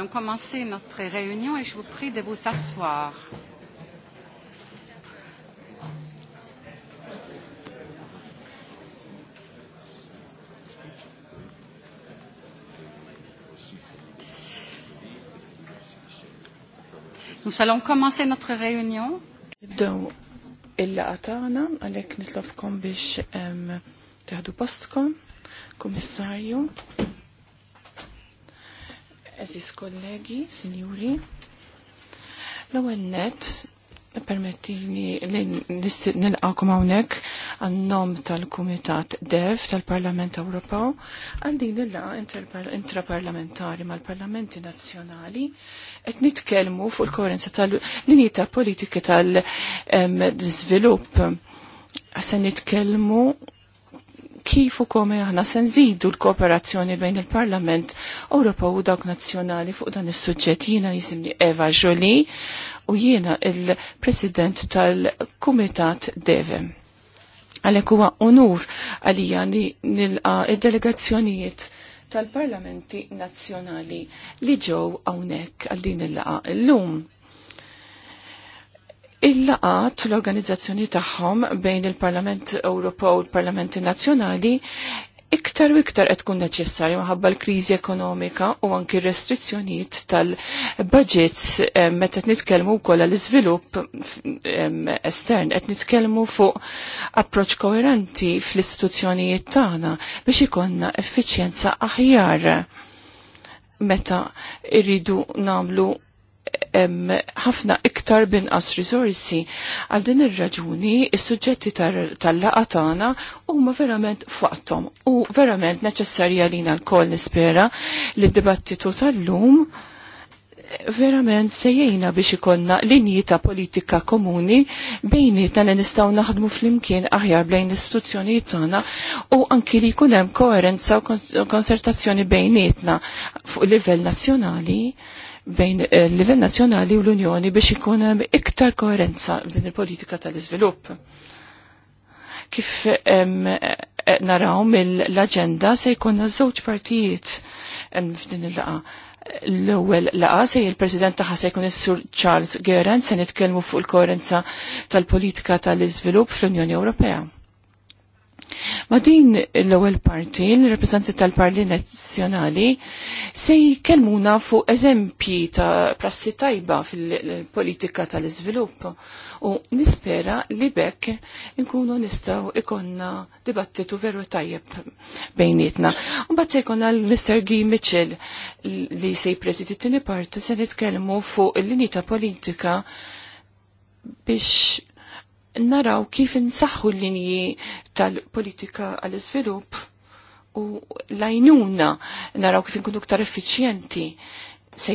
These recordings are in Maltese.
allons commencer notre réunion et je vous prie de vous asseoir. Nous allons commencer notre réunion. Donc, il-laqa tagħna għalhekk Aziz kollegi, sinjuri, l-ewwel net permettini nilqakom hawnhekk għan-nom tal-Kumitat DEV tal-Parlament Ewropew għal din il intraparlamentari mal-Parlamenti Nazzjonali qed nitkellmu fuq il korenza tal-linji ta' politika tal-iżvilupp se nitkellmu kif ukoll aħna se nżidu l-kooperazzjoni bejn il-Parlament Ewropew u dawk nazzjonali fuq dan is-suġġett jiena jisimni Eva Joli u jiena il-President tal-Kumitat Deve. Għalhekk huwa onur għalija li nilqa id-delegazzjonijiet tal-parlamenti nazzjonali li ġew hawnhekk għal din il-laqa llum. Il-laqat l-organizzazzjoni tagħhom bejn il-Parlament Ewropew u l-Parlamenti Nazzjonali iktar u iktar qed tkun neċessarju minħabba l-kriżi ekonomika u anki restrizzjonijiet tal-budgets eh, meta qed nitkellmu wkoll għall iżvilupp eh, estern qed nitkellmu fuq approċċ koerenti fl-istituzzjonijiet tagħna biex ikonna effiċjenza aħjar meta irridu namlu ħafna iktar binqas risorsi. Għal din ir-raġuni, is-suġġetti tal-laqa tagħna huma verament fuqthom u verament neċessarja lina l-koll nispera li d-dibattitu tal-lum eh, verament sejjejna biex ikonna linji ta' politika komuni bejnietna li nistgħu naħdmu flimkien aħjar bejn l-istituzzjonijiet tagħna u anki li jkun hemm koerenza u konsertazzjoni bejnietna fuq livell nazzjonali bejn il-livell eh, nazzjonali u l-Unjoni biex ikun hemm iktar koerenza din il-politika tal-iżvilupp. Kif eh, naraw mill-aġenda se jkunna żewġ partijiet f'din il-laqa. L-ewwel laqa se il-President tagħha se jkun is-Sur Charles Gerrand se nitkellmu fuq il-koerenza tal-politika tal-iżvilupp fl-Unjoni Ewropea Ma din l-ewwel parti, l reprezentant tal-Parli Nazzjonali se jkellmuna fuq eżempji ta' prassi tajba fil-politika tal-iżvilupp u nispera li bekk nkunu nistgħu ikonna dibattitu veru tajjeb bejnietna. Mbagħad se jkollna l-Mr. Guy Mitchell li se jpreżidi tieni parti se nitkellmu fuq il-linji ta' politika biex naraw kif insaħħu l-linji tal-politika għall-iżvilupp u lajnuna naraw kif inkunu ktar effiċjenti se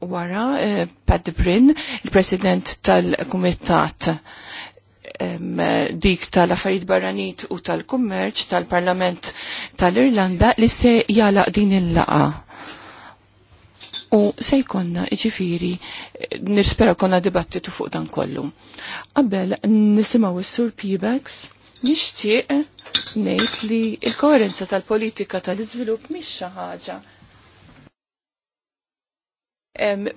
wara eh, Pat Brin, il-president tal-kumitat dik tal-affarijiet barranit u tal-kummerċ tal-Parlament tal-Irlanda li se jala din il-laqa U se jkonna ġifiri nirspera konna dibattitu fuq dan kollu. Qabel nisimaw is-sur Pibax nixtieq ngħid li l-koerenza tal-politika tal-iżvilupp mhix xi ħaġa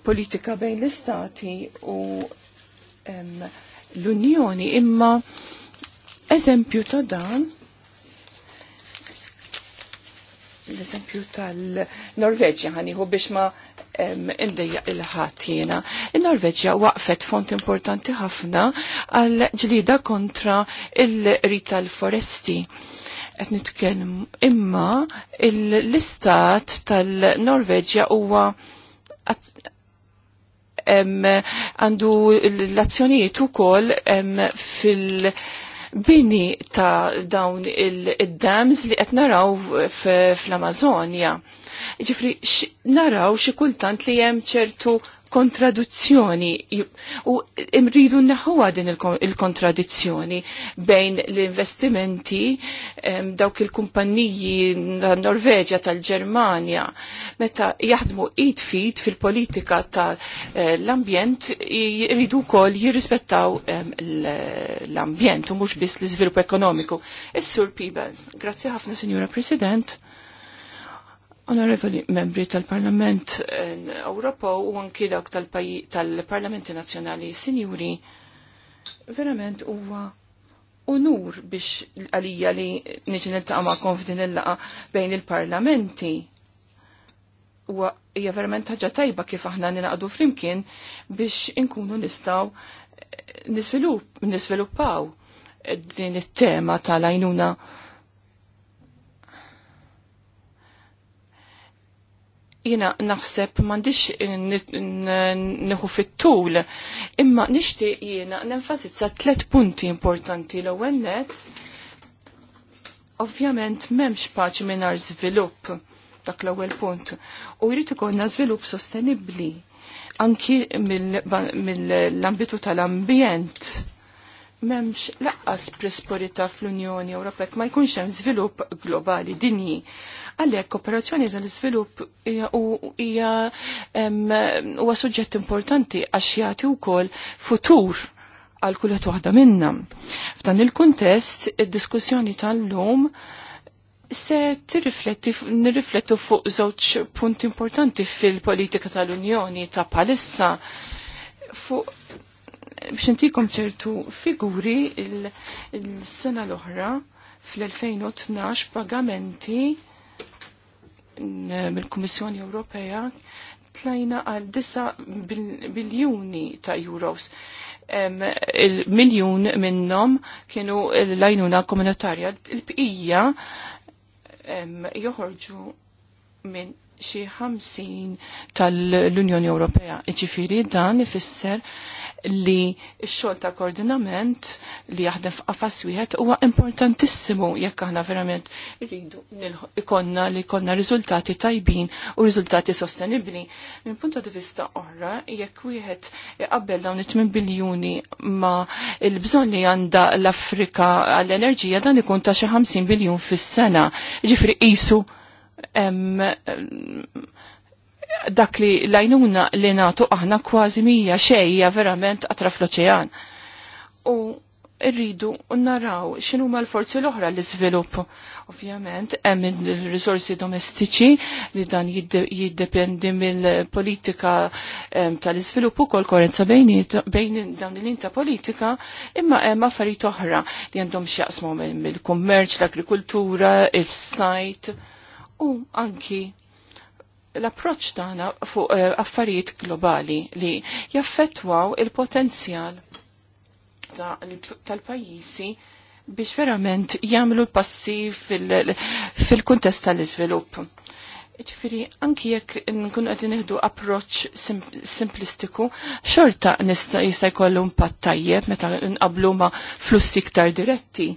politika bejn l-istati u l-Unjoni imma eżempju ta' dan l-eżempju tal-Norveġja ħaniħu biex ma' indejja il-ħatjena. Il-Norveġja waqfet font importanti ħafna għal ġlida kontra il-rita l-foresti. Et nitkellem imma l-istat tal-Norveġja huwa għandu l-azzjonijiet ukoll fil- bini ta' dawn il-dams li qed naraw fl-Amazonja. Ġifri, naraw xi kultant li hemm ċertu kontraduzzjoni u imridu naħuwa din il-kontradizzjoni bejn l-investimenti dawk il-kumpanniji tal-Norveġja tal-Ġermanja meta jaħdmu id fit fil-politika tal-ambjent eh, jridu kol jirrispettaw l-ambjent u mhux biss l izvilup ekonomiku. Is-Sur Peebles, grazzi ħafna Signora President. Onorevoli membri tal-Parlament eh, Ewropa u anki dawk tal-Parlamenti tal Nazzjonali, sinjuri, verament huwa unur biex għalija li niġi niltaqa' magħkom f'din il-laqa bejn il-parlamenti. Huwa hija verament ħaġa tajba kif aħna ninaqdu flimkien biex inkunu nistgħu eh, nisviluppaw din it-tema tal-għajnuna jina naħseb mandiċ neħu fit-tul, imma nishtiq jina nenfasizza tlet punti importanti l ewwel Ovvjament memx paċi minar zvilup, dak l ewwel punt. U jrid ikonna żvilupp sostenibbli anki mill-ambitu mil, tal-ambjent memx laqqas prosperità fl-Unjoni Ewropea ma jkunx hemm żvilupp globali dinji. Għalhekk operazzjoni tal-iżvilupp hija huwa suġġett importanti għax jagħti wkoll futur għal kulħadd waħda minna. F'dan il-kuntest id-diskussjoni tal-lum se tirrifletti nirriflettu fuq żewġ punti importanti fil-politika tal-Unjoni ta' palissa fuq biex intikom ċertu figuri il-sena il l-oħra fl-2012 pagamenti mill-Kummissjoni Ewropea tlajna għal 9 biljuni ta' euros. Il-miljun minnom kienu l-lajnuna komunitarja. Il-bqija joħorġu minn xi 50 tal-Unjoni Ewropea. Iċifiri dan ifisser li x-xogħol ta' koordinament li jaħdem f'qafas wieħed huwa importantissimu jekk aħna verament rridu ikonna li jkollna riżultati tajbin u riżultati sostenibbli. Minn punta di vista oħra, jekk wieħed iqabbel dawn it biljuni ma l bżonn li għandha l-Afrika għall-enerġija dan ikun ta' xi 50 biljun fis-sena. Ġifri qisu dak li lajnuna li natu aħna kważi mija xejja verament għatra fl-oċean. U irridu naraw xinu ma l-forzi l-oħra l iżvilupp Ovvjament, hemm il-risorsi domestiċi li dan jiddependi mill-politika tal-iżvilupp kol korenza bejn dawn il inta politika, imma hemm affarijiet oħra li għandhom x'jaqsmu mill-kummerċ, l-agrikultura, il-sajt u anki l-approċ tagħna fuq eh, affarijiet globali li jaffettwaw il-potenzjal tal-pajjiżi biex verament jagħmlu passi fil-kuntest fil kuntest tal iżvilupp Ġifiri, anki jekk nkunu qed nieħdu approċ simplistiku, xorta jista' jkollu impatt tajjeb meta nqablu ma' flussi iktar diretti.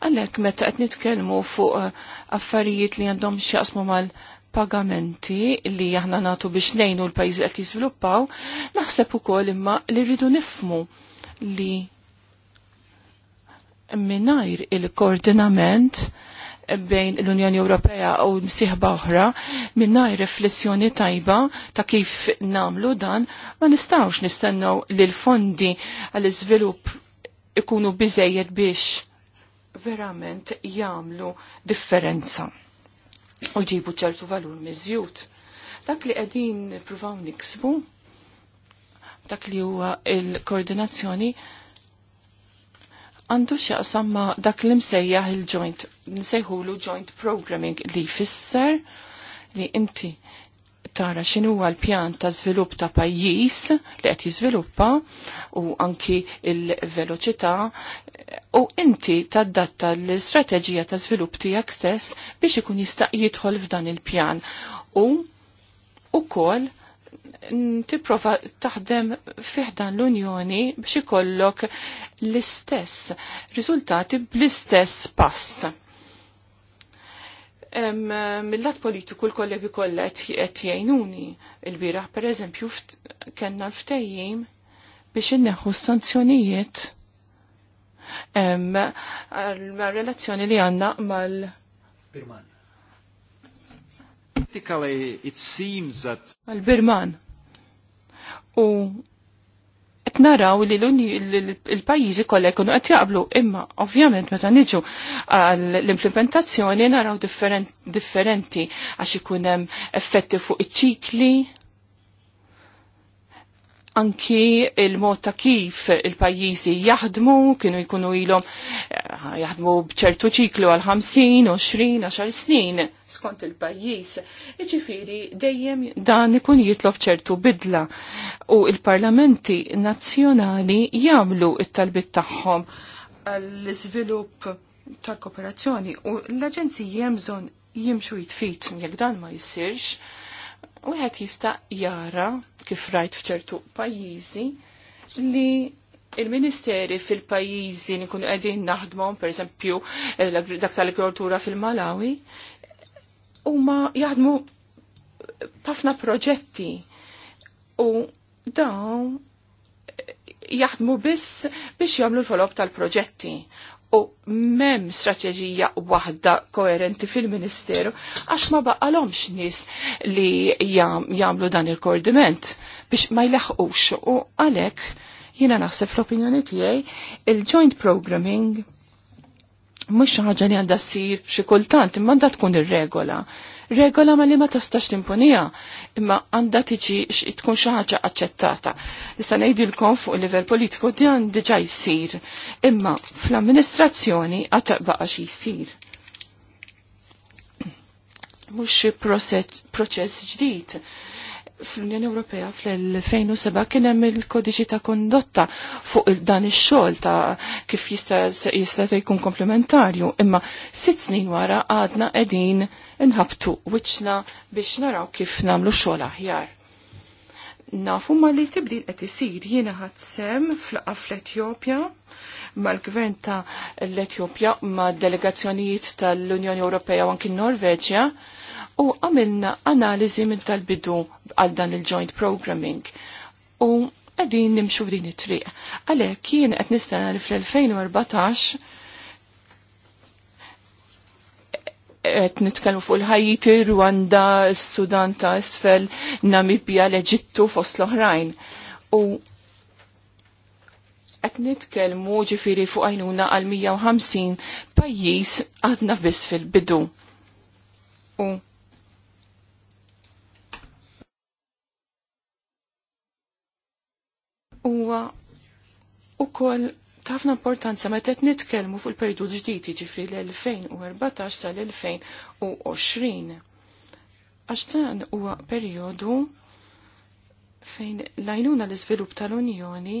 Għalhekk meta qed nitkellmu fuq eh, affarijiet li għandhom x'jaqsmu mal pagamenti li aħna natu biex nejnu l pajzi qed jiżviluppaw, naħseb kol imma li rridu nifmu li minnajr il-koordinament bejn l-Unjoni Ewropea u msiħba oħra, minajr riflessjoni tajba ta' kif namlu dan, ma nistawx nistennaw li l-fondi għal-iżvilupp ikunu biżejjed biex verament jamlu differenza u ġibu ċertu valur miżjut. Dak li qegħdin nippruvaw niksbu, dak li huwa il-koordinazzjoni għandu xaqsam ma dak li msejjaħ il-joint, nsejħulu joint programming li fisser li inti tara xinu għal l-pjan ta' żvilupp ta' pajjiż li qed jiżviluppa u anki il-veloċità, u inti taddatta l-strateġija ta' svilupp tiegħek stess biex ikun jista' jidħol f'dan il-pjan u ukoll tipprova taħdem fiħdan l-Unjoni biex ikollok l-istess riżultati bl-istess pass. Mill-lat politiku l-kollegi kollha qed jgħinuni il per pereżempju kellna l-ftejjim biex inneħħu sanzjonijiet relazzjoni li għanna mal Birman. it seems that mal Birman. U qed naraw li l-pajjiżi kollha jkunu qed jaqblu, imma ovvjament meta niġu l-implementazzjoni naraw differenti għax ikun hemm effetti fuq iċ-ċikli anki il-mod ta' kif il-pajjiżi jaħdmu, kienu jkunu ilhom eh, jaħdmu bċertu ċiklu għal 50, 20, 10 snin skont il-pajjiż. Iġifieri dejjem dan ikun jitlob ċertu bidla u il-parlamenti nazzjonali jagħmlu it-talbit tagħhom għall-iżvilupp tal-kooperazzjoni u l-aġenziji hemm bżonn jimxu jitfit jekk dan ma jsirx wieħed jista' jara kif rajt f'ċertu pajjiżi li il-ministeri fil-pajjiżi li nkunu qegħdin naħdmhom, pereżempju dak tal-agrikoltura fil-Malawi, huma jaħdmu ħafna proġetti u dawn jaħdmu biss biex jagħmlu l-follow tal-proġetti u mem strateġija waħda koerenti fil-Ministeru għax ma baqalomx nies li jagħmlu dan il-koordiment biex ma jlaħqux. u għalhekk jiena naħseb fl-opinjoni tiegħi il-joint programming mhux ħaġa li għandha ssir xi kultant imma għandha tkun ir-regola regola ma li ma tastax timponija, imma għandha tiġi tkun xi ħaġa aċċettata. Issa ngħidilkom fuq il-livell politiku għan diġa' jsir, imma fl-amministrazzjoni għad taqbaqa xi jsir. Mhux xi proċess ġdid fl-Unjoni Ewropea fl-2007 kien hemm il-kodiċi ta' kondotta fuq dan ix-xogħol ta' kif jista' jista' jkun komplementarju, imma sitt snin wara għadna qegħdin inħabtu wiċċna biex naraw kif nagħmlu xogħol aħjar. Nafu ma li tibdil qed isir jiena ħadd sem flaqa fl-Etjopja mal-gvern ta' l-Etjopja ma' delegazzjonijiet tal-Unjoni Ewropea u anki Norveġja u għamilna analizi minn tal-bidu għal dan il-joint programming u għedin nimxu f'din it-triq. Għalek kien qed nistana li fl-2014 qed nitkellmu fuq il-Ħajiti, Rwanda, s-Sudan ta' isfel, Namibia, l-Eġittu fost l-oħrajn. U qed nitkellmu ġifiri fuq għajnuna għal 150 pajjiż għadna biss fil-bidu. U huwa ukoll ħafna importanza meta qed nitkellmu fuq il-periodu ġdid jiġifieri l-2014 sal-2020. Għax dan huwa perjodu fejn lajnuna l-iżvilupp tal-Unjoni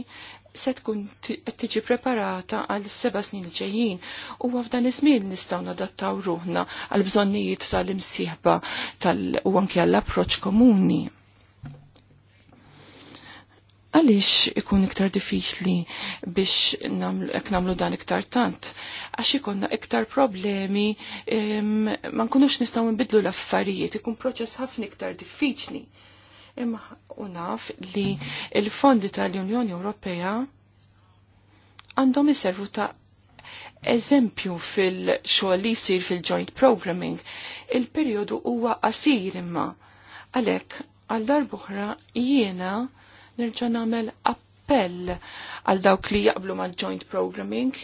se tkun qed tiġi preparata għal seba' snin li ġejjin u f'dan iż-żmien nistgħu nadattaw ruħna għal bżonnijiet tal-imsieħba tal- u anke għall approċċ komuni. Għaliex ikun iktar diffiċli biex namlu dan iktar tant? Għax ikonna iktar problemi ma nkunux nistgħu nbidlu l-affarijiet, ikun proċess ħafna iktar diffiċli. Imma unaf li il-fondi tal-Unjoni Ewropea għandhom iservu ta' eżempju fil-xogħol li jsir fil-joint programming, il-perjodu huwa qasir imma. Għalhekk għal darbohra jiena nerġa' nagħmel appell għal dawk li jaqblu ma' joint programming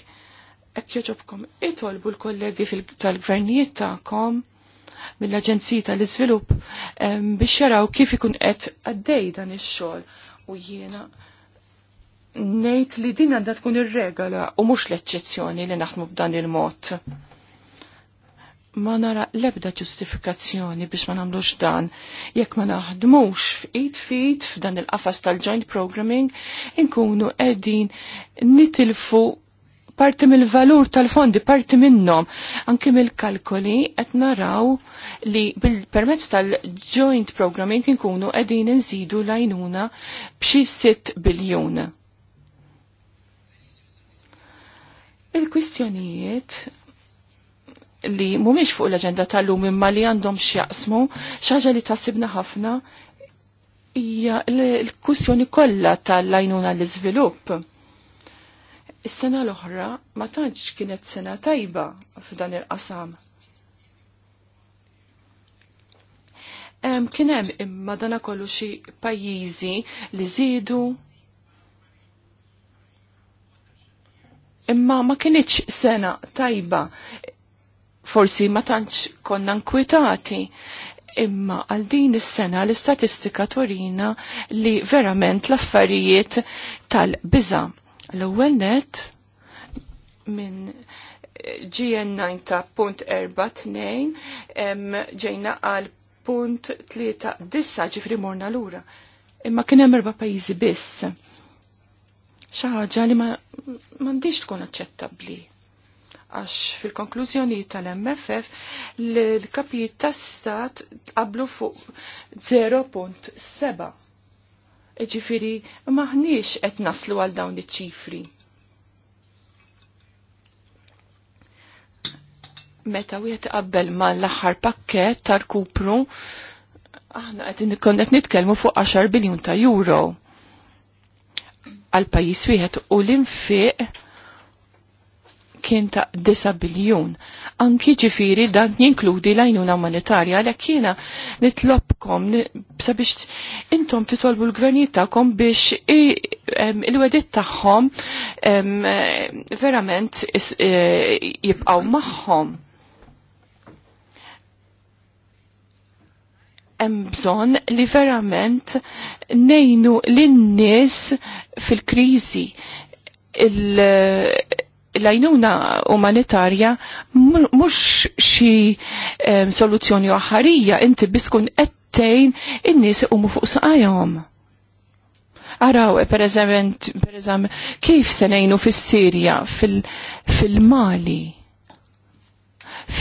hekk joġobkom itolbu l-kollegi tal-gvernijiet tagħkom mill-Aġenziji tal-Iżvilupp biex jaraw kif ikun qed għaddej dan ix-xogħol u jiena ngħid li din għandha tkun ir-regola u mhux l-eċċezzjoni li naħdmu b'dan il-mod ma nara lebda ġustifikazzjoni biex ma namlux dan. Jekk ma naħdmux f'id fit f'dan il-qafas tal-joint programming, inkunu edin nitilfu parti mill-valur tal-fondi, parti minnom. Anki mill-kalkoli qed naraw li bil-permezz tal-joint programming inkunu edin nżidu lajnuna b'xi 6 biljun. Il-kwistjonijiet li mhumiex fuq l-aġenda tal-lum imma li għandhom x'jaqsmu, xaġa li tasibna ħafna hija l-kussjoni kollha tal-lajnuna l-iżvilupp. Is-sena l-oħra ma tantx kienet sena tajba f'dan il-qasam. Kien hemm imma dana kollu xi pajjiżi li żiedu imma ma kienitx sena tajba forsi ma tantx konna nkwitati imma għal din is-sena l-istatistika torina li verament l-affarijiet tal-biża. L-ewwel net minn GN 9.42 ġejna għal punt 3.9 ġifri morna l-ura. Imma kien hemm erba' pajjiżi biss. Xi ħaġa li ma m'għandix tkun aċċettabbli għax fil-konklużjoni tal-MFF l-kapijiet tas stat qablu fuq 0.7. Ġifiri, maħniex qed naslu għal dawn iċ-ċifri. Meta wieħed qabel mal-aħħar pakkett tal-kupru, aħna qed qed nitkellmu fuq 10 biljun ta' euro għal pajjiż wieħed u l-infiq kien ta' 9 biljun. Anki ġifiri dan jinkludi l-għajnuna umanitarja li kiena nitlobkom sabiex intom titolbu l-gvernijiet tagħkom biex il-wedit tagħhom verament e, jibqgħu magħhom. hemm bżonn li verament nejnu lin-nies fil-kriżi l-għajnuna umanitarja mux xi um, soluzzjoni uħarija, inti biskun ettejn in-nies umu fuq saqajhom. Araw, per eżempju, kif se ngħinu fis-Sirja, fil-Mali,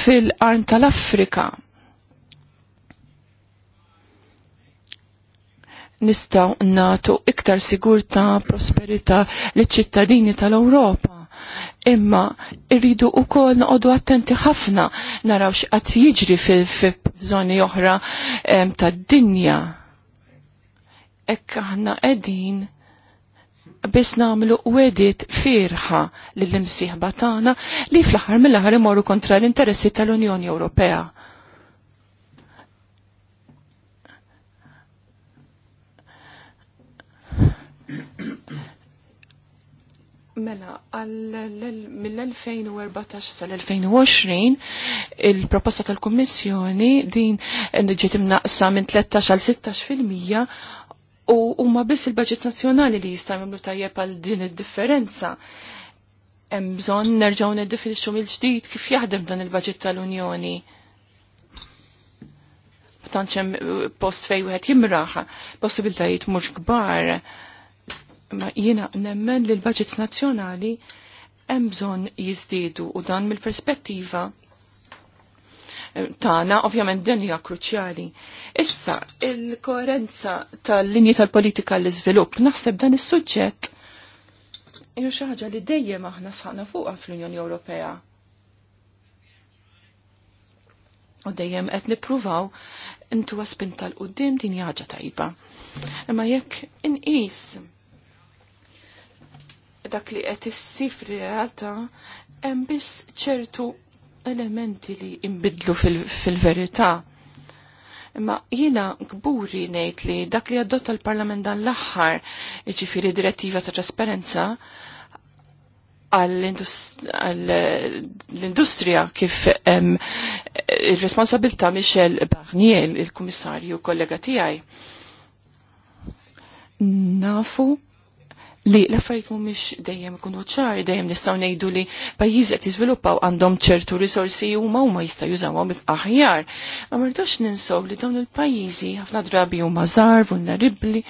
fil arn tal-Afrika. Nistaw natu iktar sigurta, prosperita li ċittadini tal-Ewropa imma irridu u kol noqodu attenti ħafna naraw xqat jiġri fil-żoni oħra ta' dinja. Ekk aħna edin biss namlu wedit firħa lill-imsiħba tagħna li fl-aħħar mill-aħħar imorru kontra l-interessi tal-Unjoni Ewropea Mela, mill-2014 sal-2020 il-proposta tal-Kommissjoni din ġiet imnaqsa minn 13 għal 16 fil-mija u huma biss il baġit nazzjonali li jista' jagħmlu tajjeb għal din id-differenza. Hemm bżonn nerġgħu niddefinixxu mill-ġdid kif jaħdem dan il baġit tal-Unjoni tantx hemm post fejn wieħed jimraħ, possibiltajiet mhux kbar Ma jiena nemmen li l-budgets nazzjonali hemm bżonn jiżdiedu u dan mill-perspettiva eh, tana, ovvjament din hija kruċjali. Issa, il-koerenza tal-linji tal-politika l iżvilupp naħseb dan is-suġġett hija xi ħaġa li dejjem aħna sħaqna fuqha fl-Unjoni Ewropea. U dejjem qed nippruvaw intuwa spinta l-qudiem din hija ħaġa tajba. Imma jekk inqis dak li qed issir realtà hemm biss ċertu elementi li imbidlu fil-verità. Imma jina gburi ngħid li dak li adotta l-Parlament dan l-aħħar, jiġifieri direttiva ta' trasparenza, għall-industrija kif il-responsabilta Michel Barnier, il-komissarju kollega tijaj. Nafu li l-affarijiet mhumiex dejjem ikunu ċar, dejjem nistgħu ngħidu li pajjiż qed jiżviluppaw għandhom ċertu risorsi huma huma jista' jużawhom aħjar. Ma mardux ninsaw li dawn il-pajjiżi ħafna drabi huma żgħar, vulnerabbli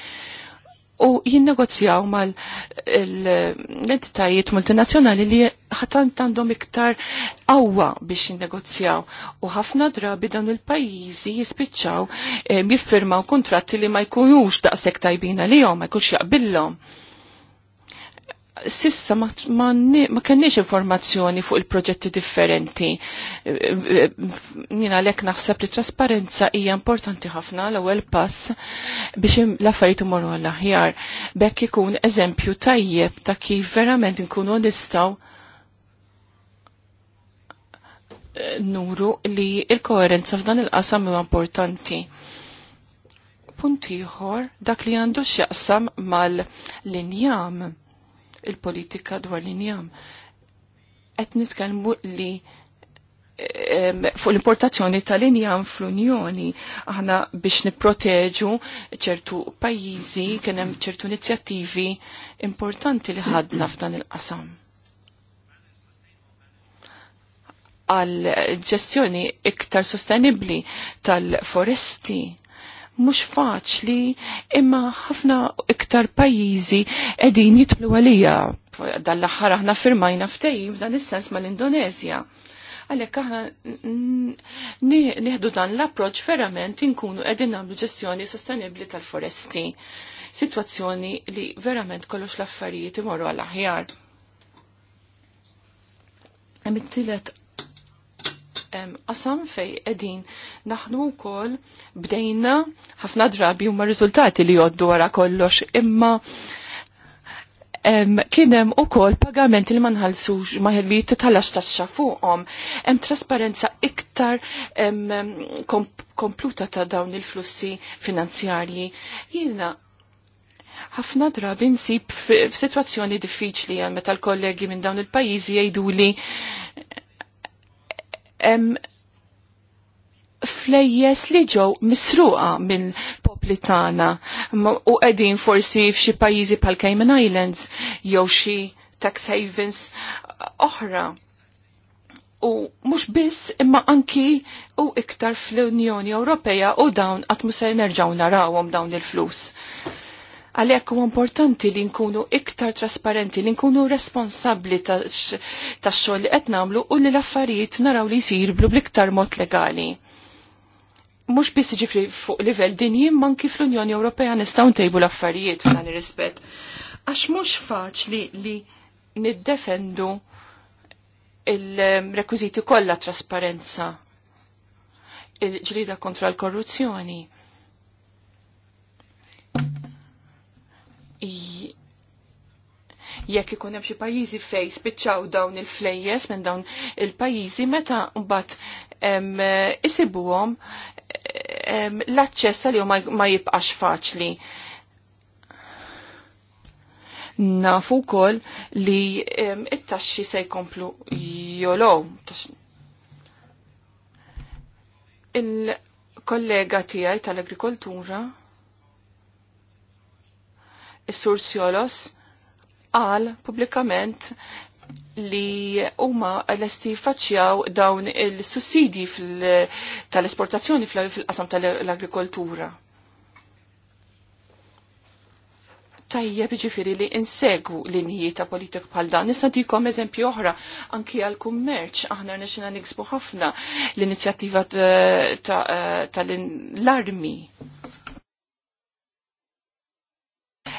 u jinnegozjaw mal l-entitajiet multinazzjonali li ħatant għandhom iktar qawwa biex jinnegozjaw. U ħafna drabi dawn il-pajjiżi jispiċċaw eh, jiffirmaw kontratti li ma jkunux daqshekk tajbina lihom, ma jkunx jaqbilhom sissa ma, ma, ma kenniex informazzjoni fuq il-proġetti differenti. Nina lek naħseb li trasparenza hija importanti ħafna l-ewwel pass biex l-affarijiet imorru għall aħjar Bekk ikun eżempju tajjeb ta' kif verament nkunu nistgħu eh, nuru li il-koerenza f'dan il-qasam huwa importanti punt ieħor dak li għandu x'jaqsam mal-linjam il-politika dwar li njam. Et nitkelmu li fuq l-importazzjoni tal-injam fl-Unjoni aħna biex niproteġu ċertu pajjiżi kien hemm ċertu inizjattivi importanti li ħadna f'dan il-qasam. Għal ġestjoni iktar sostenibli tal-foresti mhux faċli imma ħafna iktar pajjiżi qegħdin jitlu għalija. Dan l-aħħar aħna firmajna ftehim dan is-sens mal-Indonezja. Għalhekk aħna nieħdu dan l-approċċ verament inkunu qegħdin nagħmlu ġestjoni sostenibbli tal-foresti. Sitwazzjoni li verament kollox l-affarijiet imorru għal aħjar. Hemm it-tielet qasam fej edin naħnu wkoll bdejna ħafna drabi huma riżultati li joddu wara kollox imma kienem u kol pagament li manħalsux maħelli talax taċċa fuqhom. Hemm trasparenza iktar kompluta ta' dawn il-flussi finanzjarji. Jiena ħafna drabi nsib f'sitwazzjoni diffiċli għal meta l-kollegi minn dawn il-pajjiżi jgħidu li flejjes li ġew misruqa minn popli tagħna u qegħdin forsi f'xi pajjiżi pal Cayman Islands jew xi tax havens oħra. U mhux biss imma anki u iktar fl-Unjoni Ewropea u dawn qatt mhux se nerġgħu narawhom dawn il-flus. Għalhekk huwa importanti li nkunu iktar trasparenti, li nkunu responsabbli tax-xogħol li qed nagħmlu u li l-affarijiet naraw li jisir bl-iktar mod legali. Mhux biss ġifri fuq livell dinji kif fl-Unjoni Ewropea nistgħu ntejbu l-affarijiet f'dan ir-rispett. Għax mhux faċli li niddefendu il-rekwiziti kollha trasparenza il-ġlida kontra l-korruzzjoni jekk ikun hemm xi pajjiżi fej spiċċaw dawn il-flejjes minn dawn il-pajjiżi meta mbagħad isibuhom l-aċċess għalihom ma jibqax faċli. Nafu wkoll li it-taxxi se jkomplu jolow. Il-kollega tiegħi tal-agrikoltura Is-Sur Siolos qal pubblikament li huma lesti faċċjaw dawn il-sussidi tal-esportazzjoni fil-qasam tal-agrikoltura. tajjeb ġifiri li insegu linji ta' politik bħal dan. Nisna dikom eżempju oħra anki għal kummerċ aħna nixina niksbu ħafna l-inizjattiva tal-armi. Ta, ta, ta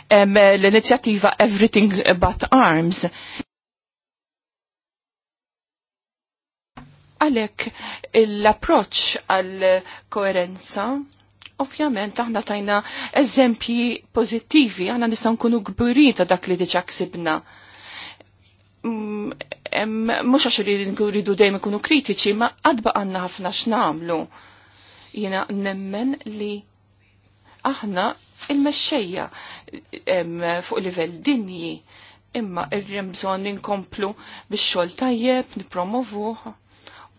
l-inizjattiva Everything But Arms. Għalek l-approċ għal-koerenza ovvjament aħna tajna eżempji pozittivi, aħna nistan nkunu gburin ta' dak li diċa ksibna. Mux mm, għax li rridu dejjem ikunu kritiċi, ma għadba għanna ħafna x'namlu. Jiena nemmen li aħna il-mexxejja fuq livell dinji imma il bżonn inkomplu bix-xogħol tajjeb nippromovuh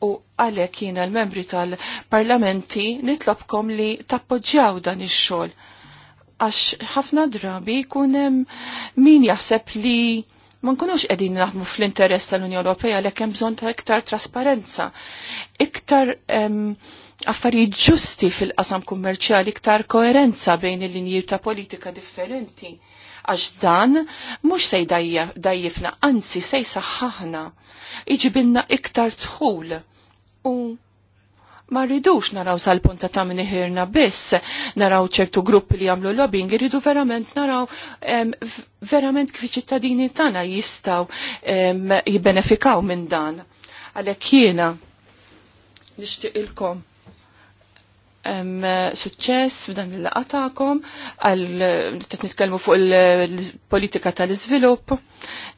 u għalhekk jiena l-membri tal-parlamenti nitlobkom li tappoġġjaw dan ix-xogħol għax ħafna drabi jkun hemm min jaħseb li ma nkunux qegħdin naħdmu fl-interess tal-Unjoni Ewropea għalhekk hemm bżonn ta' iktar trasparenza, iktar affarijiet ġusti fil-qasam kummerċjali iktar koerenza bejn il-linji ta' politika differenti. Għax dan mhux se dajjifna, anzi se jsaħħaħna, Iġibinna iktar tħul. U ma rridux naraw sal-punta ta' minn biss, naraw ċertu gruppi li għamlu lobbying, irridu verament naraw em, verament kif ċittadini tagħna jistgħu jibbenefikaw minn dan. Għalhekk jiena nixtieq ilkom suċċess f'dan il-laqa għal qed nitkellmu fuq il-politika tal-iżvilupp,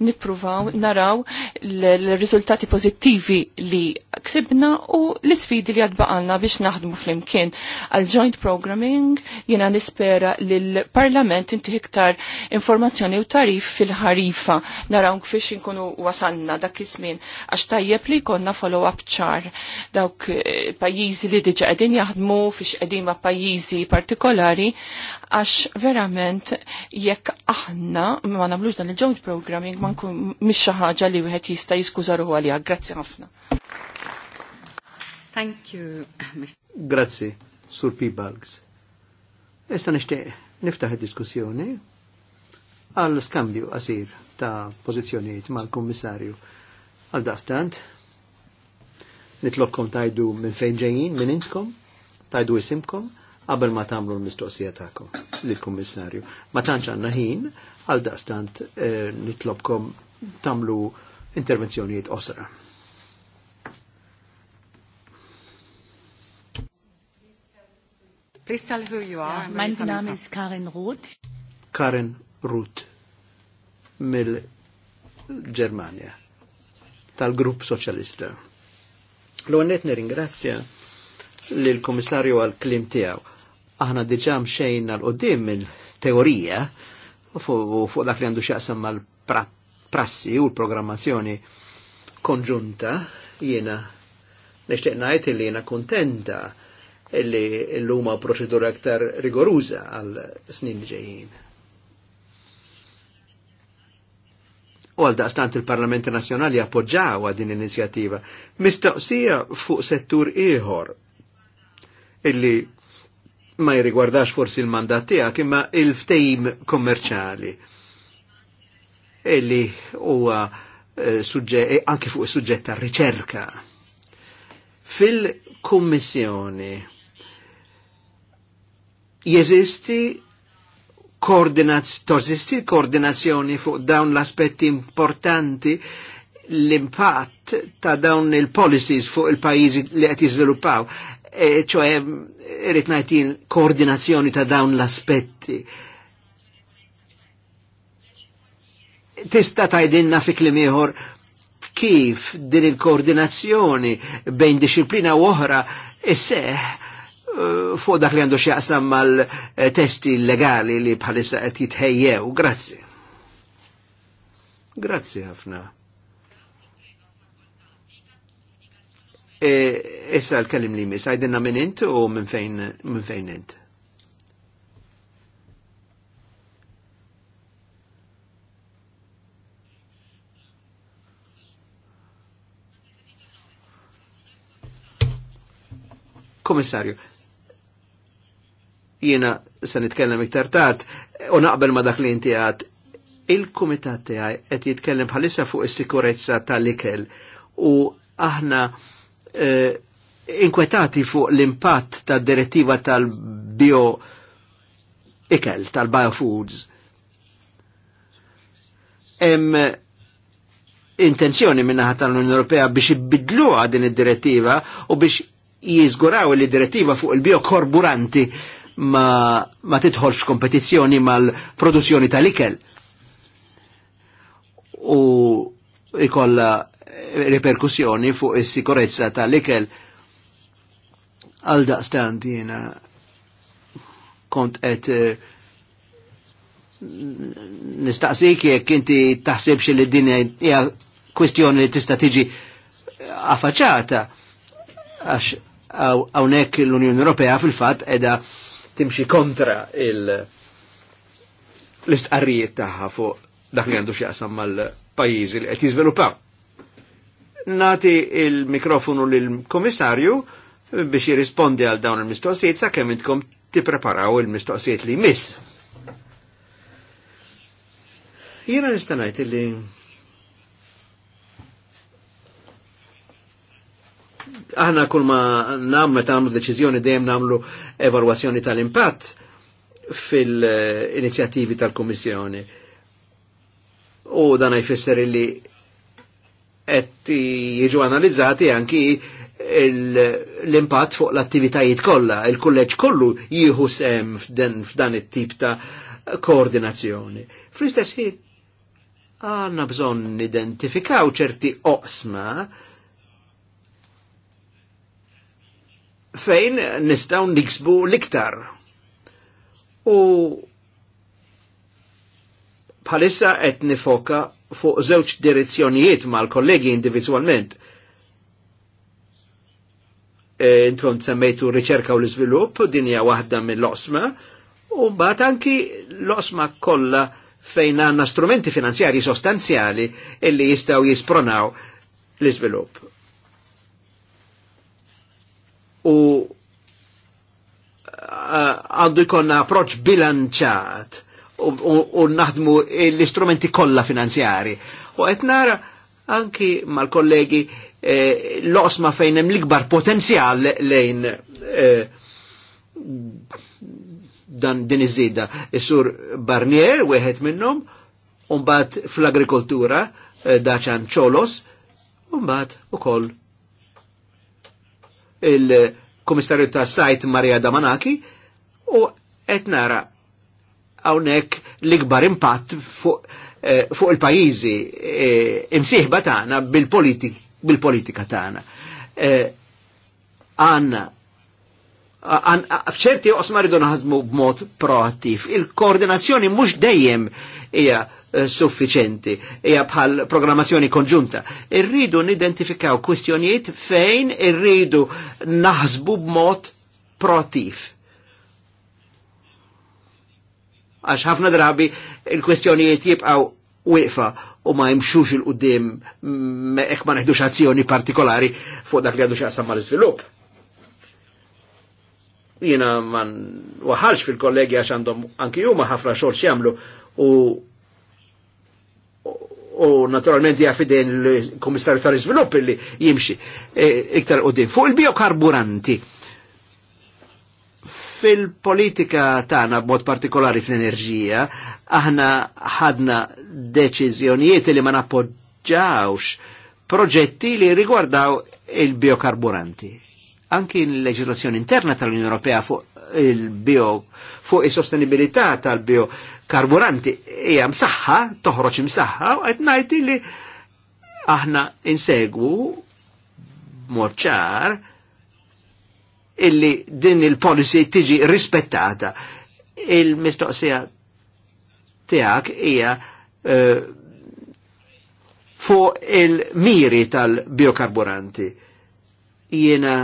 nippruvaw naraw l-riżultati pożittivi li ksibna u l-isfidi li għadbaqalna biex naħdmu flimkien għal joint programming jiena nispera l-Parlament inti iktar informazzjoni u tarif fil-ħarifa naraw kfix inkunu wasanna dak iż-żmien għax tajjeb li jkollna follow-up ċar dawk eh, pajjiżi li diġa qegħdin jaħdmu fix edima pajjiżi partikolari għax verament jekk aħna ma nagħmlux dan il-joint programming ma nkun mhix ħaġa li wieħed jista' jiskuża ruħu għaliha. Grazzi ħafna. Thank you. Grazzi, Sur P. Bugs. Issa nixtieq niftaħ id-diskussjoni għal skambju qasir ta' pożizzjonijiet mal-Kummissarju għal dastant Nitlokkom tajdu minn fejn ġejjin, minn intkom, tajdu isimkom qabel ma tagħmlu l-mistoqsija tagħkom lill-Kummissarju. Ma tantx għandna ħin għal daqstant eh, nitlobkom tagħmlu intervenzjonijiet osra. Please tell who you are. mein Name ist Karin Roth. Karin Roth mill-Germania tal-Grupp Soċjalista. L-għonet nirringrazzja l-Komissarju għal-klim tijaw. Aħna diġam xejn għal-qoddim il teorija u fuq dak li għandu xaqsam mal-prassi u l-programmazzjoni konġunta jiena neċteqnajt ngħid li jiena kuntenta illi l-luma proċedura aktar rigoruza għal snin ġejjin. U għal daqstant il-Parlamenti Nazjonali appoġġaw din l-inizjattiva mistoqsija fuq settur ieħor illi ma jirigwardax forsi il-mandat tijak, imma il ftejm kommerċali illi huwa eh, suġġe eh, anki fuq suġġett riċerka Fil-Kummissjoni jeżisti torzisti koordinazzjoni fuq dawn l-aspetti importanti l-impatt ta' dawn il-policies fuq il-pajizi li qed jiżviluppaw. E ċoħe e, rritnajtin koordinazzjoni ta' dawn l-aspetti. Tista tajdinna fi klimiħor kif din il-koordinazzjoni bejn disciplina u oħra isseħ e, fuq dak li għandu xjaqsam mal-testi legali li bħalissa qed jitħejjew. Grazzi. Grazzi ħafna. E, issa l-kellim li mis, għajdinna minn int u minn fejn int? Komissarju, jiena se nitkellem iktar tard u naqbel ma dak li inti għad il-kumitat tiegħi qed jitkellem bħalissa fuq is-sikurezza tal-ikel u aħna eh, inkwetati fuq l-impatt tad direttiva tal-bio ikel, tal-biofoods. Hemm intenzjoni minnaħa tal-Unjoni Ewropea biex ibidluha din id-direttiva u biex jiżguraw li direttiva fuq il-biokorburanti ma, ma titħolx kompetizzjoni mal-produzzjoni tal-ikel. U ikolla reperkussjoni fuq is-sikurezza tal-ikel għal daqstant jiena kont qed eh, nistaqsik jekk inti taħsibx li din hija kwistjoni li tista' tiġi affaċċata għax hawnhekk l-Unjoni Ewropea fil-fatt qiegħda timxi kontra l-istqarrijiet tagħha fuq dak li għandu x'jaqsam mal-pajjiżi li qed jiżviluppaw nati il-mikrofonu lill-komissarju biex jirrispondi għal dawn il-mistoqsijiet sa' kemm intkom tippreparaw il-mistoqsijiet li miss. Jiena nistanajt li aħna kull ma nagħmlu meta għamlu deċizjoni dejjem namlu evalwazzjoni tal-impatt fil-inizjattivi tal-Kummissjoni. U dan jfisser li qed jiġu analizzati anki l-impatt fuq l-attivitajiet kollha, il-kulleġġ kollu jieħu sem f'dan it-tip ta' koordinazzjoni. Fl-istess ħin għandna bżonn identifikaw ċerti oqsma fejn nistgħu niksbu l-iktar. U bħalissa qed nifoka fuq żewġ direzzjonijiet mal-kollegi individualment. E, intom semmejtu riċerka u l-iżvilupp, din hija waħda mill-osma, u bat anki l-osma kollha fejn għandna strumenti finanzjari sostanzjali illi jistgħu jispronaw l-iżvilupp. U għandu jkonna approċ bilanċat u naħdmu l-istrumenti kollha finanzjari. U qed nara anki mal-kollegi eh, l-osma fejn hemm l-ikbar potenzjal lejn eh, dan din iż-żida. Is-sur Barnier wieħed minnhom, u mbagħad fl-agrikoltura eh, daċan ċolos, u mbagħad ukoll il-Komissarju ta' Sajt Marija Damanaki u qed nara hawnhekk l-ikbar impatt fuq eh, fu il-pajjiżi eh, imsieħba tagħna bil-politika bil tagħna. Eh, għanna fċerti osma rridu b-mod proattiv. Il-koordinazzjoni mhux dejjem hija eh, suffiċenti, hija bħal programmazzjoni konġunta. Irridu nidentifikaw kwistjonijiet fejn irridu naħsbu b'mod proattiv. għax ħafna drabi il-kwestjonijiet jibqaw wiqfa u ma jimxux il-qoddim ek ma neħdux azzjoni partikolari fuq dak li għadu xaqsam ma l-izvilup. Jina man waħalx fil-kollegi għax għandhom anki juma ħafna xogħol xjamlu u u naturalment din l-Komissarju tal-Izvilupp li jimxi eh, iktar qoddim. Fuq il-biokarburanti, Fil-politika tagħna b'mod partikolari fl-enerġija, aħna ħadna deċiżjonijiet li ma nappoġġawx proġetti li rigwardaw il-biokarburanti. Anki l-leġislazzjoni interna tal-Unjoni Ewropea fuq il-bio fuq is-sostenibilità il bio fuq is sostenibilità tal biokarburanti hija msaħħa, toħroġ msaħħa, u qed ngħid li aħna insegwu morċar illi din il-policy tiġi rispettata. Il-mistoqsija tiegħek hija uh, fuq il-miri tal-biokarburanti. Jiena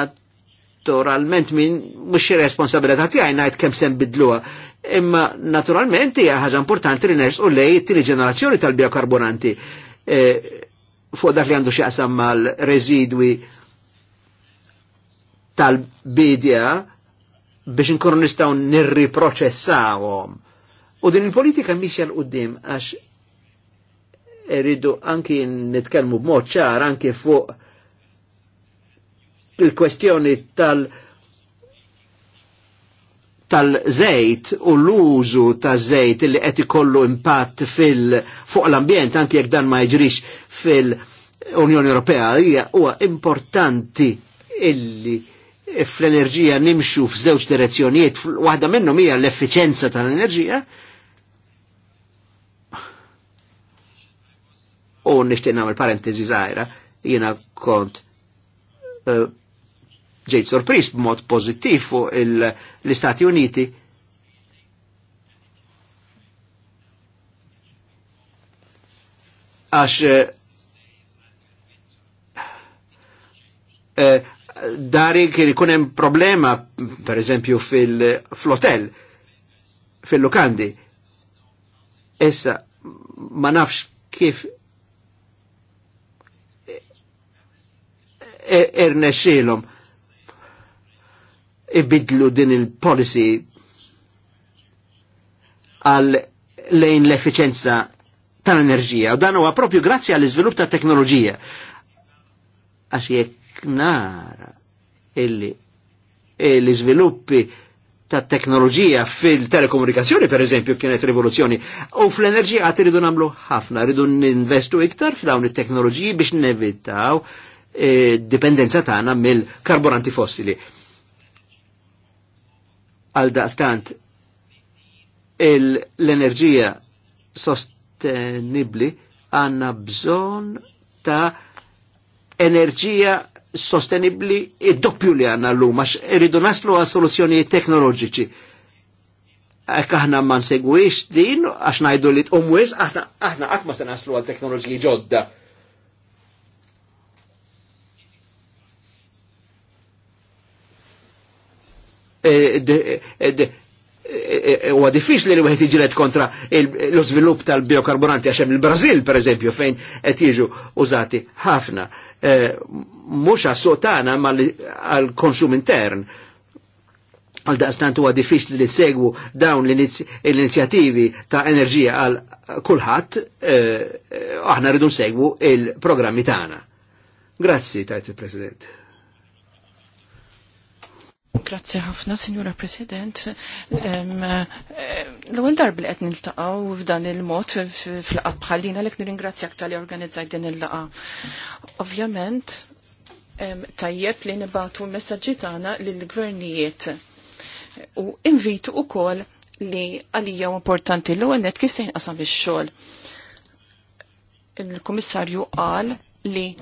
naturalment minn mhux responsabilità tiegħi ngħid kemm sem bidluha. Imma naturalment hija ħaġa importanti li u lej tieni ġenerazzjoni tal-biokarburanti. uh, fuq dak li għandu xieqsam mal-residwi tal-bidja biex nkunu nistgħu nirriproċessawhom. U din il-politika mhix għal qudiem għax irridu anki nitkellmu b'mod ċar anki fuq il-kwestjoni tal- tal-żejt u l-użu taż-żejt li qed ikollu impatt fil fuq l-ambjent anki jekk dan ma jiġrix fil-Unjoni Ewropea hija huwa importanti illi fl-enerġija nimxu f'żewġ direzzjonijiet, waħda minnhom hija l-effiċenza tal-enerġija, u nixtieq nagħmel parentesi żgħira, jiena kont eh, ġejt sorpris b'mod pożittiv fuq l-Istati Uniti għax eh, eh, dari kien ikun hemm problema, per eżempju, fil-flotel, fil-lukandi. Issa, ma nafx kif irnexxilhom e- e- ibidlu din il-policy għal lejn l-efficienza tal-enerġija. U dan huwa propju grazzi għall iżvilupp ta' teknoloġija. Għax jekk nara E l-iżviluppi ta' teknoloġija fil-telekomunikazzjoni, per eżempju, kienet rivoluzzjoni. U fl-enerġija għat rridu namlu ħafna, rridu ninvestu iktar f'dawn it-teknoloġiji biex nevitaw e, dipendenza tagħna mill-karburanti fossili. Għal daqstant, l-enerġija sostenibli għanna bżon ta' enerġija sostenibli id-doppju e li għanna l-lum, għax irridu naslu għal soluzzjonijiet teknoloġiċi. Ek aħna ma nsegwix din, għax najdu li t-umwis, aħna għatma se naslu għal teknoloġiji ġodda. E, e, huwa diffiċli li wieħed jiġret kontra lo żvilupp tal-biokarburanti għax hemm il-Brażil pereżempju fejn qed jiġu użati ħafna. Eh, mhux għas tagħna għall-konsum intern. Għal daqstant huwa diffiċli li segwu dawn l-inizjativi ta' enerġija għal kulħadd eh, aħna rridu segwu il-programmi tagħna. Grazzi, tajt il-President. Grazzi ħafna, Signora President. Eh, l-ewwel darba li qed niltaqgħu f'dan il-mod fl laqgħa bħallina lek nirringrazzjak tal-li din il-laqgħa. Ovvjament, tajjeb li nibatu messaġġi tagħna lill-gvernijiet u invitu kol li għalija importanti l għol net kif se jinqasam ix-xogħol il-komissarju qal li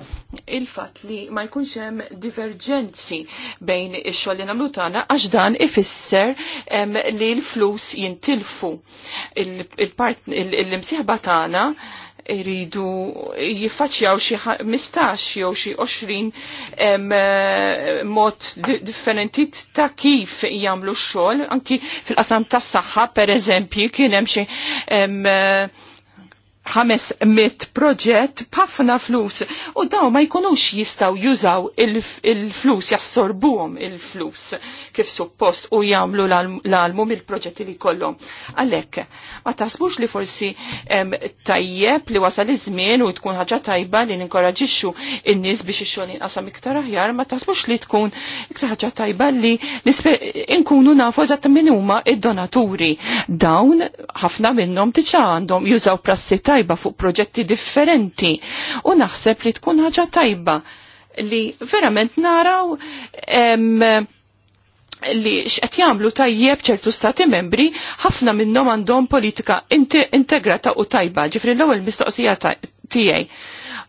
il-fat li ma jkunx hemm divergenzi bejn ix-xogħol li nagħmlu tagħna għax dan ifisser li l-flus jintilfu. Il-imsieħba tagħna iridu jiffaċjaw xi 15 jew xi 20 mod differenti ta' kif jagħmlu x-xogħol, anki fil-qasam tas-saħħa pereżempju kien hemm xi 500 proġett b'ħafna flus u daw ma jkunux jistaw jużaw il-flus, jassorbuhom il-flus kif suppost u jagħmlu l-almum il-proġetti li kollom. Għalhekk, ma tasbux li forsi tajjeb li wasal iż-żmien u tkun ħaġa tajba li ninkoraġixxu in-nies biex ix-xogħol jinqasam iktar aħjar, ma tasbux li tkun iktar ħaġa tajba li nkunu nafu eżatt min huma id-donaturi. Dawn ħafna minnhom tiċa għandhom jużaw prassi tajba tajba fuq proġetti differenti u naħseb li tkun ħaġa tajba li verament naraw em, li xqed jagħmlu tajjeb ċertu stati membri ħafna minnhom għandhom politika integrata u tajba. Ġifri l-ewwel mistoqsija tiegħi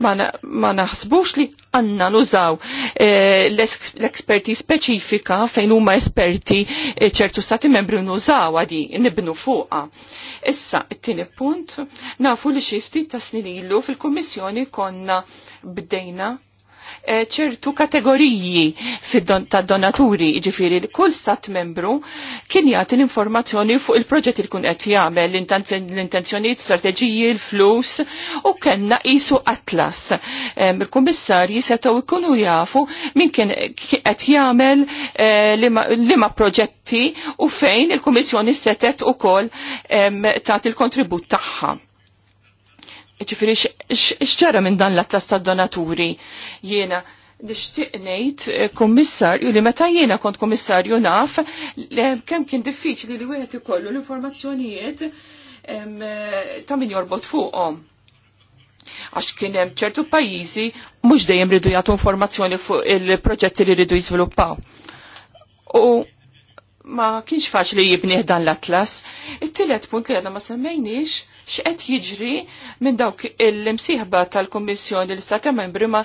ma naħsbux li għanna nużaw eh, l-eksperti speċifika fejn huma esperti eh, ċertu stati membri nużaw għadi nibnu fuqa. Issa, it-tieni punt, nafu li xi ftit snin ilu fil-Kummissjoni konna bdejna Eh, ċertu kategoriji ta' donaturi, ġifiri kull stat membru kien jagħti l-informazzjoni fuq il-proġett il kun qed jagħmel l-intenzjonijiet, strateġiji, l-flus u kellna qisu atlas. Il-kummissarji setgħu jkunu jafu min kien qed jagħmel eh, liema proġetti u fejn il-Kummissjoni setet ukoll tagħti il-kontribut tagħha ċifiri xċara minn dan l-attas ta' donaturi jiena nishtiq ngħid eh, kummissarju li meta jiena kont kummissarju naf kem kien diffiċli li wieħed ikollu l-informazzjonijiet eh, ta' min jorbot fuqhom. Għax kien hemm ċertu pajjiżi mhux dejjem ridu jagħtu informazzjoni fuq il-proġetti li ridu jiżviluppaw. U ma kienx faċli jibnieh dan l-atlas. It-tielet punt li għadna ma semmejniex x'qed jiġri minn dawk il-msieħba tal-Kummissjoni l-Istati Membri ma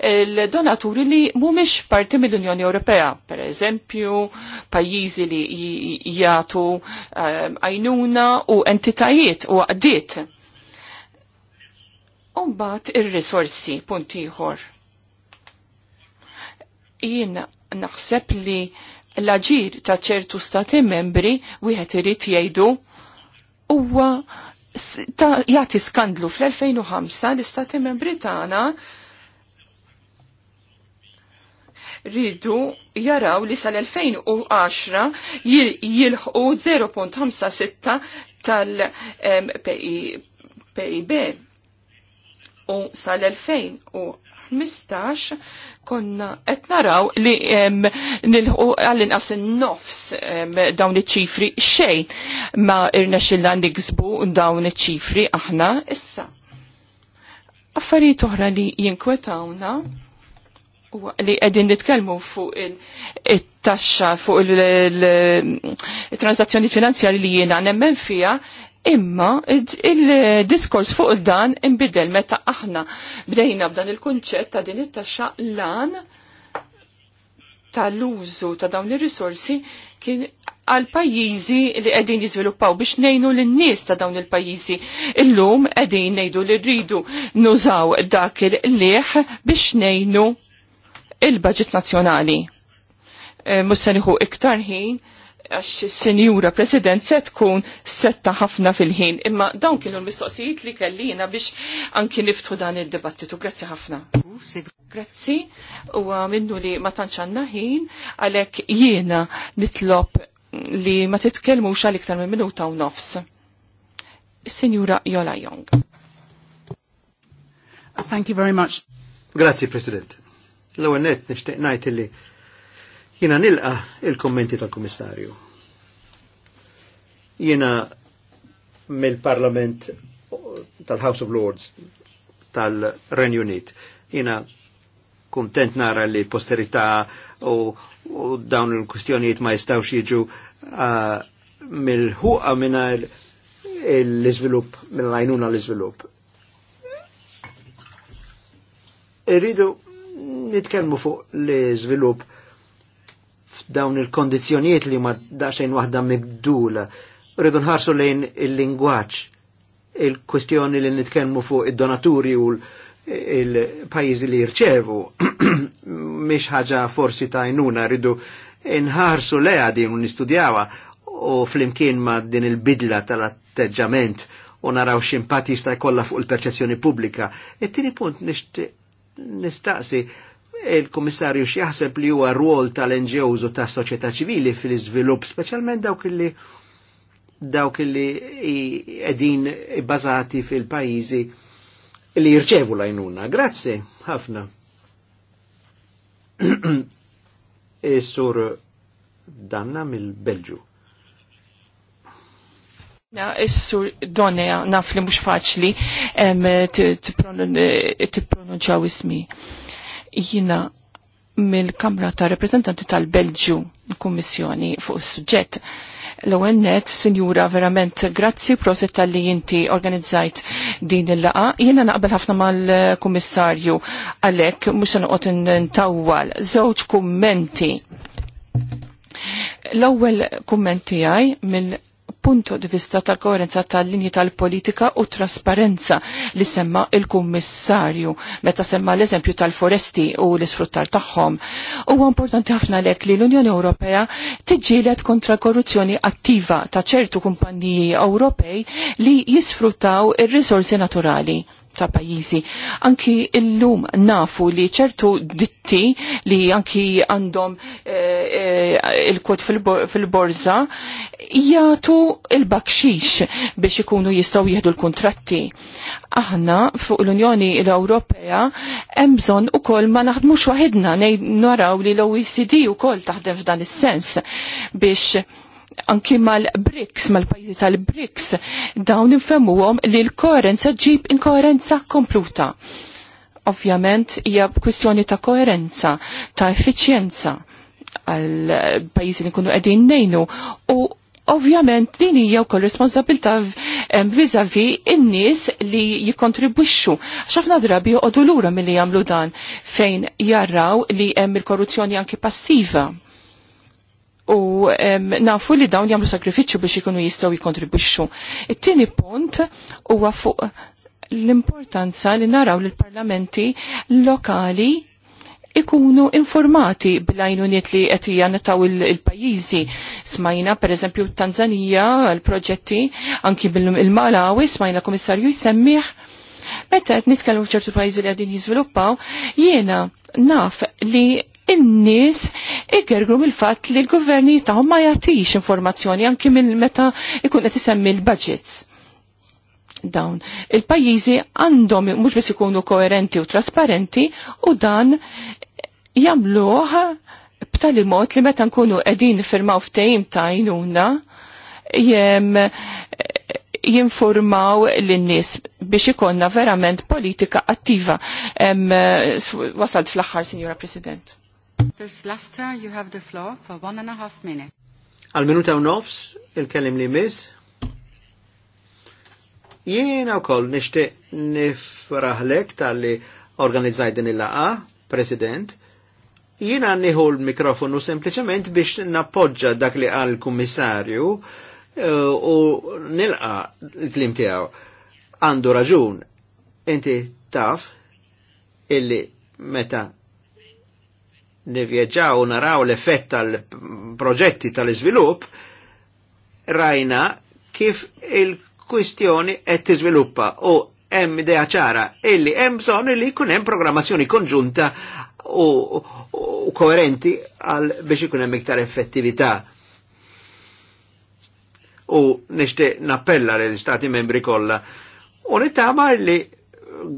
l-donaturi li mhumiex parti mill-Unjoni Ewropea, per eżempju, pajjiżi li jagħtu ehm, għajnuna u entitajiet u għaddiet. Umbat ir-risorsi punt ieħor. Jien naħseb li l-aġir ta' ċertu stati membri wieħed irid jgħidu huwa jagħti skandlu fl-2005 l-istati membri tagħna rridu jaraw li sal-2010 jilħqu 0.56 tal-PIB u sal-2015 konna qed naraw li nilħu għall-inqas nofs dawn iċ-ċifri xejn ma irnexxilna niksbu dawn iċ-ċifri aħna issa. Affarijiet oħra li jinkwetawna li qegħdin nitkellmu fuq il taxxa fuq il-transazzjoni finanzjari li jiena nemmen fija Imma il-diskors fuq dan imbidel meta aħna bdejna b'dan il-kunċett ta' din it-taxxa lan tal-użu ta' dawn ir-risorsi kien għal pajjiżi li qegħdin jiżviluppaw biex ngħinu lin-nies ta' dawn il-pajjiżi. Illum qegħdin ngħidu li rridu nużaw dak il-leħ biex ngħinu il-budget nazzjonali. Eh, Mussaniħu iktar ħin għax senjura president se tkun setta ħafna fil-ħin. Imma dawn kienu l-mistoqsijiet li kellina biex anki niftħu dan il debattitu Grazzi ħafna. Grazzi, u minnu li ma tanċanna ħin, għalek jiena nitlob li ma titkelmu xal iktar minn minuta u nofs. Senjura Jola Jong. Thank you very much. Grazzi, President. L-għonet nishtiq najt li Jena nilqa il-kommenti tal-Komissarju. Jena mill-Parlament tal-House of Lords tal-Renju Unit. Jena kontent nara li posterità u, u dawn il-kustjonijiet ma jistaw jiġu uh, mill-ħuqa minna l-izvilup, mill-għajnuna l-izvilup. Irridu nitkelmu fuq l-izvilup dawn il kondizjoniet li ma daċxajn wahda mibdula. Rridu nħarsu lejn il-lingwaċ, il-kwestjoni li nitkenmu fuq id-donaturi u il-pajizi li jirċevu. Mish ħaġa forsi ta' jnuna, rridu nħarsu leja din un u flimkien ma din il-bidla tal-atteġġament u naraw ximpatista jkolla jkollha fuq il-perċezzjoni pubblika. it tini punt nistaqsi nist il-Komissarju xieħseb li huwa rwol tal-NGOs u tas-soċjetà ċivili fil izvilupp speċjalment dawk li dawk li edin bazati fil pajizi li jirċevu lajnuna. Grazzi, ħafna. Is-sur Danna mill-Belġu. Na, issur donja naf li mux faċli t-pronunċaw ismi. Jina mill-Kamra ta' Reprezentanti tal-Belġu, kummissjoni fuq is-suġġett. L-ewwel net, Sinjura, verament grazzi proset tal-li jinti organizzajt din il-laqa. Jiena naqbel ħafna mal-Kummissarju għalhekk mhux se noqgħod tawwal Żewġ kummenti. L-ewwel kummenti tiegħi mill punto di vista tal-koerenza tal-linji tal-politika u trasparenza li semma il-kummissarju meta semma l-eżempju tal-foresti u l-isfruttar tagħhom. Huwa importanti ħafna lek li l-Unjoni Ewropea tiġġieled kontra korruzzjoni attiva ta' ċertu kumpanniji Ewropej li jisfruttaw ir-risorsi naturali ta' pajjiżi. Anki illum nafu li ċertu ditti li anki għandhom eh, eh, il-kot fil-borza jgħatu il-bakxix biex ikunu jistaw jihdu l-kontratti. Aħna fuq l-Unjoni l-Ewropea emżon u koll ma naħdmux wahidna naraw li l-OECD u koll taħdem f'dan is-sens biex anki mal-BRICS, mal-pajzi tal-BRICS, dawn għom li l-koerenza ġib inkoerenza kompluta. Ovvjament hija kwistjoni ta' koerenza, ta' effiċjenza għal pajjiżi li nkunu qegħdin nejnu u ovvjament din hija wkoll responsabilità viżavi in-nies li jikkontribwixxu. X'afna drabi joqogħdu lura milli jagħmlu dan fejn jarraw li hemm il-korruzzjoni anki passiva u nafu li dawn jagħmlu sakrifiċċju biex ikunu jistgħu jikontribuċu. It-tieni punt huwa fuq l-importanza li naraw li l-parlamenti lokali ikunu informati bil-għajnuniet li għetija nataw il-pajizi. Smajna, per eżempju, Tanzania, l-proġetti, anki bil-Malawi, smajna komissarju jisemmiħ. Meta nitkellmu f'ċertu pajjiżi li għadin jiżviluppaw, jiena naf li in-nies igergru mill-fatt li l-governi tagħhom ma jagħtix informazzjoni anki minn meta ikun qed isemmi l-budgets dawn. Il-pajjiżi għandhom mhux biss ikunu koerenti u trasparenti u dan jagħmluh b'tali mod li meta nkunu qegħdin firmaw ftehim ta' għajnuna jinformaw l-nis biex ikonna verament politika attiva. Wasalt fl-axħar, Signora President. Ms. Lustra, you have the floor for one and a half minutes. Għal minuta u nofs, il-kellim li mis. Jiena u koll nishti nifraħlek tal-li organizzaj din il-laqa, President. Jiena niħu l-mikrofonu sempliciment biex nappoġġa dak li għal kummissarju eh, u nilqa l-klim tijaw. Għandu raġun, inti taf illi meta nivjeġaw naraw l-effett tal-proġetti tal-izvilup, rajna kif il-kwistjoni qed tiżviluppa u hemm idea ċara illi hemm bżonn li jkun hemm programmazzjoni konġunta u, u, u koerenti għal biex ikun hemm iktar effettività. U nixtieq nappella l istati membri kollha u nittama li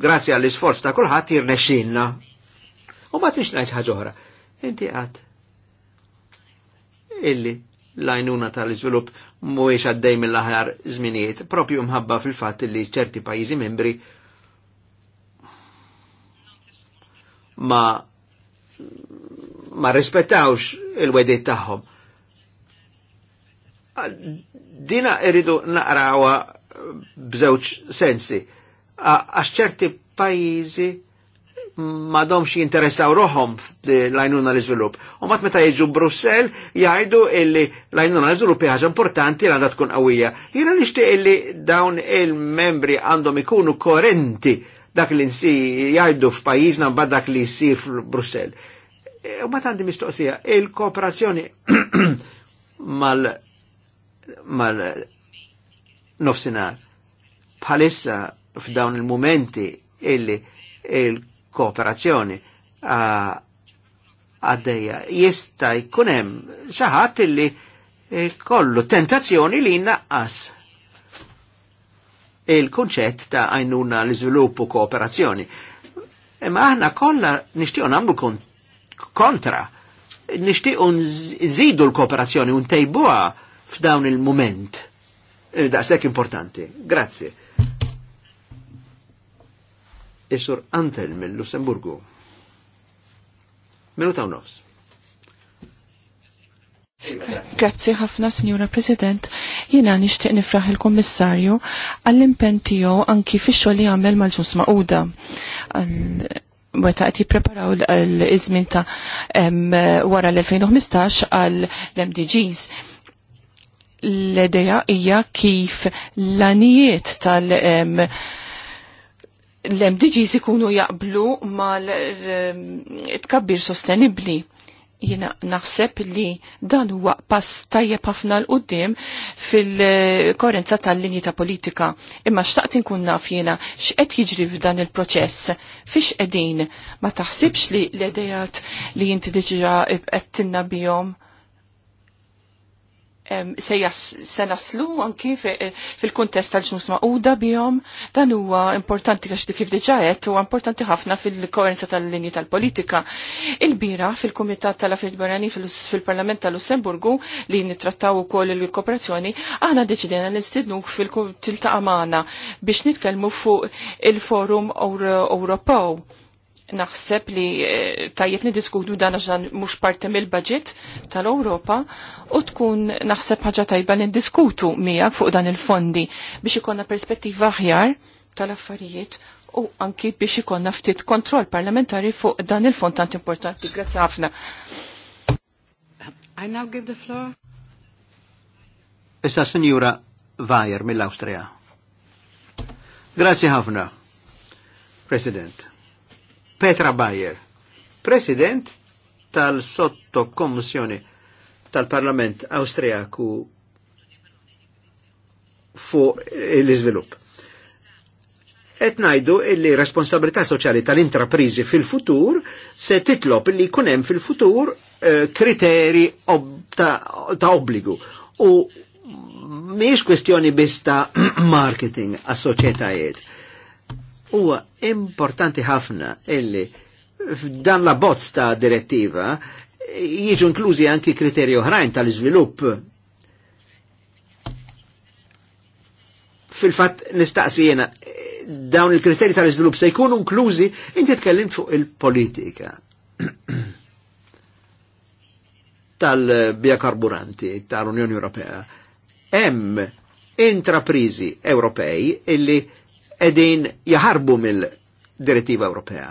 grazzi għall isforz ta' kulħadd jirnexxinna. U ma tix ngħid ħaġa oħra. Inti għad. Illi l-għajnuna tal-izvilup mhuwiex għaddej mill-aħjar żminijiet, propju mħabba fil-fatt li ċerti pajjiżi membri ma ma rispettawx il wedet tagħhom. Dina irridu naqrawa b'żewġ sensi. Għax ċerti pajjiżi madomx jinteressaw roħom l-għajnuna l-izvilup. U mat meta jieġu Brussel jajdu illi l-għajnuna l-izvilup ħaġa importanti l-għanda tkun qawwija. Jina nixtieq illi dawn il-membri għandhom ikunu korenti dak li nsi jajdu f'pajizna mbagħad dak li jsir f'Brussel. E, u mat għandi mistoqsija, il-kooperazzjoni mal mal nofsinar palissa f'dawn il-momenti illi il kooperazzjoni għaddeja. Jista jkunem xaħat illi e, kollu tentazzjoni li naqqas il-kunċett ta' għajnuna l iżviluppu kooperazzjoni. Ma aħna kollha nixtiequ namlu kontra, nixtiequ nżidu l-kooperazzjoni un ntejbuha f'dawn il e, Da sekk importanti. Grazie. Isur Antel mill-Lussemburgu. Minu ta' nofs. Grazzi ħafna, Signora President. Jena nishtiq nifraħ il-Kommissarju għall-impen tiegħu anki fix-xogħol li għamel mal-ġus maquda. Weta qed jippreparaw l-iżmin ta' wara l-2015 għall-MDGs l idea hija kif l-anijiet tal- l-MDGs ikunu jaqblu mal ehm, tkabbir sostenibli. Jina naħseb li dan huwa pass tajjeb ħafna l qudiem fil-korenza tal-linji ta' politika. Imma xtaqt inkun naf jiena x'qed jiġri f'dan il-proċess, fiex qegħdin ma taħsibx li l-idejat li inti diġà qed tinna bihom se, se naslu anki fil-kuntest tal-ġnus maquda bihom, dan huwa importanti għax dik kif diġà qed huwa importanti ħafna fil-koerenza tal-linji tal-politika. Il-bira fil-Kumitat tal-Affarijiet Barrani fil-Parlament tal-Lussemburgu li nittrattaw ukoll il-kooperazzjoni, aħna deċidina li nstidnuk fil-tiltaqa' magħna biex nitkellmu fuq il-Forum Ewropew naħseb li eh, tajjeb nidiskutu dan għax mhux parti mill-budget tal-Ewropa u tkun naħseb ħaġa tajba ndiskutu miegħek fuq dan il-fondi biex ikonna perspettiva aħjar tal-affarijiet u anki biex ikonna ftit kontroll parlamentari fuq dan il-fond tant importanti. Grazzi ħafna. I now give the floor. Issa Sinjura Vajer mill-Awstrija. Grazzi ħafna, President. Petra Bayer, president tal-sottokommissjoni tal-Parlament Austriaku fuq l izvilupp Et najdu illi responsabilità soċjali tal-intraprizi fil-futur se titlob li kunem fil-futur eh, kriteri ob ta', ta obbligu u miex kwestjoni bista marketing għas soċjetajiet huwa importanti ħafna illi f'dan la bozz ta' direttiva jiġu inklużi anki kriterji oħrajn tal-iżvilupp. Fil-fatt nistaqsi jena dawn il-kriterji tal-iżvilupp se jkunu inklużi inti tkellim fuq il-politika tal-biokarburanti tal-Unjoni Ewropea. Hemm intraprizi Ewropej illi edin jaharbu mill-direttiva Ewropea.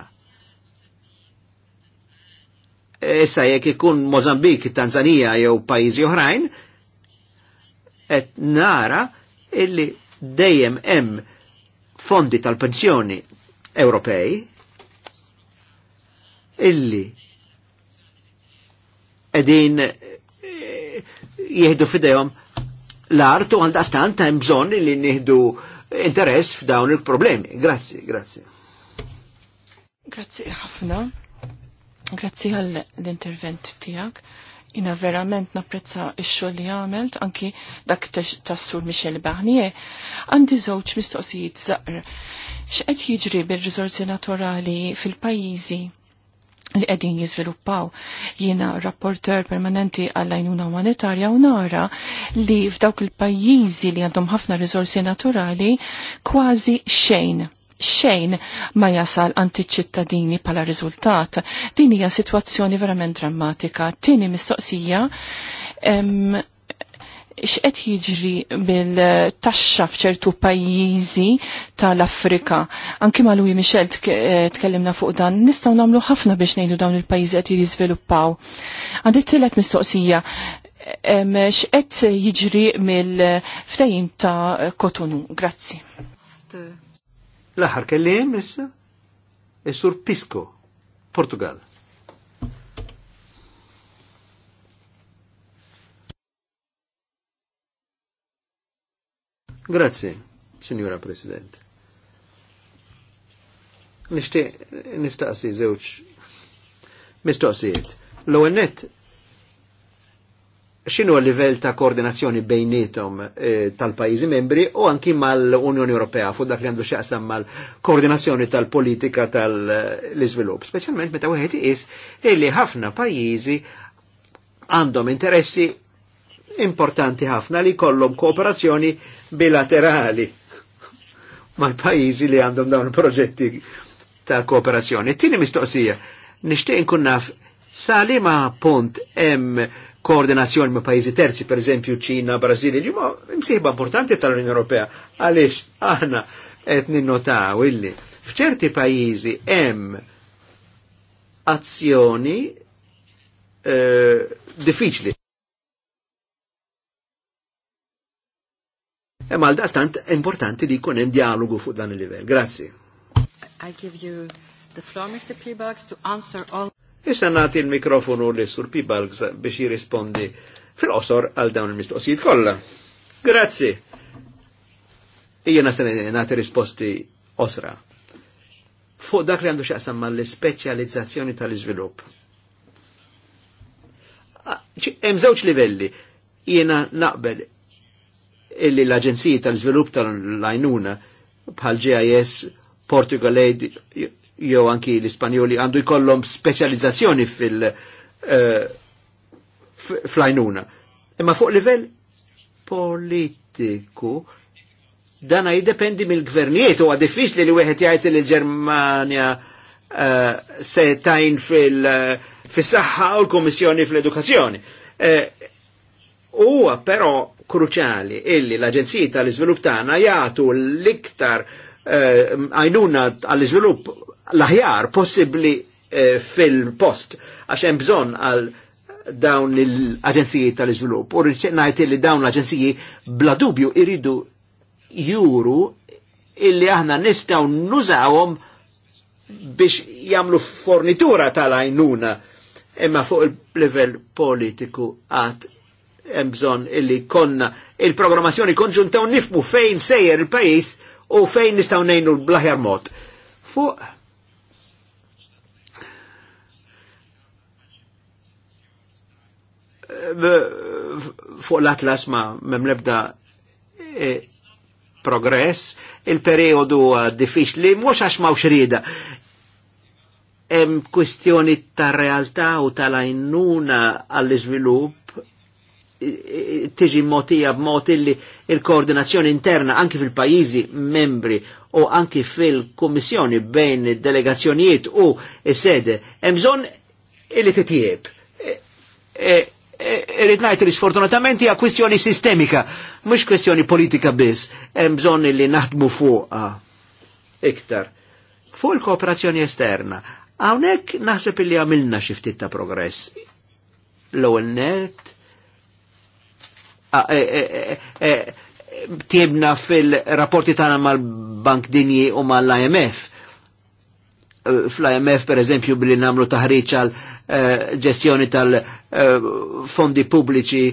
Issa jekk ikun Mozambik, Tanzania jew pajjiżi oħrajn, qed nara illi dejjem hemm fondi tal-pensjoni Ewropej illi edin eh, jihdu fidejom l-artu għal dastan ta' bżon li nihdu interess f'dawn il-problemi. Grazzi, grazzi. Grazzi ħafna. Grazzi għall l-intervent tijak. Ina verament napprezza il-xol li għamelt, anki dak tassur sur Michel Barnier, għandi zoċ mistoqsijiet zaqr. X'qed jiġri bil-riżorsi naturali fil-pajjiżi li qegħdin jizviluppaw Jiena rapporter permanenti għall-għajnuna umanitarja u nara li f'dawk il-pajjiżi li għandhom ħafna riżorsi naturali kważi xejn xejn ma jasal għanti ċittadini pala riżultat. Din hija sitwazzjoni verament drammatika. Tieni mistoqsija x'qed jiġri bil-taxxa f'ċertu pajjiżi tal-Afrika. Anki ma' Louis Michel eh, tkellimna fuq dan, nistgħu nagħmlu ħafna biex ngħidu dawn il-pajjiżi qed jiżviluppaw. Għandi tielet mistoqsija x'qed jiġri mill-ftehim ta' Kotonu. Grazzi. L-aħħar kellim issa? Is-sur Pisco, Portugal. Grazzi, Signora President. Nishtiq nistaqsi żewġ mistoqsijiet. l onet xinu x'inhu l-livell ta' koordinazzjoni bejnietom eh, tal-pajjiżi membri u anki mal-Unjoni Ewropea fuq dak li għandu x'jaqsam mal-koordinazzjoni tal-politika tal-iżvilupp, speċjalment meta wieħed is li ħafna pajjiżi għandhom interessi importanti ħafna li kollom kooperazzjoni bilaterali mal-pajjiżi li għandhom dawn proġetti ta' kooperazzjoni. Tini mistoqsija, nishtiq nkun naf sali ma' punt hemm koordinazzjoni ma' pajjiżi terzi, per eżempju Ċina, Brażili, li ma' msieħba importanti tal-Unjoni Ewropea. Għaliex aħna qed ninnotaw illi f'ċerti pajjiżi hemm azzjoni eh, diffiċli Imma għal dastant importanti li jkun hemm dialogu fuq dan il-livell. Grazzi. I give you the floor, Mr. Peebalgs, to answer all... Issa nati il-mikrofonu li sur Peebalgs biex jirrispondi fil-qosor għal dawn il-mistoqsijiet kollha. Grazzi. Ija nasa nati risposti osra. Fuq dak li għandu xaqsam ma l-speċjalizzazzjoni tal-izvilupp. Ah, hemm żewġ livelli. Jiena naqbel illi l-Aġenziji tal zvilupp tal-Lajnuna bħal GIS, Portugal Aid jew anki l-Ispanjoli għandu jkollhom speċjalizzazzjoni fil- uh, Imma fuq livell politiku dana jiddependi mill-gvernijiet huwa diffiċli li wieħed jgħid li l-Ġermanja uh, eh, se tajn fil- uh, eh, saħħa u l-Kummissjoni fl-Edukazzjoni. Uh, Uwa, però kruċali illi l-Aġenziji tal-Iżvilupp tagħna jagħtu l-iktar eh, għajnuna għall-iżvilupp l-aħjar possibbli eh, fil-post għax hemm bżonn għal dawn l-aġenziji tal-iżvilupp. U ngħid li dawn l-aġenziji bla dubju iridu juru illi aħna nistgħu nużawhom biex jagħmlu fornitura tal-għajnuna imma fuq il-level politiku għad hemm bżonn illi konna il-programmazzjoni konġunta u nifmu fejn sejjer il-pajis u fejn nistgħu ngħinu blaħjar mod. Fuq fuq l-atlas ma memlebda e, progress, il-periodu diffiċli, mhux għax ma' uxrida. Hemm kwistjoni tar-realtà u tal-għajnuna għall-iżvilupp tiġi motija b'mod illi il-koordinazzjoni interna anki fil pajizi membri u anki fil-kummissjoni bejn delegazzjonijiet u s sede emżon illi t e, e, e, Irrid Ritnajt li sfortunatament hija kwistjoni sistemika, mhux kwistjoni politika biss, hemm bżonn illi naħdmu fuqha iktar. Fuq il-kooperazzjoni esterna, hawnhekk naħseb illi għamilna xi ftit ta' progress. L-ewwel net, E, e, e, tiebna fil-rapporti tagħna mal-Bank Dinji u mal-IMF. Fl-IMF per eżempju billi namlu taħriġ għal ġestjoni tal-fondi pubbliċi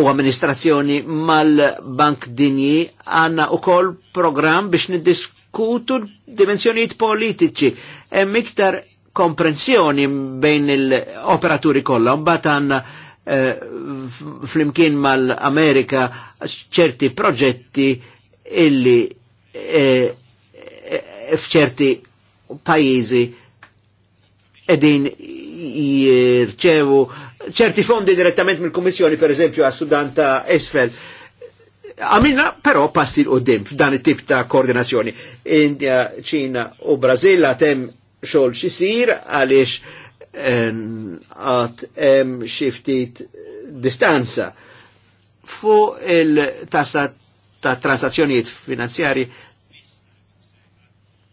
u amministrazzjoni mal-Bank Dinji għanna u koll program biex niddiskutu dimensjoniet politiċi. Hemm iktar komprensjoni bejn il-operaturi kollha, mbagħad għandna Eh, flimkien mal-Amerika ċerti proġetti illi eh, fċerti pajizi edin jirċevu ċerti fondi direttament mill-Kommissjoni, per eżempju, għas Sudan ta' Esfel. Għamilna però passi l-qoddim f'dan it-tip ta' koordinazzjoni. India, Ċina u Brazil għatem xol xisir għaliex għat em xiftit distanza fu il-tassa ta' transazzjonijiet finanzjari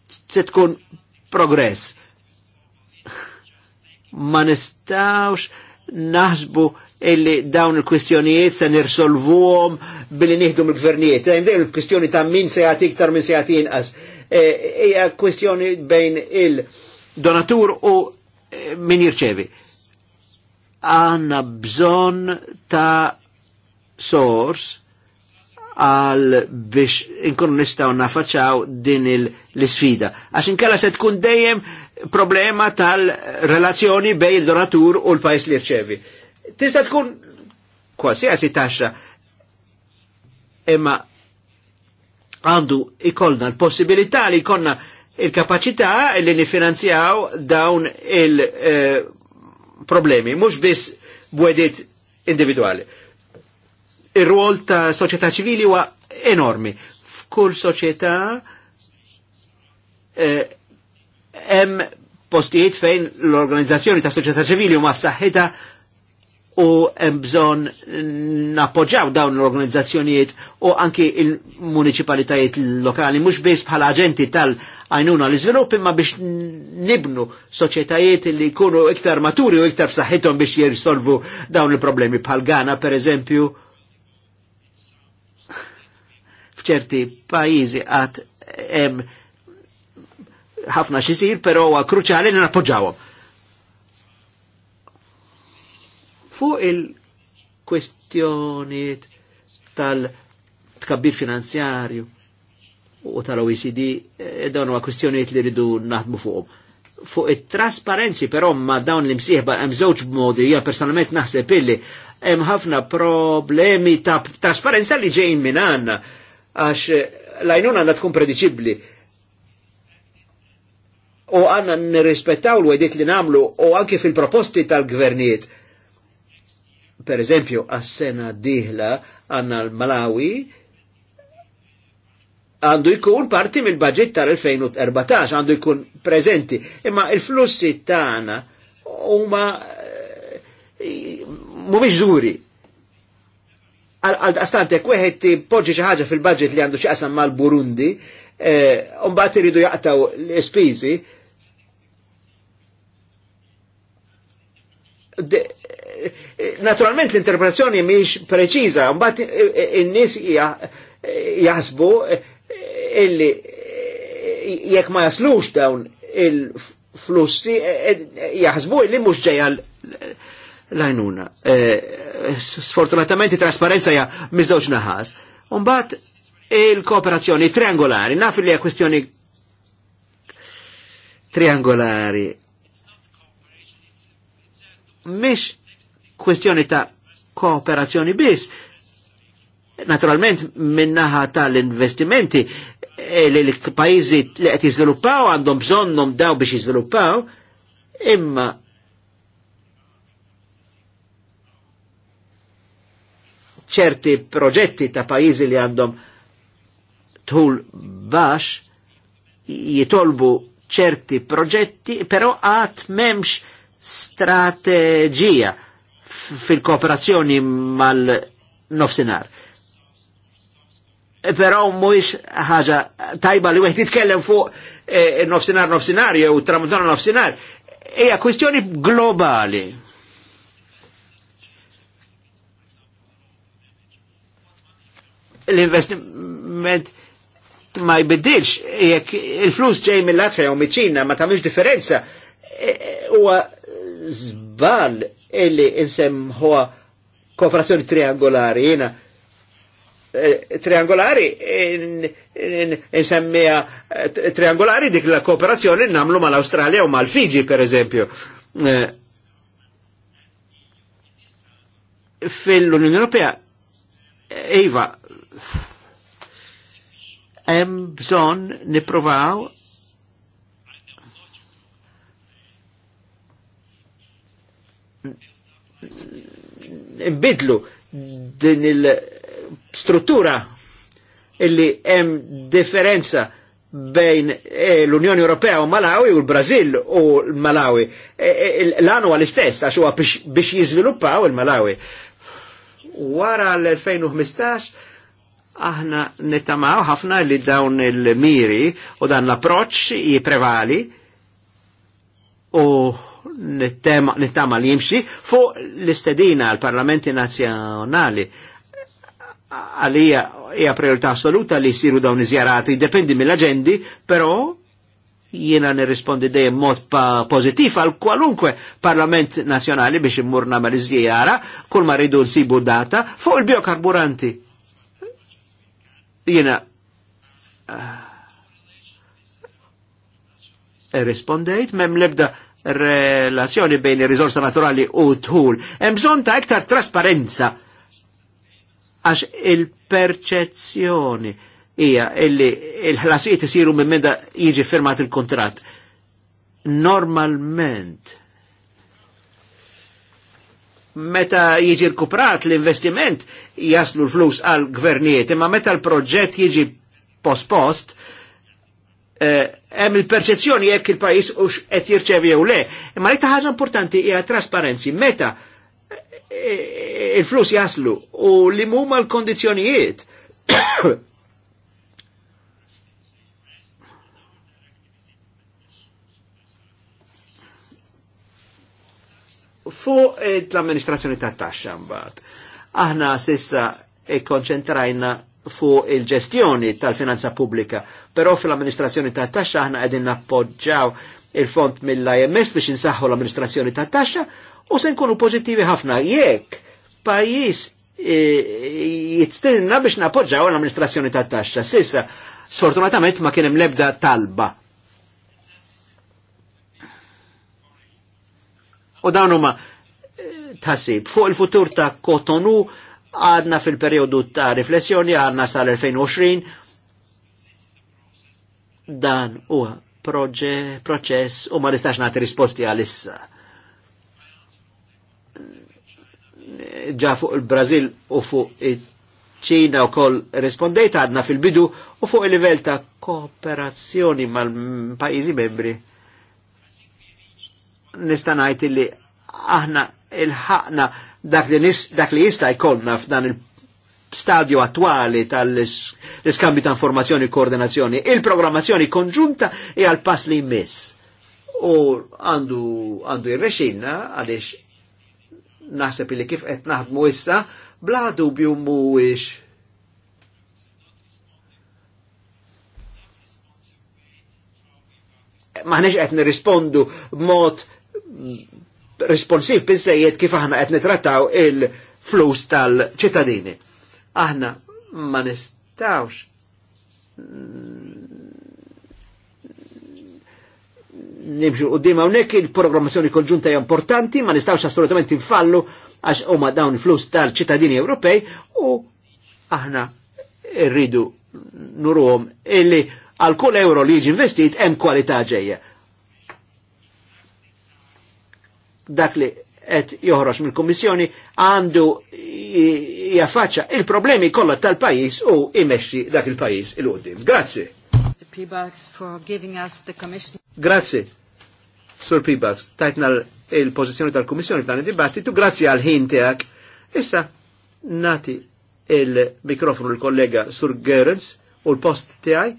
se tkun progress. Ma nistawx naħsbu illi dawn il-kwistjonijiet se nirsolvuhom billi nieħdu mill-gvernijiet. Dejjem il-kwistjoni ta' min se jagħti iktar min se jagħti inqas. E, hija kwistjoni bejn il- donatur u min jirċevi. Għanna bżon ta' source għal biex inkunu nistaw nafaċaw din l-sfida. Għax inkella se tkun dejjem problema tal-relazzjoni bej il-donatur u l-pajis li rċevi. Tista tkun kwasjasi taxxa imma għandu ikolna l-possibilità li jkollna il-kapacità li nifinanzjaw dawn il-problemi, eh, mux biss bwedit individuali. Ir-rol ta' soċieta ċivili huwa enormi. F'kull soċieta eh, hemm postijiet fejn l-organizzazzjoni ta' soċieta ċivili huma f'saħħitha u mbżon napoġaw dawn l-organizzazzjonijiet u anki il-municipalitajiet lokali, mux biss bħala aġenti tal-għajnuna l-izvilupp imma biex nibnu soċietajiet li jkunu iktar maturi u iktar saħħithom biex jirisolvu dawn il-problemi bħal Ghana per eżempju f'ċerti pajjiżi għat ħafna xisir, pero huwa kruċjali li nappoġġawhom Fuq il-kwestjoniet tal-tkabbir finanzjarju u tal-OECD, eh, dawn huwa kwestjonijiet li ridu naħdmu fuqhom. Fuq it-trasparenzi però ma dawn l msieħba hemm żewġ modi, hija personalment naħseb illi hemm ħafna problemi ta' trasparenza li ġejjin minn għandna għax eh, lajnuna għandha tkun prediċibbli u għanna nirrispettaw l-wedit li namlu u anke fil-proposti tal-gvernijiet per eżempju, għas-sena diħla għanna l-Malawi, għandu jkun parti mill-budget tal-2014, għandu jkun prezenti, imma il-flussi tagħna huma eh, mhumiex żuri. Għal-għastant, jek weħed poġġi xi ħaġa fil-budget li għandu xaqsam mal-Burundi, eh, mbagħad iridu jaqtaw l-espiżi, Naturalment l-interpretazzjoni miex preċiża, mbatt il-nis jasbu illi eh, jek ma jaslux dawn il-flussi eh, eh, jaħsbu illi mux ġejja lajnuna. Sfortunatamente trasparenza ja miżewġ naħas. Mbagħad il-kooperazzjoni triangolari, naf li hija kwestjoni triangolari. Mish kwestjoni ta' kooperazzjoni biss. Naturalment minnaħa tal-investimenti e li l-pajizi li għet jizviluppaw għandhom bżonnom daw biex jizviluppaw, imma ċerti proġetti ta' pajizi li għandhom tħul bax jitolbu ċerti proġetti, però għat memx strategija fil-kooperazzjoni mal-nofsinar. Però mux ħaġa tajba li wieħed jitkellem fuq eh, nofsinar nofsinar jew tramuntana nofsinar. Eja kwistjoni globali. L-investiment ma jbiddilx jekk il-flus ġej mill-Latvija u mill ċina ma tagħmilx differenza eh, eh, huwa żball illi huwa kooperazzjoni triangolari. Jena eh, triangolari insemmija eh, triangolari dik la kooperazzjoni namlu mal-Australia u mal-Fiji per eżempju. Eh, Fil-Unjoni Ewropea, Eva, hemm bżonn nipprovaw imbidlu din il-struttura illi hemm differenza bejn eh, l-Unjoni Ewropea u Malawi u l-Brazil u l-Malawi. Eh, eh, L-għanu għal-istess, għax huwa biex jizviluppaw il-Malawi. Wara l-2015, aħna nittamaw ħafna li dawn il-miri u dan l-approċ jiprevali u nittama li jimxi fuq l-istedina għal-parlamenti nazjonali għalija hija priorità assoluta li jisiru dawn iżjarati, dependi mill-aġendi, però jiena nirrispondi dejjem mod pa pozittiv għal kwalunkwe parlament nazjonali biex immurna nagħmel iżjara, kull ma rridu nsibu data fuq il-biokarburanti. Jiena uh, rispondejt, mem lebda relazzjoni bejn ir-riżorsa naturali u tħul. Hemm bżonn ta' iktar trasparenza għax il-perċezzjoni hija illi il-ħlasijiet isiru minn minda jiġi firmat il kuntratt Normalment meta jiġi rkuprat l-investiment jaslu l-flus għal gvernijiet, imma meta l-proġett jiġi post-post, eh, hemm il-perċezzjoni jekk il-pajjiż u qed jirċevi jew le. Imma li ħaġa importanti hija trasparenzi meta eh, eh, il-flus jaslu u li huma l-kondizzjonijiet. fuq eh, l-amministrazzjoni ta' taxxa mbagħad. Aħna sissa ikkonċentrajna fuq il-ġestjoni tal-finanza pubblika Però fil-amministrazzjoni ta' taxxa aħna qegħdin nappoġġaw il-font mill-IMS biex insaħħu l-amministrazzjoni ta' taxxa u se nkunu pożittivi ħafna jekk pajjiż e, jitstinna biex nappoġġjaw l-amministrazzjoni ta' taxxa. Sissa, sfortunatament ma kien hemm lebda talba. U dawn huma e, tasib fuq il-futur ta' Kotonu għadna fil-periodu ta' riflessjoni għadna sal-2020 Dan huwa proċess u ma nistax nagħti risposti għalissa. Ġa fuq il-Brażil u fuq ċina u koll rispondejt għadna fil-bidu u fuq il-livell ta' kooperazzjoni mal-pajizi membri. Nistanajt li aħna il-ħakna dak li, dak li jista' jkollna f'dan il stadju attuale tal-iskambju ta' informazzjoni u koordinazzjoni. Il-programmazzjoni konġunta e għal pass li jmiss. U għandu għandu jirrexinna għaliex naħseb li kif qed naħdmu issa bla dubju mhuwiex maħnex qed nirrispondu b'mod responsiv pinsejiet kif aħna qed nitrattaw il- flus tal-ċittadini. Aħna ma nistawx nibġu u dima unnek il-programmazzjoni konġunta importanti, ma nistawx assolutament infallu għax huma dawn flus tal-ċittadini Ewropej u aħna rridu nuruhom illi għal kull euro li jiġi investit hemm kwalità ġejja. Dak li qed joħroġ mill-Kummissjoni għandu jaffaċċa il-problemi kollha tal-pajjiż u imexxi dak il-pajjiż il qudiem Grazzi. Grazzi. Sur Pibax, tajtna il-pożizzjoni tal-Kummissjoni f'dan id-dibattitu, grazzi għal ħin tiegħek. Issa nati il-mikrofonu l-kollega Sur Gerens u l-post tiegħi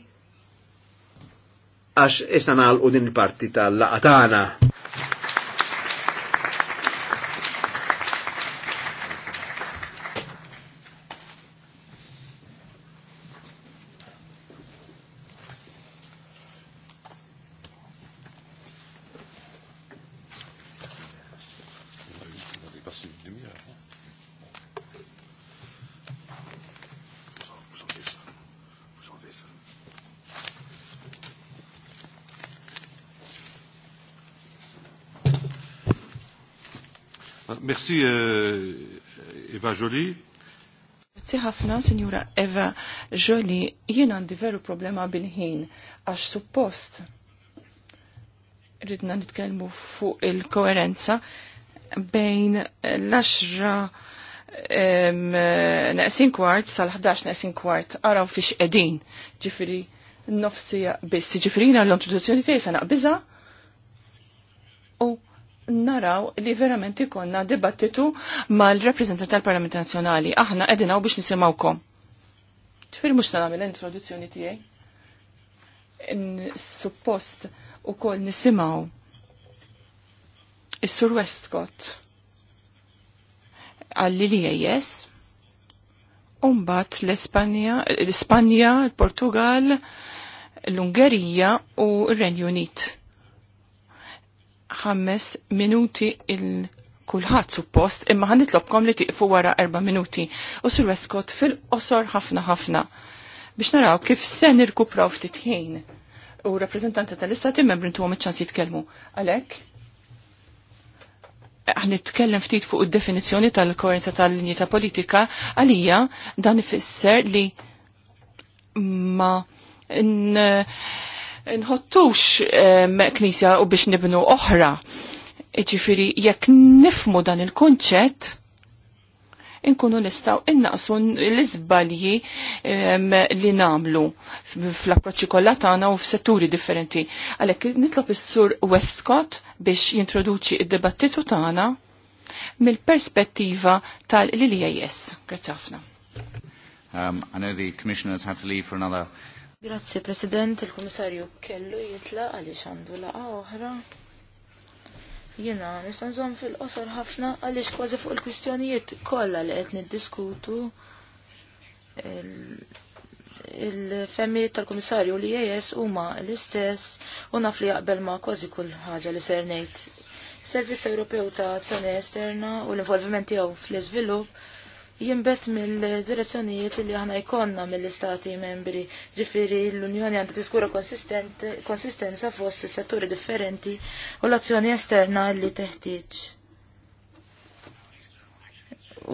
għax issa nagħlqu din il-parti tal-laqatana. Merci uh, Eva Jolie. Grazzi ħafna, Signora Eva Jolie, jien għandi veru problema bil-ħin, għax suppost ridna nitkellmu fuq il-koerenza bejn l-10 naqsin kwart sal-11 naqsin kwart għaraw fiex edin ġifiri nofsija biss ġifirina l-introduzzjoni tiegħi sa naqbiża u naraw li verament ikonna dibattitu mal-reprezentant tal-Parlament Nazzjonali. Aħna edinaw biex nisimawkom. Tfir mux ta' l introduzzjoni tijaj. Suppost u kol nisimaw Is-Sur Westcott għalli li jes umbat l-Espanja, l-Ispanja, l-Portugal, l-Ungerija u r-Renju Unit ħammes minuti il- kulħadd suppost, imma ħan nitlobkom li tiqfu wara erba' minuti u sur Westcott fil-qosor ħafna ħafna biex naraw kif se nirkupraw ftit ħin u rappreżentanti tal-istati membri intuhom iċ-ċans jitkellmu. Għalhekk nitkellem ftit fuq id-definizzjoni tal-koerenza tal-linji ta' politika għalija dan ifisser li ma nħottux eh, knisja u biex nibnu oħra. Iġifiri, jekk nifmu dan il-konċett, inkunu nistaw innaqsu l-izbalji li namlu fl-approċċi kollha tagħna u f'setturi differenti. Għalhekk nitlob is-sur Westcott biex jintroduċi d dibattitu tagħna mill-perspettiva tal-LIS. Grazzi ħafna. Um, I know the commissioners had to leave for another Grazzi President, il-Komissarju kellu jitla għaliex għandu laqa oħra. Jena, nista' nżomm fil-qosor ħafna għaliex kważi fuq il-kwistjonijiet kollha li qed niddiskutu il-femmijiet tal-Komissarju li jejes huma l-istess u naf li jaqbel ma' kważi kull ħaġa li ser ngħid. Servizz Ewropew ta' Azzjoni Esterna u l involvimenti għaw fl-iżvilupp jimbet mill-direzzjonijiet li aħna jkonna mill-istati membri. Ġifiri l-Unjoni għandha tiskura konsistenza fost setturi differenti u l-azzjoni esterna li teħtieġ.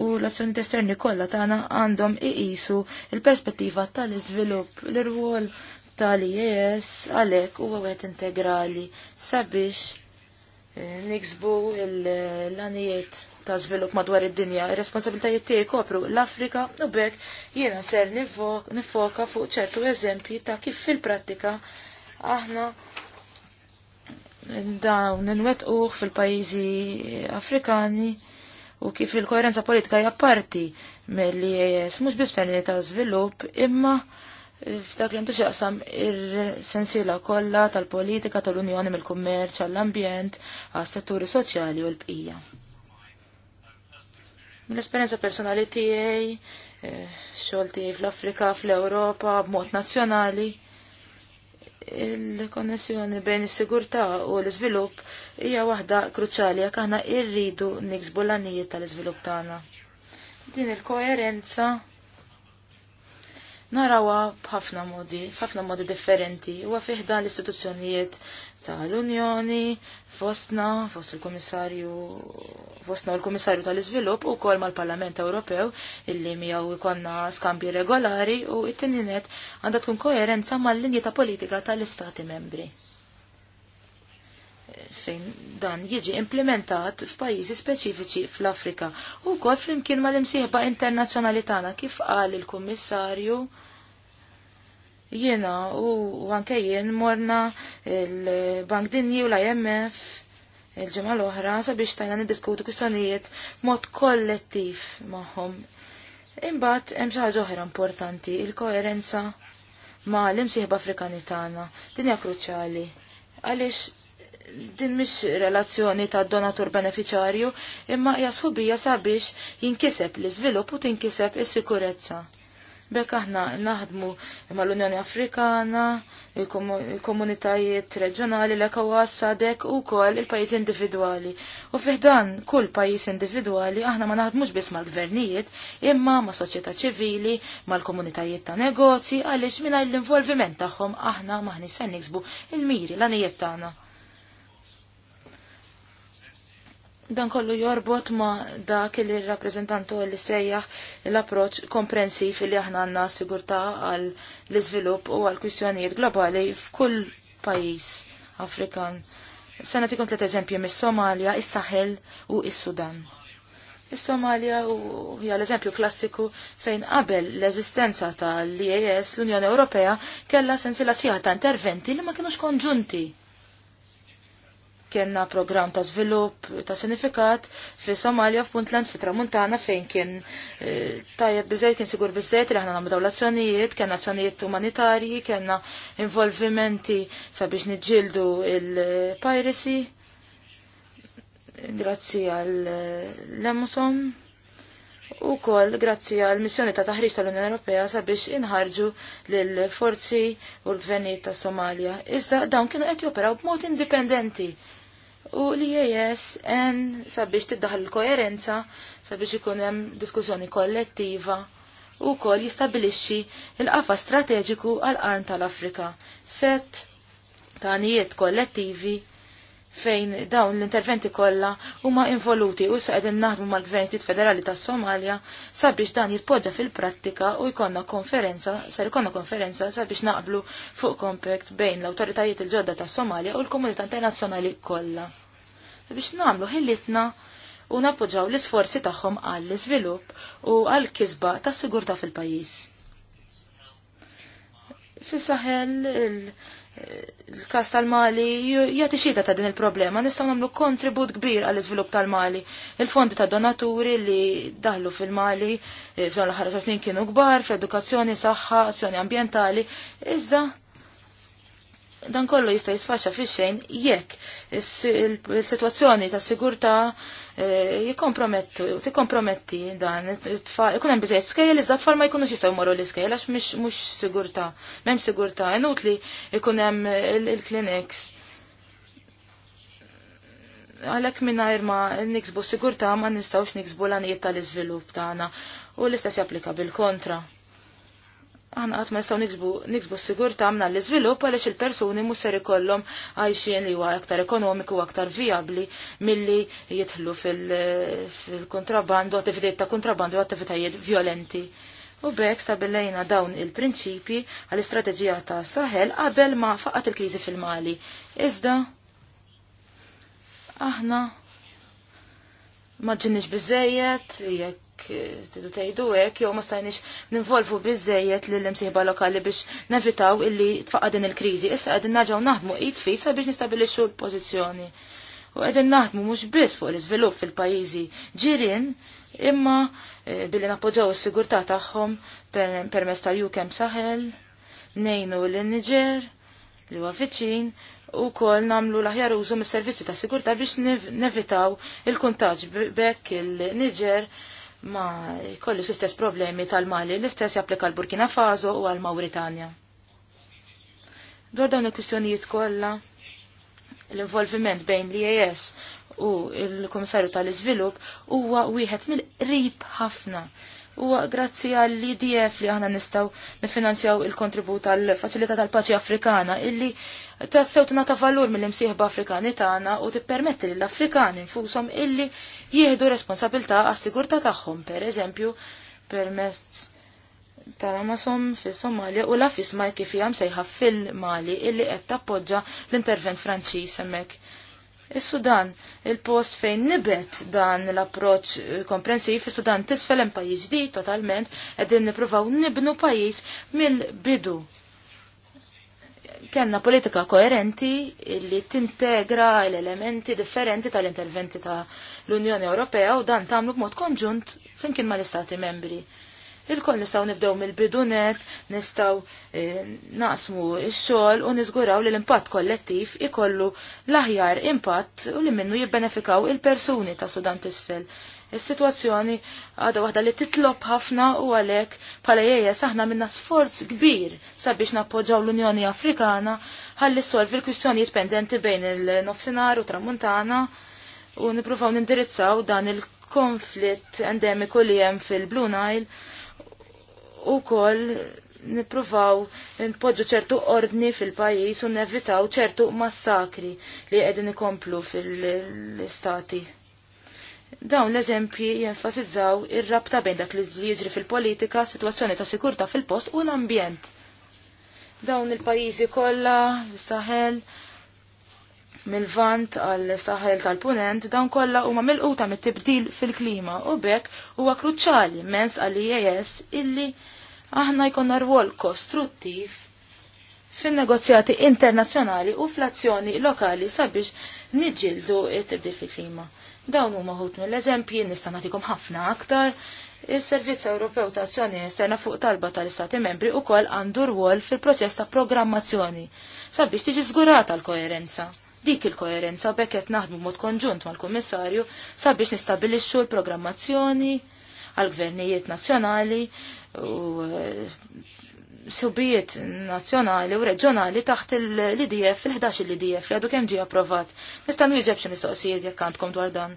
U l-azzjoni esterni kollha tagħna għandhom iqisu il-perspettiva tal-iżvilupp l-irwol tal-IES għalhekk huwa wieħed integrali sabiex eh, niksbu l-anijiet ta' żvilupp madwar id-dinja. Ir-responsabiltajiet tiegħi kopru l-Afrika u bekk jiena ser nifoka fuq ċertu eżempji ta' kif fil-prattika aħna dawn nwettquh fil-pajjiżi Afrikani u kif il-koerenza politika hija parti mill jes mhux biss ta' żvilupp imma f'dak li għandu xaqsam il-sensila kollha tal-politika tal-Unjoni mill-kummerċ għall-ambjent għas-setturi soċjali u l-bqija. L-esperienza personali tiegħi, eh, xolti fl-Afrika, fl-Ewropa, b'mod nazzjonali, il-konnessjoni bejn is-sigurtà u l-iżvilupp hija waħda kruċjali jekk aħna rridu niksbu l-għanijiet tal-iżvilupp tagħna. Din il-koerenza narawa b'ħafna modi, f'ħafna modi differenti, huwa fih dan l-istituzzjonijiet tal-Unjoni, fostna, fost il-Komissarju, fostna l komissarju tal izvilup u kol mal-Parlament Ewropew illi miegħu ikonna skambi regolari u it-tininet għandha tkun koerenza mal-linji ta' politika tal-Istati membri fejn dan jiġi implementat f'pajjiżi speċifiċi fl-Afrika u kol flimkien mal-imsieħba internazzjonali tagħna kif qal il-Kummissarju il komissarju il kummissarju Jiena u anke jien morna il-Bank Dinji u l-IMF il-ġimgħa l-oħra sabiex tajna niddiskutu kwistjonijiet mod kollettiv magħhom. Imbagħad hemm xi ħaġa oħra importanti, il-koerenza ma' l-imsieħba Afrikani tagħna. Din hija kruċjali. Għaliex din mish relazzjoni ta' donatur beneficjarju, imma hija sabiex jinkiseb l-iżvilupp u tinkiseb is-sikurezza. Bekk aħna naħdmu mal-Unjoni Afrikana, il-komunitajiet reġjonali l kawas sadek u kol il-pajis individuali. U fiħdan kull pajis individuali aħna ma naħdmux biss mal-gvernijiet, imma ma' soċjetà ċivili, mal-komunitajiet ta' negozji, għaliex minna l-involviment tagħhom aħna maħni se niksbu il-miri l-anijiet tagħna. Dan kollu jorbot ma dak li rappresentantu li sejjaħ l-approċ komprensiv li aħna għanna sigurta għal l-izvilup u għal kwistjonijiet globali f'kull pajis Afrikan. Sena tikum tlet eżempji mis somalia is-Sahel u is-Sudan. Is-Somalia hija l-eżempju klassiku fejn qabel l-eżistenza tal-IAS l-Unjoni Ewropea kellha sensila sieħa ta' interventi li ma kienux konġunti kienna program ta' svilup ta' sinifikat fi Somalia f'Puntland fi Tramuntana fejn kien eh, tajjeb bizzejt kien sigur bizzejt li aħna nagħmlu daw l-azzjonijiet, kien azzjonijiet umanitarji, kienna involvimenti sabiex niġġieldu il-piracy. Grazzi għal eh, emusom u kol grazzi għal missjoni ta' taħriġ tal-Unjoni Ewropea sabiex inħarġu l-forzi u l-gvernijiet ta' Somalia. Iżda dawn kienu qed joperaw b'mod indipendenti u li jes en sabiex tiddaħal l koherenza sabiex ikun hemm diskussjoni kollettiva u kol jistabilixxi il-qafa strateġiku għal-qarn tal-Afrika set tanijiet kollettivi fejn dawn l-interventi kollha huma involuti u qegħdin naħdmu mal-Gvernijiet Federali tas somalia sabiex dan jitpoġġa fil-prattika u jkollna konferenza, ser jkollna konferenza sabiex naqblu fuq compact bejn l-awtoritajiet il-ġodda tas somalia u l-komunità internazzjonali kollha. Sabiex nagħmlu ħilitna u nappoġġaw l-isforzi tagħhom għall iżvilupp u għall kisba tas sigurtà fil-pajjiż. Fis-saħel l-kas tal-Mali jagħti xida ta' din il-problema, nistgħu nagħmlu kontribut kbir għall iżvilupp tal-Mali. Il-fondi ta' donaturi li daħlu fil-Mali eh, f'dan l-aħħar snin kienu kbar f'edukazzjoni, saħħa, azzjoni ambjentali, iżda dan kollu jista' jisfaxxa fix-xejn jekk is-sitwazzjoni ta' sigurtà Eh, jikompromettu, tikkomprometti dan, it-tfal, ikun hemm biżejjed skejjel iżda tfal ma jkunux jistgħu moru l-iskejjel għax mhux sigurta, sigurtà, m'hemm sigurtà, inutli ikun hemm il-clinics. Għalhekk mingħajr ma niksbu sigurta ma nistgħux niksbu l-għanijiet tal-iżvilupp tagħna u l-istess japplika bil-kontra. Għana għatma jistaw niksbu s-sigur tamna l-izvilup għalix il-personi musser ikollom għajxien li huwa aktar ekonomiku u aktar viabli milli jitħlu fil-kontrabbandu, attivitajiet ta' kontrabbandu, attivitajiet violenti. U bekk stabillejna dawn il-prinċipi għall-istrateġija ta' saħel qabel ma faqat il-kriżi fil-Mali. Iżda, aħna maġġinix bizzejiet, jek jekk tidu tgħidu hekk jew ma stajniex ninvolvu li l imsieħba lokali biex nevitaw illi tfaqadin din il-kriżi. Issa qegħdin naġgħu naħdmu id fisa biex nistabilixxu l-pożizzjoni. U qegħdin naħdmu mhux biss fuq l-iżvilupp fil-pajjiżi ġirien imma eh, billi nappoġġaw is-sigurtà tagħhom permezz mesta Jukem saħel, nejnu l-Niġer, li huwa viċin, u kol namlu laħjar użu mis servizzi ta' sigurta biex nevitaw il-kuntaġ bekk il niġer ma s istess problemi tal-Mali, l-istess japplika l-Burkina Faso u għal-Mauritania. Dwar dawn il-kwistjonijiet kollha, l-involviment bejn l-IAS u l-Komissarju tal-Iżvilupp huwa wieħed mill-qrib ħafna u grazzi għall-IDF li aħna nistaw nifinanzjaw il-kontribut għall-Faċilità tal-Paċi Afrikana illi tassew ta' valur mill-imsieħba Afrikani tagħna u tippermetti lill afrikani nfushom illi jieħdu responsabilità għas-sigurtà tagħhom, pereżempju permezz tal Amazon fis somalia u l-afisma kif hija msejħa fil-Mali illi qed tappoġġa l-intervent Franċiż semmek. Is-Sudan, il-post fejn nibet dan l-approċ eh, komprensiv, is-Sudan tisfel hemm di totalment qegħdin nippruvaw nibnu pajjiż mill-bidu. Kenna politika koerenti li tintegra l-elementi differenti tal-interventi ta' l-Unjoni Ewropea u dan tagħmlu b'mod konġunt flimkien mal-Istati membri. Il-kol nistaw nibdew mill-bidunet, nistaw eh, naqsmu il xogħol u niżguraw li l-impatt kollettiv ikollu l-aħjar impatt u li minnu jibbenefikaw il-persuni ta' Sudan tisfel. Is-sitwazzjoni għadha waħda li titlob ħafna u għalhekk bħala jgħja saħna minna sforz kbir sabiex nappoġġaw l-Unjoni Afrikana ħalli solvi l-kwistjonijiet pendenti bejn il-nofsinhar u tramuntana u nippruvaw nindirizzaw dan il-konflitt endemiku li hemm fil-Blue Nile u koll nipruvaw npoġġu ċertu ordni fil-pajis u nevitaw ċertu massakri li qegħdin ikomplu fil-istati. Dawn l-eżempji jenfasizzaw ir-rabta bejn dak li jiġri fil-politika, situazzjoni ta' sikurta fil-post u l-ambjent. Dawn il-pajjiżi kollha, is-Saħel, mill-vant għal saħel tal-punent dawn kollha huma milquta mit-tibdil fil-klima u bekk huwa kruċjali mens għal IAS illi aħna jkonna rwol kostruttiv fin-negozjati internazzjonali u fl-azzjoni lokali sabiex niġildu it-tibdil fil-klima. Dawn huma ħut mill-eżempji nista' nagħtikom ħafna aktar. Is-Servizz Ewropew ta' Azzjoni Esterna fuq talba tal-Istati Membri wkoll għandu rwol fil-proċess ta' programmazzjoni sabiex tiġi żgurata l-koerenza dik il-koerenza bekk qed naħdmu mod konġunt mal-Kummissarju sabiex nistabilixxu l-programmazzjoni għal-gvernijiet nazzjonali u eh, subijiet nazzjonali u reġjonali taħt l-IDF, il-11 l-IDF, li għadu kemm ġie approvat. Nista' nwieġeb xi mistoqsijiet jekk għandkom dwar dan.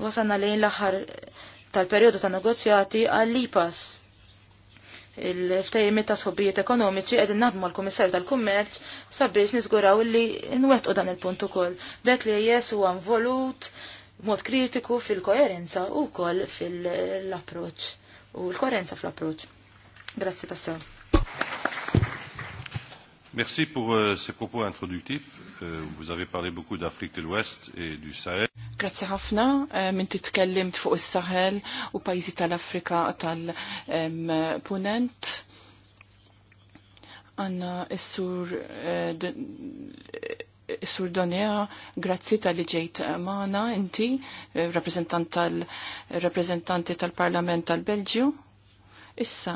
Wasanna lejn l-aħħar tal-perjodu ta' negozjati għall-IPAS il-ftejmi ta' sħobijiet ekonomiċi qegħdin nadmu għal-Komissar tal-Kummerċ sabiex niżguraw li nwettqu dan il-punt ukoll. Bek li jesu għan volut mod kritiku fil-koerenza u kol fil-approċ u l-koerenza fl-approċ. Grazie tassew. Merci pour euh, ces propos introductifs. Euh, vous avez parlé beaucoup d'Afrique de l'Ouest et du Sahel. Grazie ħafna, euh, minn titkellimt fuq is-Sahel u pajjiżi tal-Afrika tal-Punent. Għanna is-sur eh, Sur Donea, grazzi tal-li ġejt maħna, inti, rappresentanti tal-Parlament tal-Belġju. Issa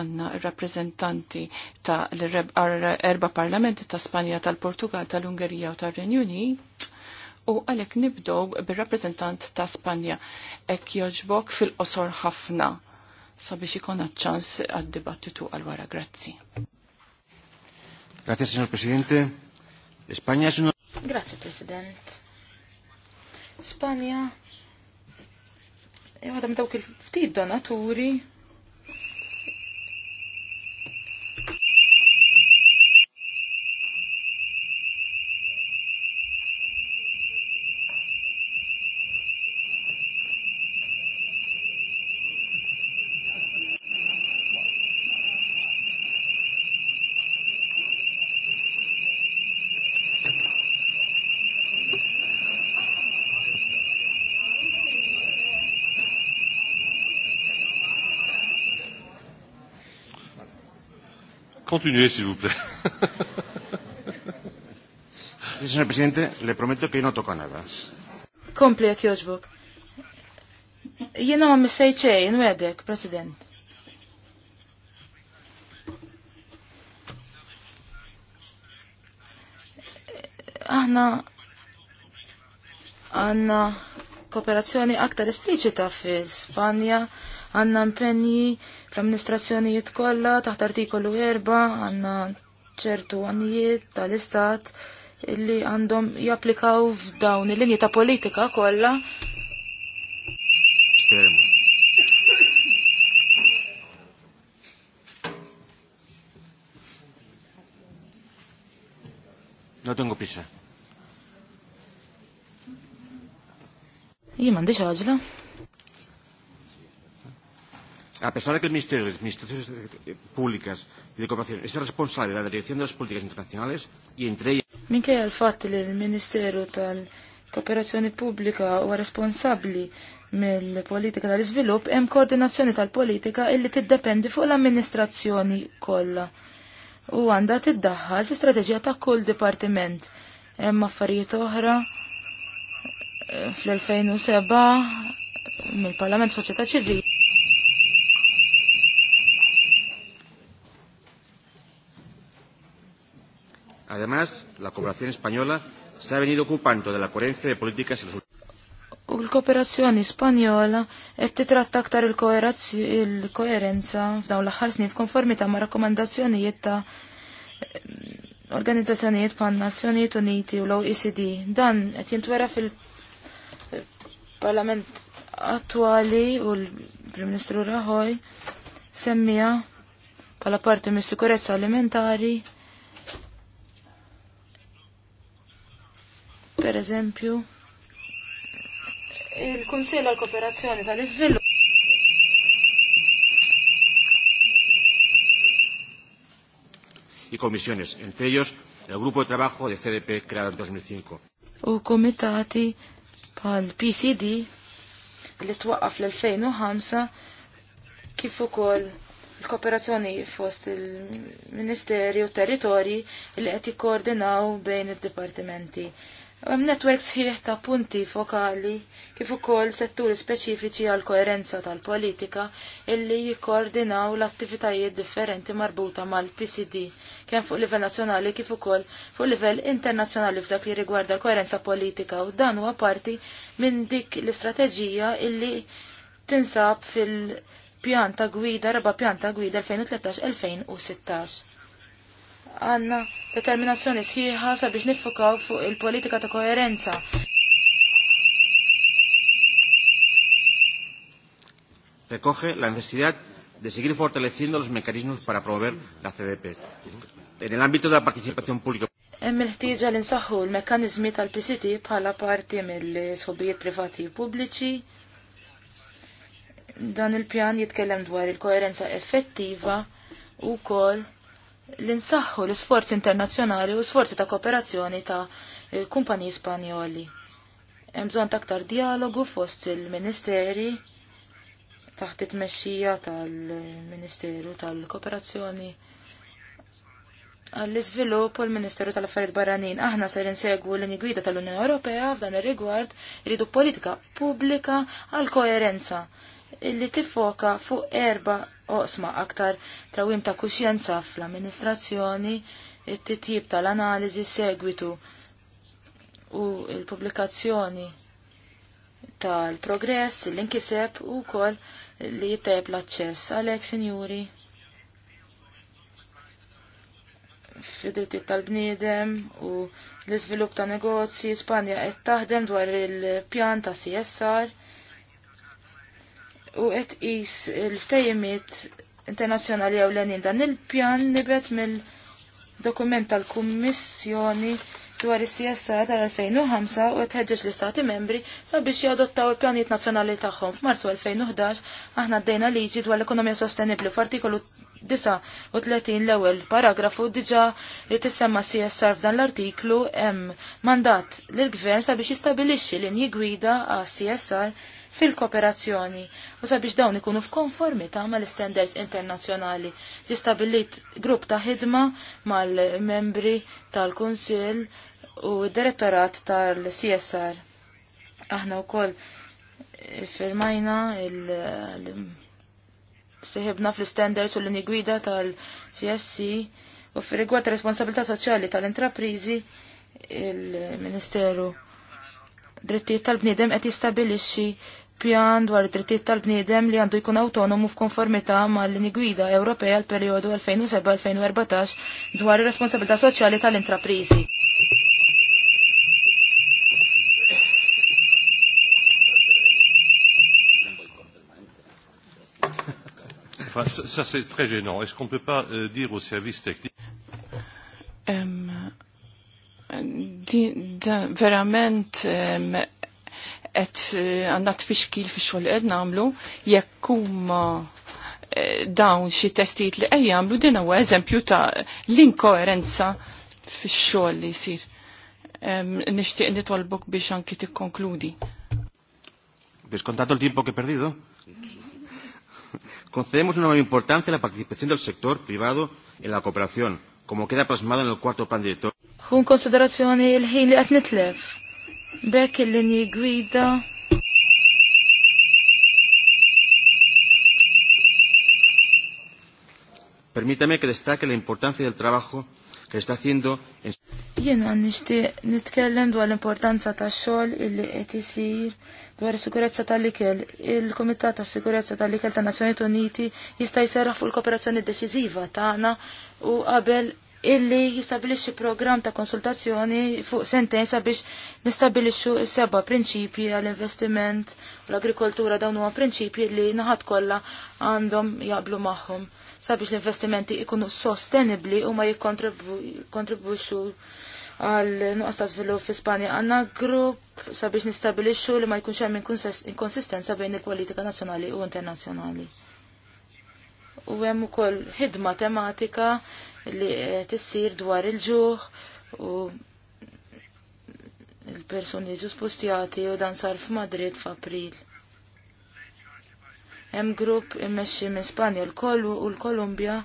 għanna rappresentanti tal-erba parlamenti ta' Spanja, tal-Portugal, tal-Ungerija u tal-Renju U għalek nibdow bil-rappresentant ta' Spanja, ek joġbok fil-qosor ħafna sabiex ikonna ċans għad-dibattitu għal-wara. Grazzi. Grazie, signor Presidente. L-Ispanja xinu. Grazie, President. Spanja. Jgħadam dawk il-ftit donaturi continuer, s'il vous plaît. Sí, Señor Presidente, le prometo que yo no toco nada. Kompli jek joġbuk. Jena ma missej ċej, nwedek, President. Aħna għanna kooperazzjoni aktar espliċita fi Spanja għanna impenji fl-amministrazzjonijiet kollha taħt artikolu 4 għanna ċertu għannijiet tal-istat li għandhom japplikaw f'dawn il-linji ta' politika kollha. No tengo prisa. Jien m'għandix ħaġla a pesar de que el Ministerio de Administraciones Públicas y de Cooperación es responsable de la dirección de las políticas internacionales y entre ellas... Minkej el fat li l-Ministeru tal-Kooperazzjoni Pubblika huwa responsabbli mill-politika tal-iżvilupp hemm koordinazzjoni tal-politika illi tiddependi fuq l-amministrazzjoni kollha. U għandha tiddaħħal fi strateġija ta' kull dipartiment. Hemm affarijiet oħra eh, fl-2007 mill-Parlament Soċjetà Ċivili Además, la cooperación española se ha venido ocupando de la coherencia de políticas en los U l-kooperazzjoni Spanjola qed titratta aktar il-koerenza f'dawn l-aħħar snin f'konformità ma' rakkomandazzjonijiet ta' organizzazzjonijiet pan Nazzjonijiet Uniti u l-OECD. Dan qed jintwera fil-Parlament attwali u l-Prim Ministru Rajoy semmija bħala parti mis-sikurezza alimentari Per eżempju, il-Kunsill għal Kooperazzjoni tal-Iżvillu. y comisiones, entre ellos el grupo de trabajo de CDP creado en 2005. U komitati pal PCD li twaqqaf l-2005 kif ukoll il-kooperazzjoni fost il ministerju territori li qed jikkoordinaw bejn id-dipartimenti networks ħireħ ta' punti fokali kif ukoll setturi speċifiċi għal koerenza tal-politika illi jikkoordinaw l-attivitajiet differenti marbuta mal-PCD kemm fuq livell nazzjonali kif ukoll fuq livell internazzjonali f'dak li rigwarda l-koerenza politika u dan huwa parti minn dik l-istrateġija illi tinsab fil-pjanta gwida, raba pjanta gwida 2013-2016 għanna determinazzjoni sħiħa sabiex nifukaw fuq il-politika ta' koherenza. Recoge la necesidad de seguir fortaleciendo los mecanismos para promover la CDP. En el ámbito de la participación pública. Hemm il-ħtieġa li nsaħħu l-mekkaniżmi tal-PCT bħala parti mill-sħubijiet privati pubbliċi. Dan il-pjan jitkellem dwar il koherenza effettiva u kol l-insaħħu l-sforzi internazzjonali u l-sforzi ta' kooperazzjoni ta' kumpaniji spanjoli. Hemm bżonn ta' aktar dialogu fost il-Ministeri taħt it tmexxija tal-Ministeru tal-Kooperazzjoni għall-iżvilupp u l-Ministeru tal-Affarijiet Barranin. Aħna ser insegwu l gwida tal-Unjoni Ewropea f'dan ir-rigward iridu politika pubblika għal koerenza illi tifoka fuq erba oqsma aktar trawim ta' kuxjenza fl-amministrazzjoni, it-titjib tal-analiżi segwitu u il-pubblikazzjoni tal-progress, l-inkiseb u kol li jittajb l acċess Għalek, sinjuri, fidritti tal-bnidem u l-izvilup ta' negozji, Spanja qed taħdem dwar il-pjan ta' CSR u qed qis il-ftejimiet internazzjonali għaw l dan il-pjan nibet mill-dokument tal-Kummissjoni dwar is-CSR tal-2005 u tħeġġeġ l-Istati membri sabiex jadottaw il-pjanijiet nazzjonali tagħhom. F'Marzu 2011 aħna ddejna liġi dwar l-ekonomija sostenibli f'artikolu 39 l-ewwel paragrafu diġà li tissemma CSR f'dan l-artiklu hemm mandat lill gvern sabiex jistabilixxi linji gwida għas CSR fil-kooperazzjoni u sabiex dawn ikunu f'konformità mal-standards internazzjonali ġistabilit grupp ta' ħidma mal-membri tal-Kunsill u d-direttorat tal-CSR. Aħna wkoll firmajna il-seħibna fl-standards u l-lini gwida tal-CSC u fil-rigward responsabilità soċjali tal-intraprizi il-Ministeru drittijiet tal-bniedem qed jistabilixxi pjan dwar id-drittijiet tal-bniedem li għandu jkun autonomu f'konformità mal linji gwida Ewropea għal perjodu 2007-2014 dwar ir-responsabilità soċjali tal-intraprizi. ça, c'est très gênant. Est-ce qu'on ne peut pas euh, dire aux services techniques um, Verament um, et qed eh, għandna tfixkil fi xogħol qed namlu, jekkum huma eh, dawn xie testijiet li għaj għamlu dina huwa eżempju ta' l inkoherenza fi xogħol li jsir. Nixtieq nitolbok biex anki konkludi. Descontando el tiempo que he perdido, concedemos una nueva importancia a la participación del sector privado en la cooperación, como queda plasmado en el cuarto plan director. Con consideración el ħin li qed nitlef Bekk il-linji gwida. Permítame que destaque la importancia del trabajo que está haciendo en... Jena nishti nitkellem dwar l-importanza ta' xogħol illi qed isir dwar is-sigurezza tal-ikel. Il-Kumitat ta' Sigurezza tal-Ikel ta' Nazzjonijiet Uniti jista' jserraħ fuq il-kooperazzjoni deċiżiva tagħna u qabel illi jistabilixxi programm ta' konsultazzjoni fuq sentenza biex nistabilixxu s-seba' prinċipji għall-investiment u l-agrikoltura dawn huwa prinċipji li naħat kollha għandhom jaqblu magħhom sabiex l-investimenti ikunu sostenibli u ma jikontribuxu għal nuqqas ta' zvilu fi Spanja għandna grupp sabiex nistabilixxu li ma jkunx hemm inkonsistenza bejn il-politika nazzjonali u internazzjonali u hemm ukoll ħidma tematika li tissir dwar il-ġuħ u il-personi ġu spustjati u dan sar f'Madrid f'April. Hemm grupp immexxi minn Spanja l-kollu u l-Kolumbja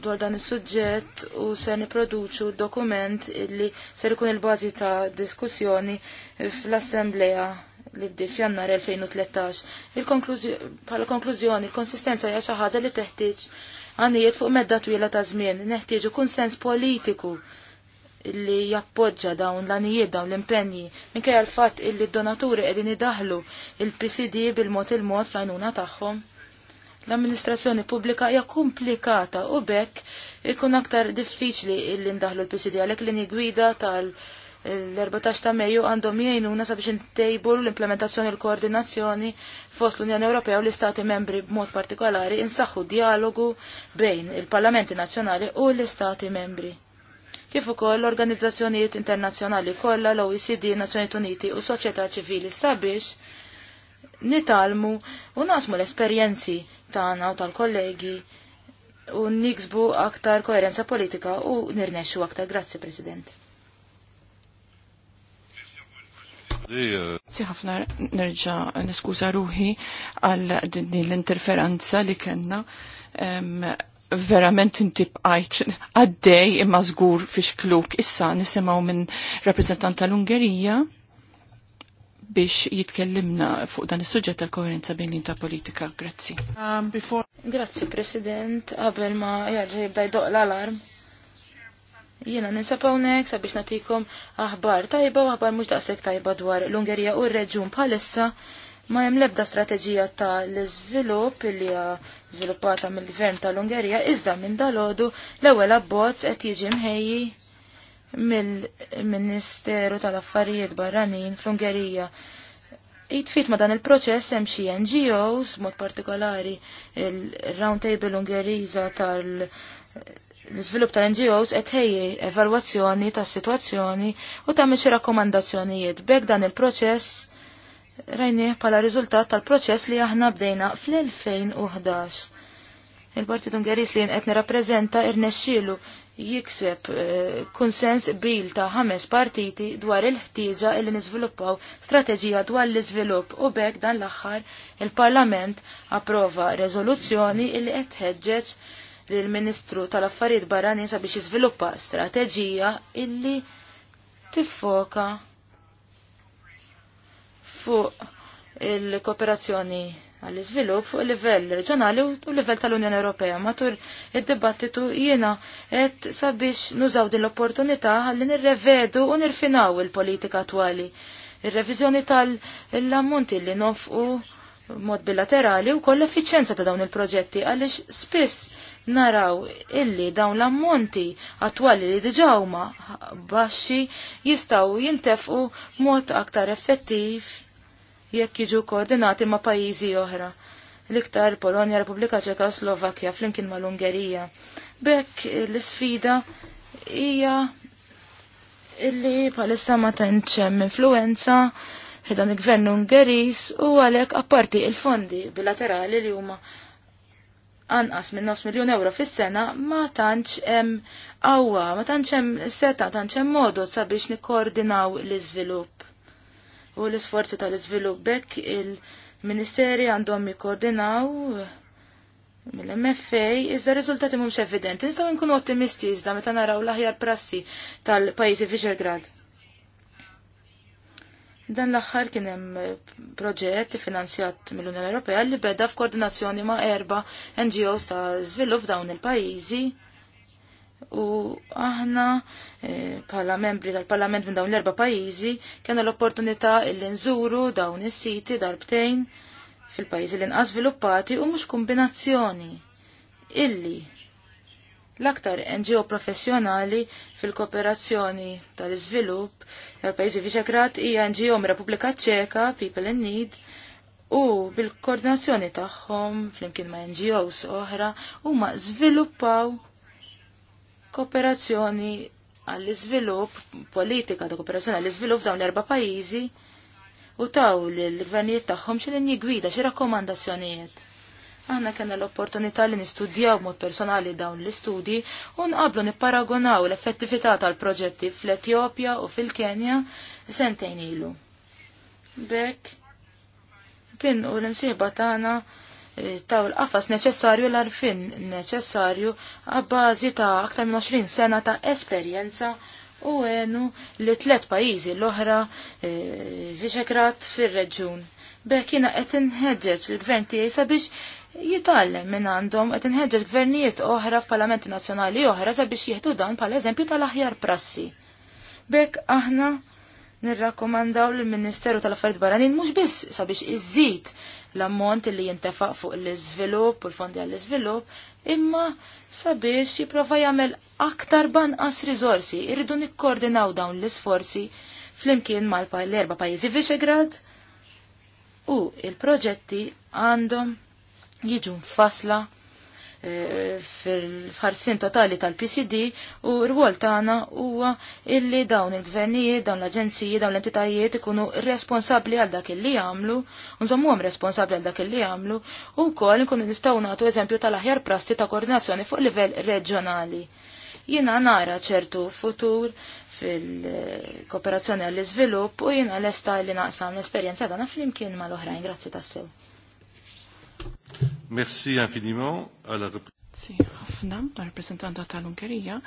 dwar dan is-suġġett u se niproduċu dokument li ser ikun il-bażi ta' diskussjoni fl-Assembleja li bdi f'Jannar 2013. Bħala konklużjoni, il-konsistenza hija xi ħaġa li teħtieġ għanijiet fuq medda twila ta' żmien. Neħtieġu kunsens politiku li jappoġġa dawn l għanijiet dawn l-impenji minkejja l-fatt illi d-donaturi qegħdin idaħlu il-PCD bil-mod il-mod fl-għajnuna tagħhom. L-amministrazzjoni pubblika hija komplikata u bekk ikun aktar diffiċli illi ndaħlu l-PCD għalhekk li gwida tal- l-14 ta' Mejju għandhom jgħinuna sabiex intejbu l-implementazzjoni l-koordinazzjoni fost l-Unjoni Ewropea u l-Istati membri b'mod partikolari insaħħu dialogu bejn il-Parlamenti Nazzjonali u l-Istati membri. Kif ukoll l-organizzazzjonijiet internazzjonali kollha l-OECD, Nazzjonijiet Uniti u soċjetà ċivili sabiex nitalmu u nasmu l-esperjenzi tagħna u tal-kollegi u niksbu aktar koerenza politika u nirnexxu aktar. Grazzi, President. Si eh, ħafna nerġa niskuża ruħi għal din l-interferenza li kellna verament inti bqajt għaddej imma żgur fi xkluk issa nisimgħu minn rappreżentant tal-Ungerija biex jitkellimna fuq dan is-suġġett tal-koherenza bejn l-inta politika. Grazzi. Um, Grazzi President, qabel ma jarġa jibda jdoq l-alarm. Jiena ninsab hawnhekk sabiex natikom aħbar tajba u aħbar mhux daqshekk tajba dwar l-Ungerija u r-reġjun bħalissa ma hemm l-ebda strateġija ta' l-iżvilupp li ha żviluppata mill-gvern tal-Ungerija iżda minn dalodu l-ewwel abbozz qed jiġi mħejji mill-Ministeru tal-Affarijiet Barranin fl-Ungerija. Jitfit ma dan il-proċess hemm xi NGOs, mod partikolari il-Roundtable Ungeriża tal- l-izvilup tal-NGOs qed ħejji evalwazzjoni tas-sitwazzjoni u ta' meċi rakkomandazzjonijiet. Bek dan il-proċess rajni pala riżultat tal-proċess li aħna bdejna fl-2011. Il-Partit Ungeris li qed nirrappreżenta irnexxielu jikseb eh, konsens bil ta' ħames partiti dwar il-ħtieġa li niżviluppaw strateġija dwar l-iżvilupp u bekk dan l-aħħar il-Parlament approva rezoluzzjoni li qed ħeġġeġ lill ministru tal-Affarijiet Barranin sabiex jiżviluppa strateġija illi tiffoka fuq il-kooperazzjoni għall iżvilupp fuq il-livell reġjonali u l-livell tal-Unjoni Ewropea. Matul id-dibattitu jiena qed sabiex nużaw din l-opportunità ħalli nirrevedu u nirfinaw il-politika attwali. Ir-reviżjoni tal-ammonti li nofqu mod bilaterali u koll effiċenza ta' dawn il-proġetti għaliex spiss naraw illi dawn l-ammonti attwali li diġawma baxxi jistaw jintefqu mod aktar effettiv jekk jiġu koordinati ma' pajjiżi oħra. L-iktar Polonja, Repubblika Ċeka, Slovakkja, flimkien mal-Ungerija. Bekk l-sfida hija illi palissa ma tenċem hemm influenza ħedan il-gvern Ungeris u għalhekk apparti il-fondi bilaterali li huma anqas minn 9 miljun euro fis-sena ma tantx hemm qawwa, ma tantx hemm seta, tantx hemm modu sabiex nikkoordinaw l-iżvilupp. U l-isforzi tal-iżvilupp bekk il-Ministeri għandhom jikkoordinaw mill-MFA iżda riżultati mhumx evidenti. Nistgħu nkunu ottimisti iżda meta naraw l-aħjar prassi tal-pajjiżi grad. Dan l-axħar kien hemm proġett finanzjat mill-Unjoni Ewropea li beda f'koordinazzjoni ma' erba' NGOs ta' żvilupp dawn il-pajjiżi u aħna eh, bħala membri tal-Parlament minn dawn l-erba' pajjiżi kena l-opportunità li nżuru dawn is-siti darbtejn fil-pajjiżi li nqas żviluppati u mhux kombinazzjoni illi L-aktar NGO professjonali fil-kooperazzjoni tal-iżvilupp tal-pajjiżi Viċegrat hija NGO mir-Repubblika Ċeka, People in Need, u bil-koordinazzjoni tagħhom flimkien ma' NGOs oħra huma żviluppaw kooperazzjoni għall-iżvilupp, politika ta' kooperazzjoni għall-iżvilupp dawn l-erba' pajjiżi u taw l-gvernijiet tagħhom xi linji gwida xi rakkomandazzjonijiet Aħna kena l-opportunità li nistudjaw mod personali dawn l-istudji u nqablu nipparagonaw l-effettività tal-proġetti fl-Etjopja u fil-Kenja sentejn ilu. Bek, bin u l-imsiħba tagħna eh, taw l-qafas neċessarju l-arfin neċessarju għabbażi ta' aktar minn 20 sena ta' esperjenza u għenu li tlet pajizi l-oħra eh, viċekrat fil-reġun. Bekina jina qed inħeġġeġ gvern tiegħi sabiex jitgħallem minn għandhom qed inħeġġeġ gvernijiet oħra f'Parlamenti Nazzjonali oħra sabiex jieħdu dan bħala eżempju tal-aħjar prassi. Bekk aħna nirrakkomandaw lill ministeru tal-Affarijiet Barranin mhux biss sabiex iżid l-ammont li jintefaq fuq l-iżvilupp u l-fondi għall-iżvilupp imma sabiex jipprova jagħmel aktar banqas riżorsi irridu nikkoordinaw dawn l-isforzi flimkien mal-erba pajjiżi Visegrad u il-proġetti għandhom jiġu mfasla eh, fil-ħarsin totali tal-PCD u r-wol tagħna huwa illi dawn il-gvernijiet, dawn l-aġenziji, dawn l-entitajiet ikunu responsabbli għal dak illi jagħmlu, għam responsabbli għal dak illi jagħmlu u wkoll nkunu nistgħu nagħtu eżempju tal-aħjar prasti ta' koordinazzjoni fuq livell reġjonali. Jiena nara ċertu futur fil-kooperazzjoni għall-iżvilupp u jiena lesta li naqsam l-esperjenza tagħna flimkien mal-oħrajn. Grazzi tassew. Merci infiniment à la Sì, ħafna rappresentanta tal-Ungerija,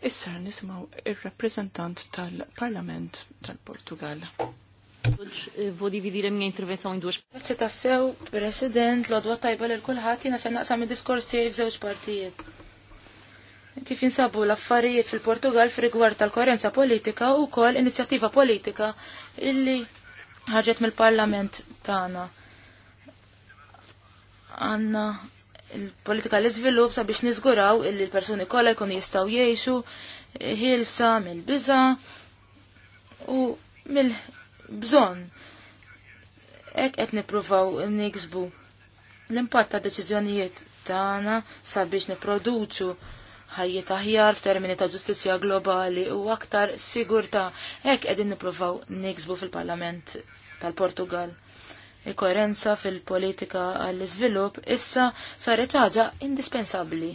issa nismaw il-rappresentant tal-Parlament tal-Portugal. Vodi vi dire mia intervenzaw in duċ. Grazie tassew, President, l-odwa tajba l-kulħat, jina sen naqsam il-diskors tiegħi e f'żewġ partijiet. Kif jinsabu l-affarijiet fil-Portugal f'rigward tal-koerenza politika u kol inizjattiva politika illi ħarġet mill-Parlament tana għanna il-politika l-izvilup sabiex nizguraw illi l-persuni kolla jkun jistaw jiexu ħilsa mill-biza u mill-bżon. Ek qed nipruvaw niksbu l-impatt ta' deċiżjonijiet tagħna sabiex niproduċu ħajjiet aħjar f'termini ta' ġustizzja globali u aktar sigurta hekk qegħdin nippruvaw niksbu fil-Parlament tal-Portugal il-koerenza fil-politika għall-iżvilupp issa saret ħaġa indispensabbli.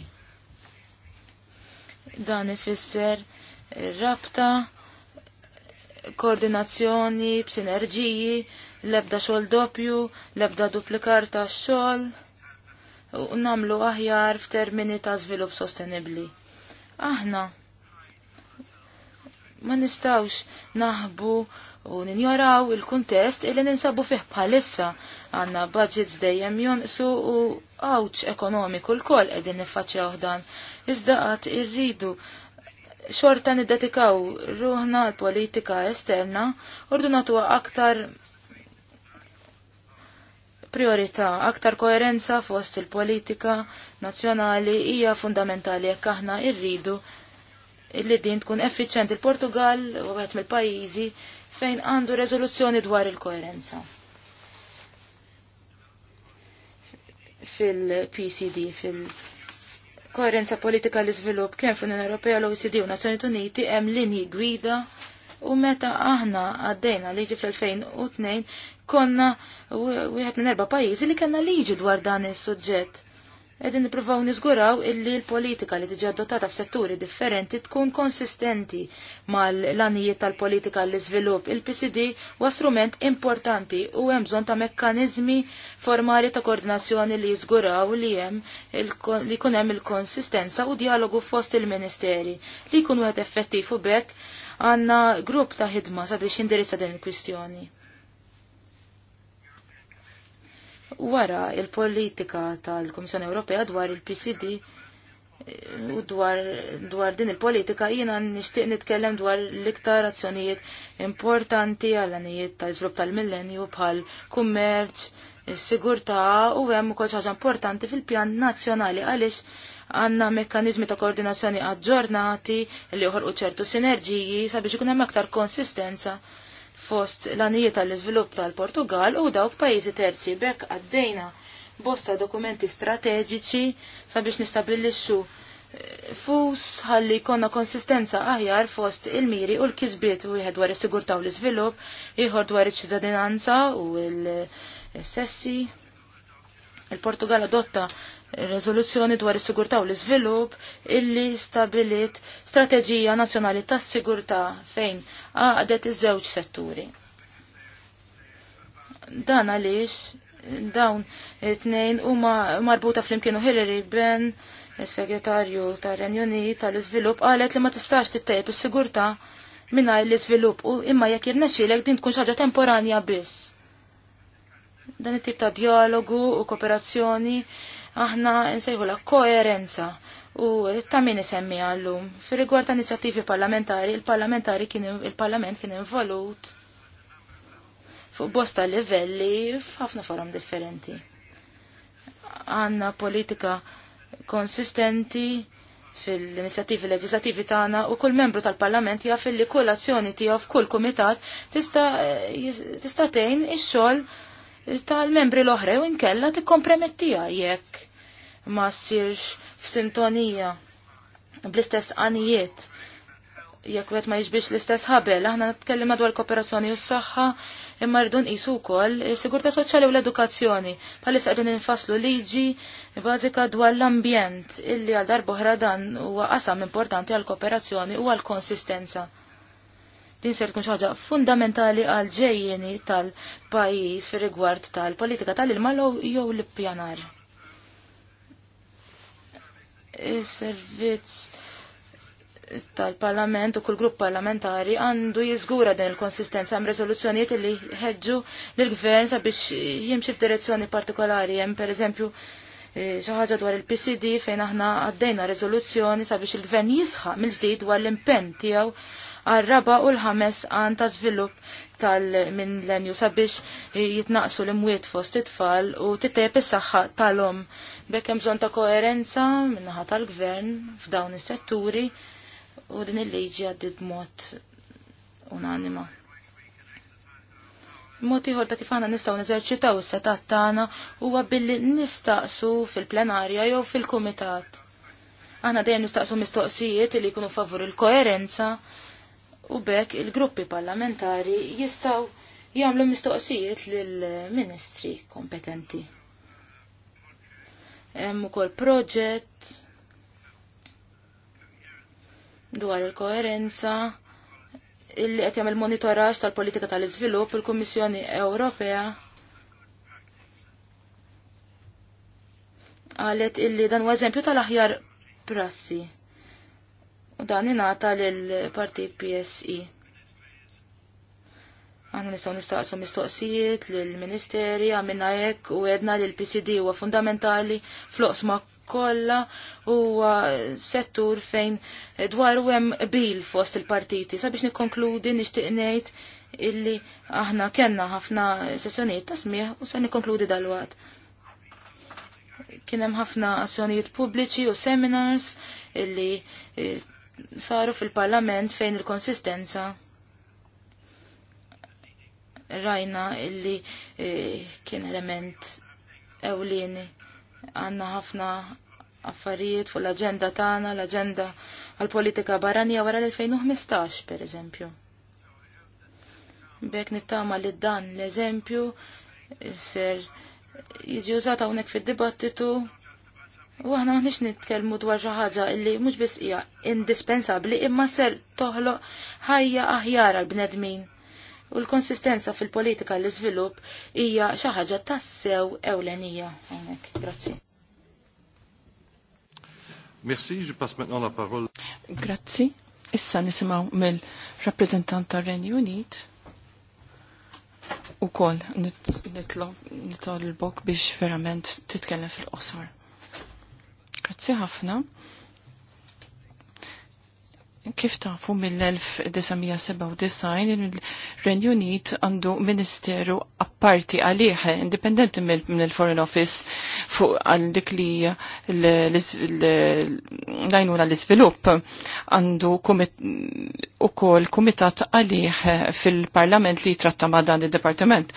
Dan ifisser rabta, koordinazzjoni, b'sinerġiji, l-ebda xogħol doppju, l-ebda duplikar ta' xogħol u namlu aħjar f'termini ta' żvilupp sostenibbli. Aħna ma nistawx naħbu u ninjoraw il-kuntest illi ninsabu fih bħalissa għanna budgets dejjem jonqsu u għawċ ekonomiku l-koll għedin nifaċċjaw dan. Iżda qatt irridu xorta niddetikaw ruħna l-politika esterna urdu natwa aktar priorità, aktar koerenza fost il-politika nazzjonali hija fundamentali jekk aħna irridu illi din tkun effiċjent il-Portugal u għet mill-pajizi fejn għandu rezoluzzjoni dwar il-koerenza. Fil-PCD, fil-koerenza politika l iżvilupp kemm fl-Unjoni Ewropea l-OECD u Nazzjoni Uniti hemm linji gwida u meta aħna għaddejna liġi fl-2002 konna wieħed minn erba' pajjiżi li kellna liġi dwar dan is-suġġett Edin niprofaw nizguraw illi l-politika li tiġi adottata f'setturi differenti tkun konsistenti mal-lanijiet tal-politika l iżvilupp Il-PCD huwa strument importanti u hemm bżonn ta' mekkaniżmi formali ta' koordinazzjoni li jizguraw li hemm li jkun hemm il-konsistenza u dialogu fost il-ministeri li jkun wieħed effettiv u bekk għandna grupp ta' ħidma sabiex jindirizza din il-kwistjoni wara il-politika tal-Komissjoni Ewropea dwar il-PCD u dwar, dwar din il-politika jiena nixtieq nitkellem dwar l-iktar azzjonijiet importanti għal għanijiet ta' izvlup tal-millenju bħal kummerċ, is-sigurtà u hemm ukoll ħaġa importanti fil-pjan nazzjonali għaliex għanna mekkaniżmi ta' koordinazzjoni aġġornati li uħorqu ċertu sinerġiji sabiex ikun hemm aktar konsistenza fost l-anijiet tal-iżvilupp tal-Portugal u dawk pajjiżi terzi bekk għaddejna bosta dokumenti strateġiċi sabiex nistabilixxu eh, fus ħalli konna konsistenza aħjar fost il-miri u l-kizbiet u jħed dwar is-sigurtaw l-iżvilupp, ieħor dwar iċ-ċittadinanza u l-sessi. Il-Portugal adotta rezoluzzjoni dwar is-sigurtà u l-iżvilupp illi stabilit strateġija nazzjonali tas-sigurtà fejn għadet iż-żewġ setturi. Dan għaliex dawn it-tnejn huma marbuta flimkien Hillary Ben, is-segretarju tar-Renju tal-iżvilupp qalet li ma tistax tittejb is-sigurtà mingħajr l-iżvilupp u imma jekk jirnexxielek din tkun ħaġa temporanja biss. Dan it-tip ta' dialogu u kooperazzjoni aħna la koerenza u ta' min isemmi għallum. Fi rigward ta' inizjattivi parlamentari, il-parlamentari kien il-parlament kien involut fuq bosta livelli f'ħafna forum differenti. Għanna politika konsistenti fil-inizjattivi leġislativi tagħna u kull membru tal-Parlament jaf li kull azzjoni tiegħu f'kull kumitat tista' tgħin ix-xogħol tal-membri l-oħra u nkella tikkompromettija jekk ma ssirx f'sintonija bl-istess għanijiet jekk għet ma jiġbix l-istess ħabel, aħna nitkellem madwar kooperazzjoni u s-saħħa imma rridu nqisu wkoll sigurtà soċjali u l-edukazzjoni. Bħalissa qegħdin infasslu liġi bażika dwar l-ambjent illi għal darb'oħra dan huwa qasam importanti għal kooperazzjoni u għal konsistenza. Din ser tkun ħaġa fundamentali għal ġejjeni tal-pajjiż fir-rigward tal-politika tal-ilma jew l-pjanar il-servizz tal-parlament u kull grupp parlamentari għandu jizgura din il-konsistenza għam rezoluzzjoniet li ħedġu l-gvern sabiex jimxi f'direzzjoni partikolari jem per eżempju eh, xaħġa dwar il-PCD fejn aħna għaddejna rezoluzzjoni sabiex il-gvern jisħaq mill-ġdid dwar l-impenn tiegħu għal-raba u l-ħames għan ta' zvilup tal minn l-enju sabiex jitnaqsu l-imwiet fost it-tfal u titep is-saħħa tal-om. Bekk hemm bżonn ta' koerenza minnaħa tal-gvern f'dawn is-setturi u din il-liġi għaddit mod unanima. Moti ħor ta' kif għandna nistgħu neżerċitaw s setat tagħna huwa billi nistaqsu fil-plenarja jew fil-kumitat. Aħna dejjem nistaqsu mistoqsijiet li jkunu favur il-koerenza, il il koerenza u bekk il-gruppi parlamentari jistaw jagħmlu mistoqsijiet lill-ministri kompetenti. Hemm ukoll proġett dwar il-koerenza illi qed jagħmel monitoraġġ tal-politika tal-iżvilupp il-Kummissjoni Ewropea qalet illi dan huwa eżempju tal-aħjar prassi. U dan ingħata lill-Partit PSI. E. Aħna nistgħu nistaqsu mistoqsijiet lill-Ministeri għamina hekk u għedna l-PCD huwa fundamentali floqs ma kollha u settur fejn dwar hemm bil fost il-partiti. Sabiex nikkonkludi nixtieq ngħid illi aħna kenna ħafna sessjonijiet ta' smieħ u se nikkonkludi dal Kien hemm ħafna azzjonijiet pubbliċi u seminars illi eh, saru fil-parlament fejn il-konsistenza rajna illi eh, kien element ewlieni għanna ħafna affarijiet fuq l-agenda tagħna, l-agenda għal-politika barranija wara l-2015 per eżempju. Bek nittama li dan l-eżempju ser jiġi użat hawnhekk fid-dibattitu U aħna maħniex nitkellmu dwar xi ħaġa illi mhux biss hija indispensabbli imma ser toħloq ħajja aħjar l bnedmin. U l-konsistenza fil-politika l iżvilupp hija xi ħaġa tassew ewlenija hawnhekk. Grazzi. Merci, je passe maintenant la parole. Grazzi. Issa nisimaw mill-rappresentant tar-Renju Unit u kol nitlob nitol l-bok biex verament titkellem fil qosar Grazie ħafna. Kif tafu mill-1997 il-Renju Unit għandu ministeru apparti għalih, indipendenti mill-Foreign Office fuq għal dik li l-għajnuna l izvilup għandu u kol komitat għalih fil-parlament li tratta ma dan il-departament.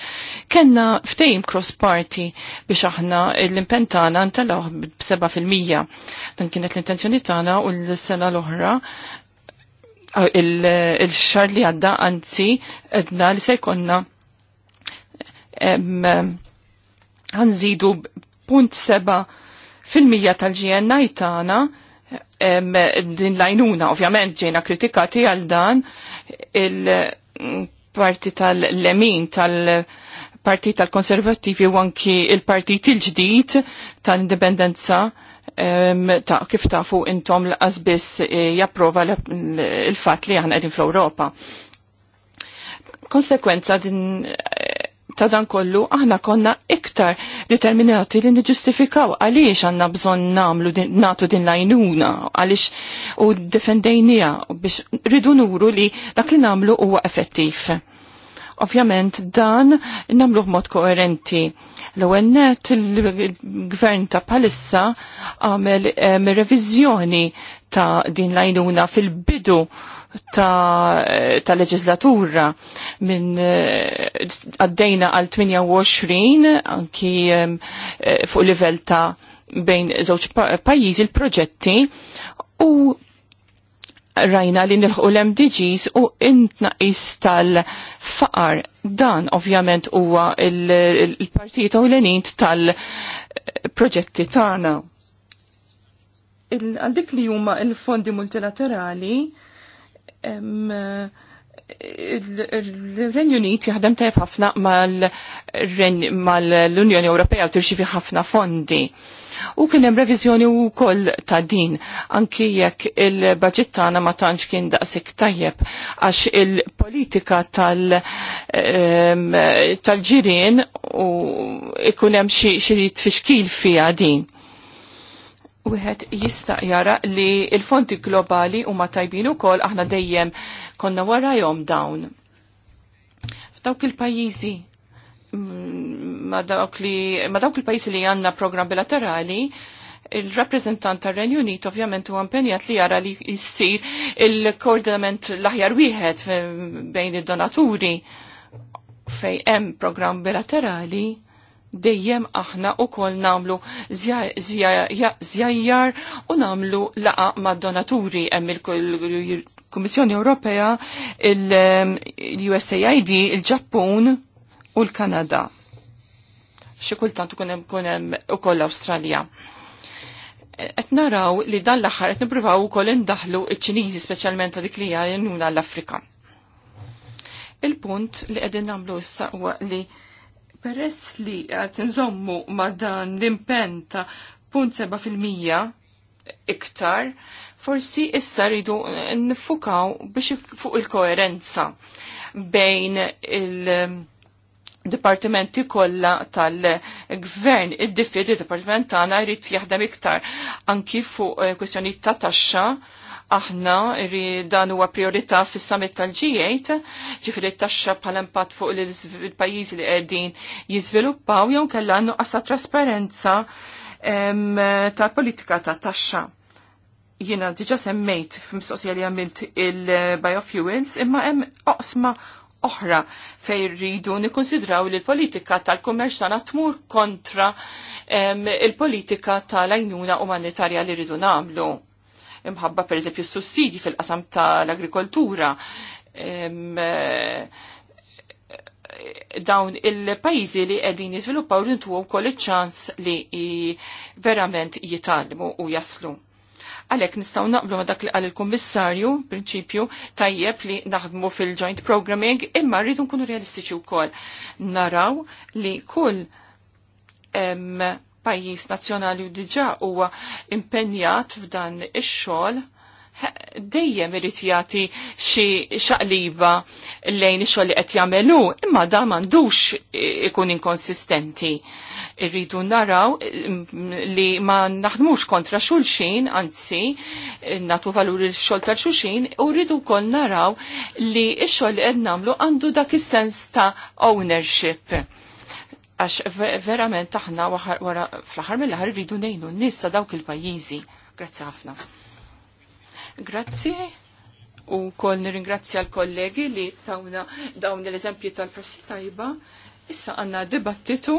Kenna ftejim cross-party biex aħna l-impentana ntalaw b-7%. Dan kienet l-intenzjoni tana u l-sena l-oħra Ah, il-xar li għadda anzi edna li se jkonna għanżidu punt seba fil-mija tal-GNI tagħna din lajnuna, ovvjament ġejna kritikati għal dan il-parti tal-lemin tal-parti tal-konservativi u anki il partit il-ġdid tal-indipendenza tal ta' kif tafu intom l biss eh, japprova l fat li għan edin fl-Europa. Konsekwenza din eh, ta' dan kollu aħna konna iktar determinati li niġustifikaw għaliex għanna bżon namlu din, natu din lajnuna għaliex u defendejnija biex ridu nuru li dak li namlu huwa effettiv. Ovvjament dan namlu mod koerenti L-ewwel net il-gvern ta' palissa għamel revizjoni ta' din lajnuna fil-bidu ta', ta leġislatura minn eh, għaddejna għal 28 anki eh, fuq livell ta' bejn żewġ pajjiżi l-proġetti u rajna li nilħu l-MDGs u intnaqis tal-faqar Dan ovvjament huwa il-partit il, il u l-enint tal-proġetti tagħna. Għal dik li huma il-fondi multilaterali, il-Renju Unit jaħdem tajb ħafna mal-Unjoni Ewropea u tirxifi ħafna fondi U kien hemm reviżjoni wkoll ta' din anki jekk il-baġit tagħna ma tantx kien daqsik tajjeb għax il-politika tal- ehm, tal-ġirien u ikun hemm xi tfixkil fiha din wieħed jista' jara li l-fonti globali huma tajbin ukoll aħna dejjem konna warajhom dawn. F'dawk il-pajjiżi ma dawk il-pajjiżi li għandna program bilaterali, il-rappresentant tar renju Unit ovvjament huwa għampenjat li jara li jissir il-koordinament l-aħjar wieħed bejn id-donaturi fej hemm programm bilaterali dejjem aħna u kol namlu zjajjar u namlu laqa mad donaturi hemm il-Kummissjoni Ewropea, um, il-USAID, il-Ġappun, u l-Kanada. Xi kultant ikun hemm ikun hemm ukoll Awstralja. Qed naraw li dan l-aħħar qed nippruvaw ukoll indaħlu iċ-Ċiniżi speċjalment ta' dik li hija l-Afrika. Il-punt li qegħdin nagħmlu issa huwa li peress li qed nżommu ma' dan l-impenn ta' punt seba' fil-mija iktar, forsi issa rridu nfukaw biex fuq il-koerenza bejn il- dipartimenti kollha tal-gvern id-diffiedi dipartiment tagħna jrid jaħdem iktar anki fuq eh, kwistjonijiet ta' taxxa aħna dan huwa priorità fis-summit tal-G8 ġifieri taxxa bħala impatt fuq il-pajjiżi li qegħdin jiżviluppaw jew kellha nuqqas ta' trasparenza ta' politika ta' taxxa jiena diġa semmejt f'mistoqsija li għamilt il-biofuels imma hemm oqsma oħra fej rridu nikkonsidraw li l-politika tal-kummerċ tagħna tmur kontra il-politika tal-għajnuna umanitarja li rridu nagħmlu. Imħabba pereżempju s-sussidi fil-qasam tal-agrikoltura dawn il-pajzi li edin jizviluppaw rintu u koll ċans li verament jitalmu u jaslu. Għalek nistaw naqblu ma dak li għal il-kommissarju, prinċipju, tajjeb li naħdmu fil-joint programming, imma rridu nkunu realistiċi u kol. Naraw li kull pajis nazjonali u diġa huwa impenjat f'dan ix-xogħol dejjem irid jagħti xi xaqliba lejn ix li qed jamelu, imma da m'għandux ikun inkonsistenti. Irridu naraw mm, li ma naħdmux kontra xulxin, anzi, natu valur il-xogħol ta' xulxin, u rridu wkoll naraw li x-xogħol li qed nagħmlu għandu dak is-sens ta' ownership għax verament aħna wara fl-ħar mill-ħar rridu nejnu n-nis ta' dawk il-pajjiżi. Grazzi ħafna. Grazzi u kol nirringrazzja l-kollegi li tawna dawn l-eżempji tal-prassi tajba. Issa għanna dibattitu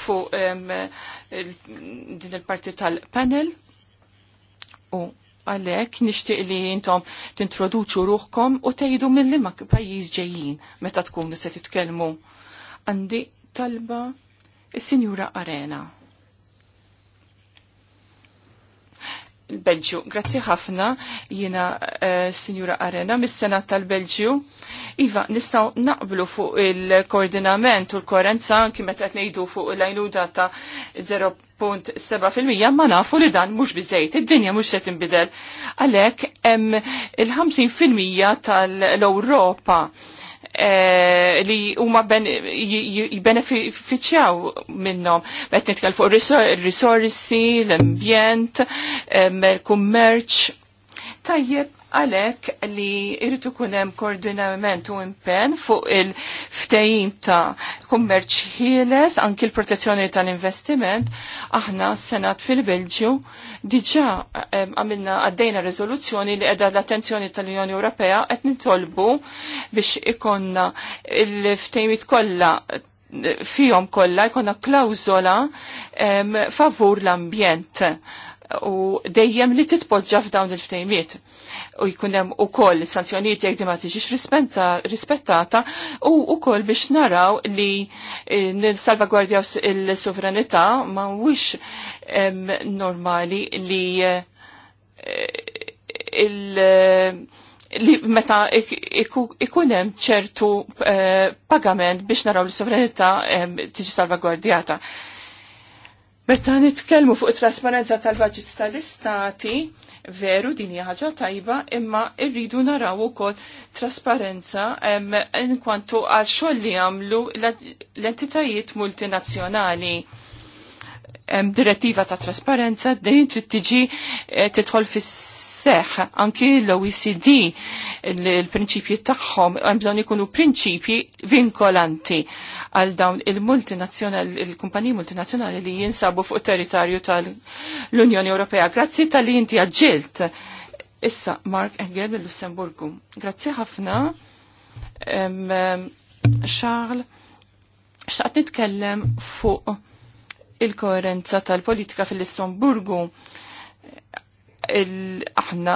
fuq din il-parti tal-panel u għalek nishtiq li jintom tintroduċu ruħkom u tejdu li ma pajjiż ġejjin meta tkunu se titkellmu. Għandi talba il sinjura Arena. il-Belġju. Grazzi ħafna jiena uh, eh, Sinjura Arena mis-Senat tal-Belġju. Iva, nistaw naqblu fuq il-koordinament u l-korenza anki meta ngħidu fuq l-għajnuda ta' 0.7% ma nafu li dan mhux biżejt, id-dinja mhux se tinbidel. Għalhekk hemm il-50% tal-Ewropa Eh, li huma jibbenefiċjaw minnhom. Qed nitkellmu fuq ir risorsi, l-ambjent, il-kummerċ. Eh, Tajjeb, għalek li irritu kunem koordinament u impen fuq il-ftejim ta' kummerċ ħieles, anki l-protezzjoni tal-investiment, aħna s-senat fil-Belġu diġa għamilna għaddejna rezoluzzjoni li għedha l-attenzjoni tal-Unjoni Ewropea għet nitolbu biex ikonna il-ftejmit kolla fijom kolla jkonna klawzola favur l-ambjent u dejjem li titpoġġa f'dawn il-ftejmiet u jkunem u koll sanzjoniet jek di ma tiġix rispettata u u koll biex naraw li eh, nil-salvagwardja il-sovranità ma wix normali li eh, il- eh, li meta ikunem ċertu pagament biex naraw l-sovranità tiġi salvagwardjata. Meta nitkellmu fuq trasparenza tal-budgets tal-istati, veru din hija ħaġa tajba, imma rridu naraw ukoll trasparenza inkwantu għal xogħol li jagħmlu l-entitajiet multinazzjonali. Direttiva ta' trasparenza din tiġi eh, tidħol fis seħ anki l-OECD l-prinċipji tagħhom hemm bżonn ikunu prinċipji vinkolanti għal dawn il-multinazzjonali il-kumpaniji multinazzjonali li jinsabu fuq territorju tal-Unjoni Ewropea. Grazzi tal-li inti għagġilt. Issa Mark Engel mill-Lussemburgu. Grazzi ħafna. Charles, xaqt nitkellem fuq il-koerenza tal-politika fil-Lussemburgu aħna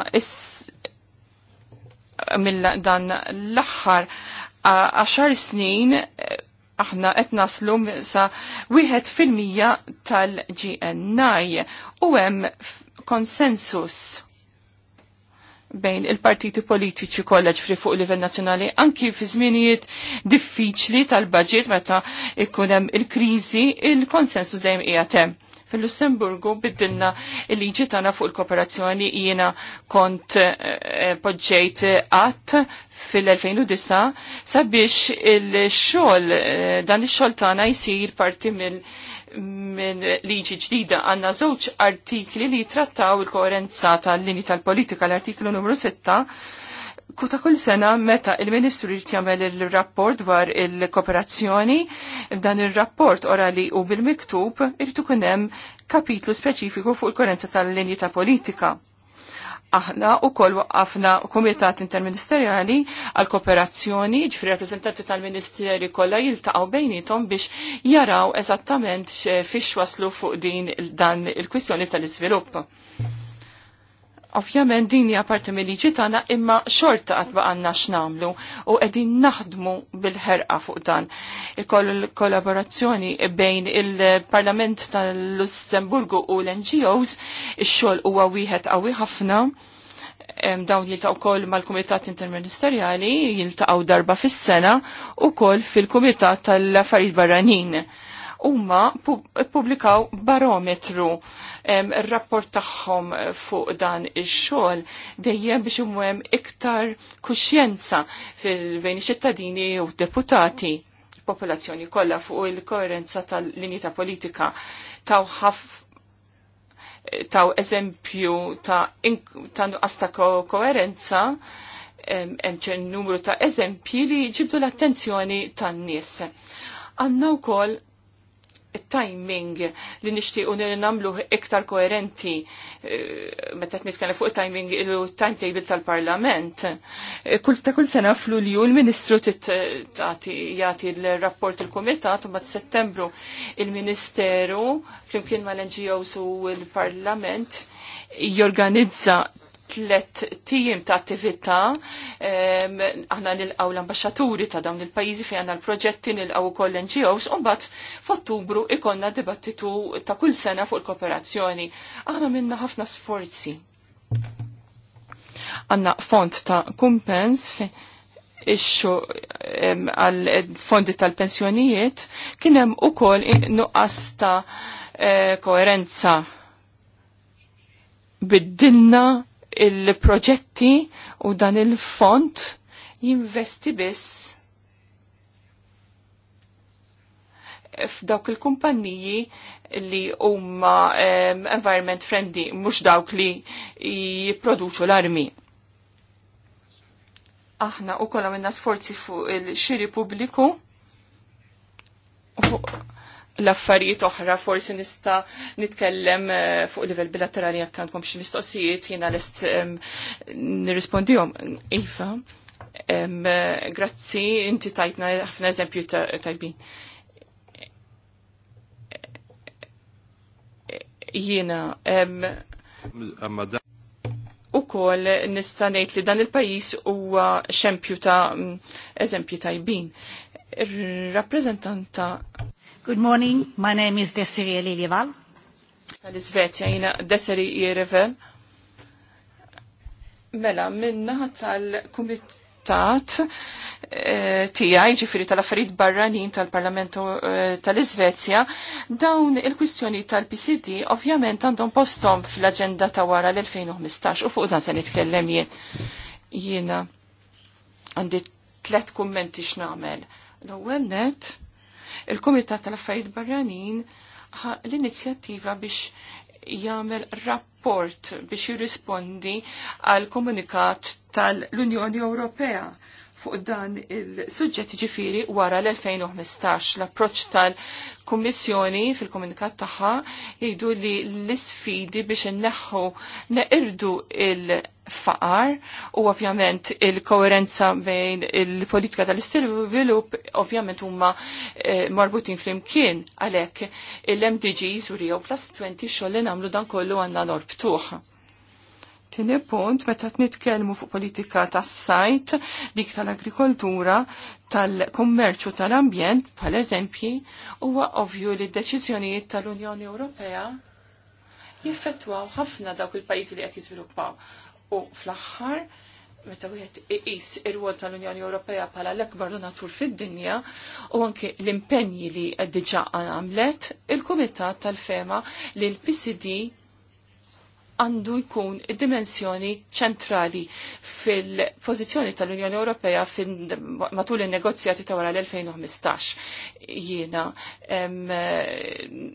mill dan l-aħħar għaxar snin aħna qed naslu sa wieħed fil-mija tal-GNI u hemm konsensus bejn il-partiti politiċi kolleġ fri fuq livell nazzjonali anki fi żminijiet diffiċli tal-budget meta ikun hemm il-kriżi il-konsensus dejjem qiegħed hemm. Fil-Lussemburgu biddilna il-liġi tagħna fuq il-kooperazzjoni jiena kont eh, poġġejt qatt fil-2009 sabiex il-xogħol eh, dan ix-xogħol tagħna jsir parti mill- minn liġi ġdida għanna żewġ artikli li trattaw il-koerenza tal-lini tal-politika l-artiklu numru 6 Kuta kull sena meta il-Ministru jrid jagħmel il-rapport dwar il-kooperazzjoni, dan il-rapport orali u bil-miktub irid ikun hemm kapitlu speċifiku fuq il-koerenza tal-linji ta' politika aħna u koll waqqafna komitat interministeriali għal kooperazzjoni ġifri rappresentanti tal-ministeri kollha jiltaqgħu bejnietom biex jaraw eżattament fiex waslu fuq din dan il-kwistjoni tal-iżvilupp. Ovvjament din hija parti mill-liġi tagħna imma xorta qatt baqanna x'namlu u qegħdin naħdmu bil-ħerqa fuq dan. Il-kollaborazzjoni bejn il-Parlament tal-Lussemburgu u l-NGOs ix-xogħol huwa wieħed qawwi ħafna dawn jiltaqgħu wkoll mal-Kumitat Interministerjali jiltaqgħu darba fis-sena u fil-Kumitat tal-Affarijiet Barranin. Huma pubblikaw barometru il rapport tagħhom fuq dan ix-xogħol dejjem biex imwem iktar kuxjenza fil-bejn ċittadini u deputati popolazzjoni kollha fuq il-koerenza tal-linji ta' politika taw ħaf taw eżempju ta' nuqqas ta' koerenza hemm numru ta' eżempji li ġibdu l-attenzjoni tan-nies. Għandna wkoll timing li nishtiqu nil-namlu iktar koerenti eh, meta t-nitkellem fuq il-timing il-timetable tal-parlament. Eh, kull ta' kull sena flu li l-ministru jati l-rapport il-komitat ma settembru il-ministeru flimkien mal ngos u l-parlament jorganizza tlet tim ta' attività aħna nilqaw l-ambasċaturi ta' dawn il-pajjiżi fejn għandna l-proġetti nilqaw ukoll NGOs u mbagħad f'Ottubru ikonna dibattitu ta' kull sena fuq il-kooperazzjoni. Aħna minna ħafna sforzi. Għanna font ta' kumpens ixxu għal fondi tal-pensjonijiet kien hemm ukoll nuqqas ta' eh, koerenza biddilna il-proġetti u dan il-font jinvesti biss f'dawk il-kumpanniji li huma um, environment friendly mhux dawk li jipproduċu l-armi. Aħna u kollha minna sforzi fuq il-xiri pubbliku l-affarijiet oħra forsi nista nitkellem eh, fuq livell bilaterali jekk għandkom xi mistoqsijiet jiena lest nirrispondihom. Iva, grazzi, inti tajtna ħafna eżempju tajbin. Jiena u kol nistanejt li dan il-pajis huwa xempju ta' eżempju tajbin. Ir-rappreżentanta Good morning, my name is Desiree Lilieval. Għal-Svezja jina Desiree Liljeval. Mela, minna tal-Kumitat eh, tijaj ġifiri tal-affarijiet barranin tal-Parlament eh, tal-Izvezja, dawn il-kwistjoni tal-PCD ovvjament għandhom postom fl-agenda ta' wara l-2015 u fuq dan se nitkellem Jiena għandi tlet kummenti x'namel. L-ewwel net il-Kumitat tal-Affarijiet Barranin l-inizjattiva biex jagħmel rapport biex jirrispondi għal komunikat tal-Unjoni Ewropea fuq dan il-sujġet ġifiri wara l-2015. L-approċ tal-Kummissjoni fil-komunikat tagħha jgħidu li l-isfidi biex inneħħu neqirdu il-faqar u ovvjament il-koerenza bejn il-politika tal istilvilup ovvjament huma eh, marbutin fl-imkien għalhekk il-MDGs u Rio Plus 20 xogħol li nagħmlu dan kollu għandna nor orbtuħ Tini punt, meta t-nitkelmu fuq politika tas sajt dik tal-agrikoltura, tal-kommerċu tal-ambjent, pal eżempji, huwa ovvju li d-deċizjonijiet tal-Unjoni Ewropea jiffettwaw ħafna dawk il-pajjiżi li qed jiżviluppaw. U fl-aħħar, meta wieħed iqis ir-rwol tal-Unjoni Ewropea bħala l-ekbar donatur fid-dinja u anke l-impenji li diġà għamlet, il-Kumitat tal-Fema li l-PCD għandu jkun id-dimensjoni ċentrali fil-pozizjoni tal-Unjoni Ewropea matul il-negozjati ta' wara l-2015. Jiena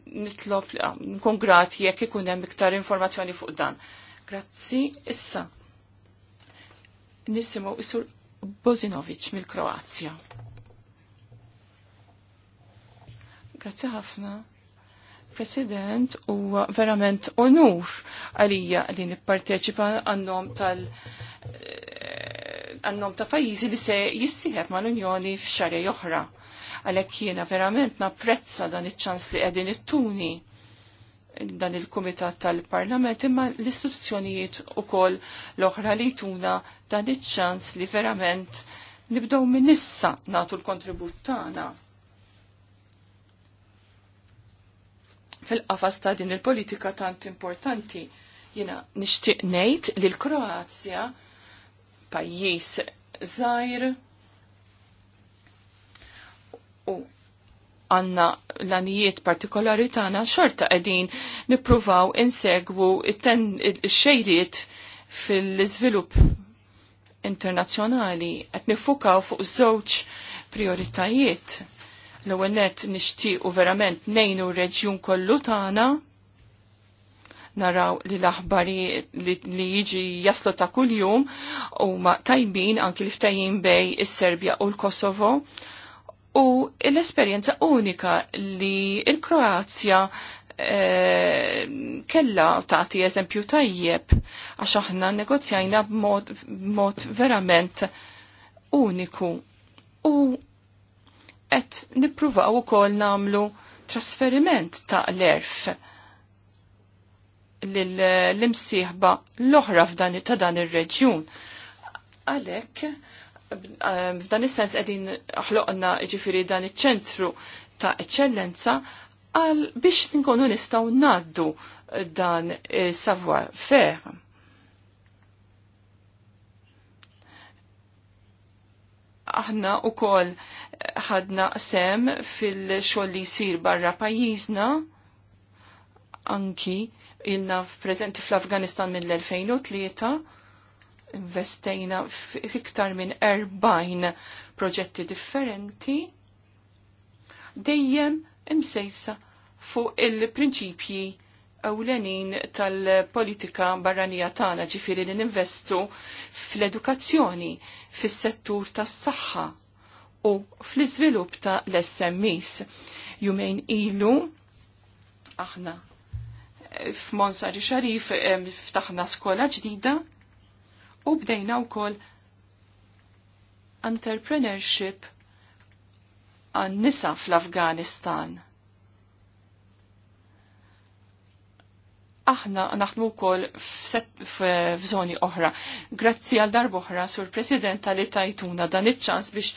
nitlob nkun grati jekk ikun hemm iktar informazzjoni fuq dan. Grazzi, issa. Nisimu isur Bozinovic mill-Kroazja. Grazzi ħafna. President, u verament onur għalija li nipparteċipa għannom tal- eh, għannom ta' pajizi li se jissieħeb ma' l-Unjoni f'xare oħra. Għalek jiena verament napprezza dan iċ-ċans li qegħdin ittuni dan il-Kumitat tal-Parlament imma l-istituzzjonijiet ukoll l-oħra li tuna dan iċ-ċans li verament nibdew minn issa nagħtu l-kontribut tagħna fil-qafas ta' din il-politika tant importanti jina nishtiq nejt li l-Kroazja pajjiż zaħir u għanna l-anijiet partikolari tagħna xorta qegħdin nippruvaw insegwu il xejriet fil-iżvilupp internazzjonali qed nifukaw fuq żewġ prioritajiet L-ewwel nett u verament nejnu reġjun kollu tagħna naraw li l-aħbari li, jiġi jaslu ta' kuljum u ma tajbin anki li ftajin bej is-Serbja u l-Kosovo u l-esperjenza unika li il-Kroazja E, eh, kella tati eżempju tajjeb, għax aħna negozjajna b'mod verament uniku. U qed nippruvaw ukoll namlu trasferiment ta' l-erf l-imsieħba l-oħra f'dan ta' dan ir-reġjun. Għalhekk eh, f'dan is-sens qegħdin ħloqna ġifieri dan iċ-ċentru ta' eċċellenza għal biex nkunu nistgħu ngħaddu dan savoir faire. Aħna u koll ħadna sem fil-xogħol li jsir barra pajjiżna anki ilna preżenti fl-Afganistan mill-2003 investejna iktar minn 40 proġetti differenti dejjem imsejsa fuq il-prinċipji ewlenin tal-politika barranija tagħna ġifieri li ninvestu fl-edukazzjoni, fis-settur tas-saħħa, u fl-iżvilupp ta' l-SMEs. Jumejn ilu aħna eh, f'Monsari Xarif eh, ftaħna skola ġdida u bdejna wkoll entrepreneurship għan nisa fl-Afganistan. Aħna naħdmu wkoll f'żoni oħra. Grazzi għal darb oħra sur President tal-li tajtuna dan iċ-ċans biex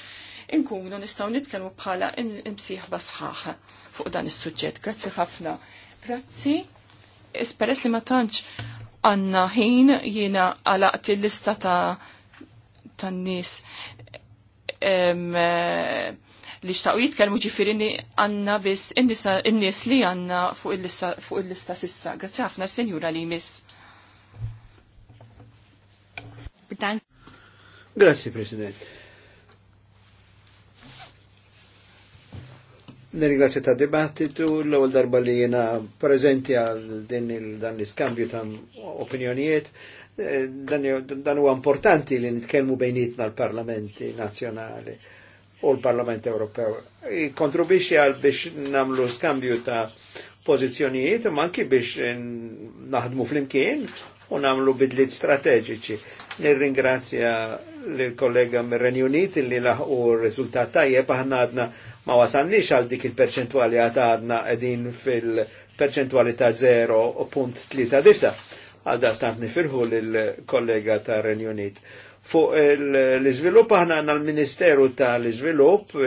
inkunu nistgħu nitkellmu bħala imsieħba sħaħ fuq dan is-suġġett. Grazzi ħafna. Grazzi. Isperess li ma tantx għandna ħin jiena għalaqt il-lista ta' tan-nies li xtaqu jitkellmu ġifieri għandna biss in-nies li għandna fuq il-lista sissa. Grazzi ħafna senjura li miss. Grazzi President. Nirringrazzja ta' dibattitu l-ewwel darba li jiena preżenti għal din dan l-iskambju ta' opinjonijiet. Eh, dan huwa importanti li nitkellmu bejnietna l-parlamenti nazzjonali u l-Parlament Ewropew. Kontribwixxi għal biex namlu skambju ta' pożizzjonijiet, ma anki biex eh, naħdmu flimkien u namlu bidliet strateġiċi. Nirringrazzja l-kollega mir-Renju Unit li laħqu r-riżultat tajjeb aħna għadna ma wasalniex għal dik il-perċentwali għadna edin fil-perċentwali ta' 0.39 Għadda stant nifirħu l-kollega ta' Renjonit. Fuq l izvilup aħna għanna l-Ministeru ta' l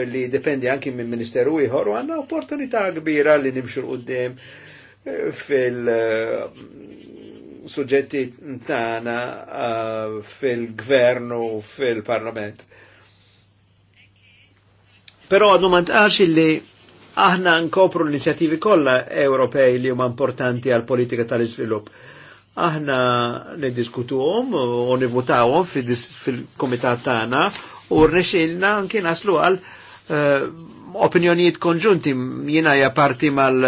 li dipendi anki minn Ministeru ieħor u għanna opportunità kbira li nimxu qudiem eh, fil-suġġetti eh, tagħna eh, fil-gvern u fil-parlament. Però għadnu ma ntqax illi aħna nkopru l-inizjativi kolla Ewropej li huma importanti għal politika tal izvilup Aħna niddiskutuhom u nivutawhom fil-komitat tagħna u rnexilna anke naslu għal eh, opinjonijiet konġunti jina ja parti mal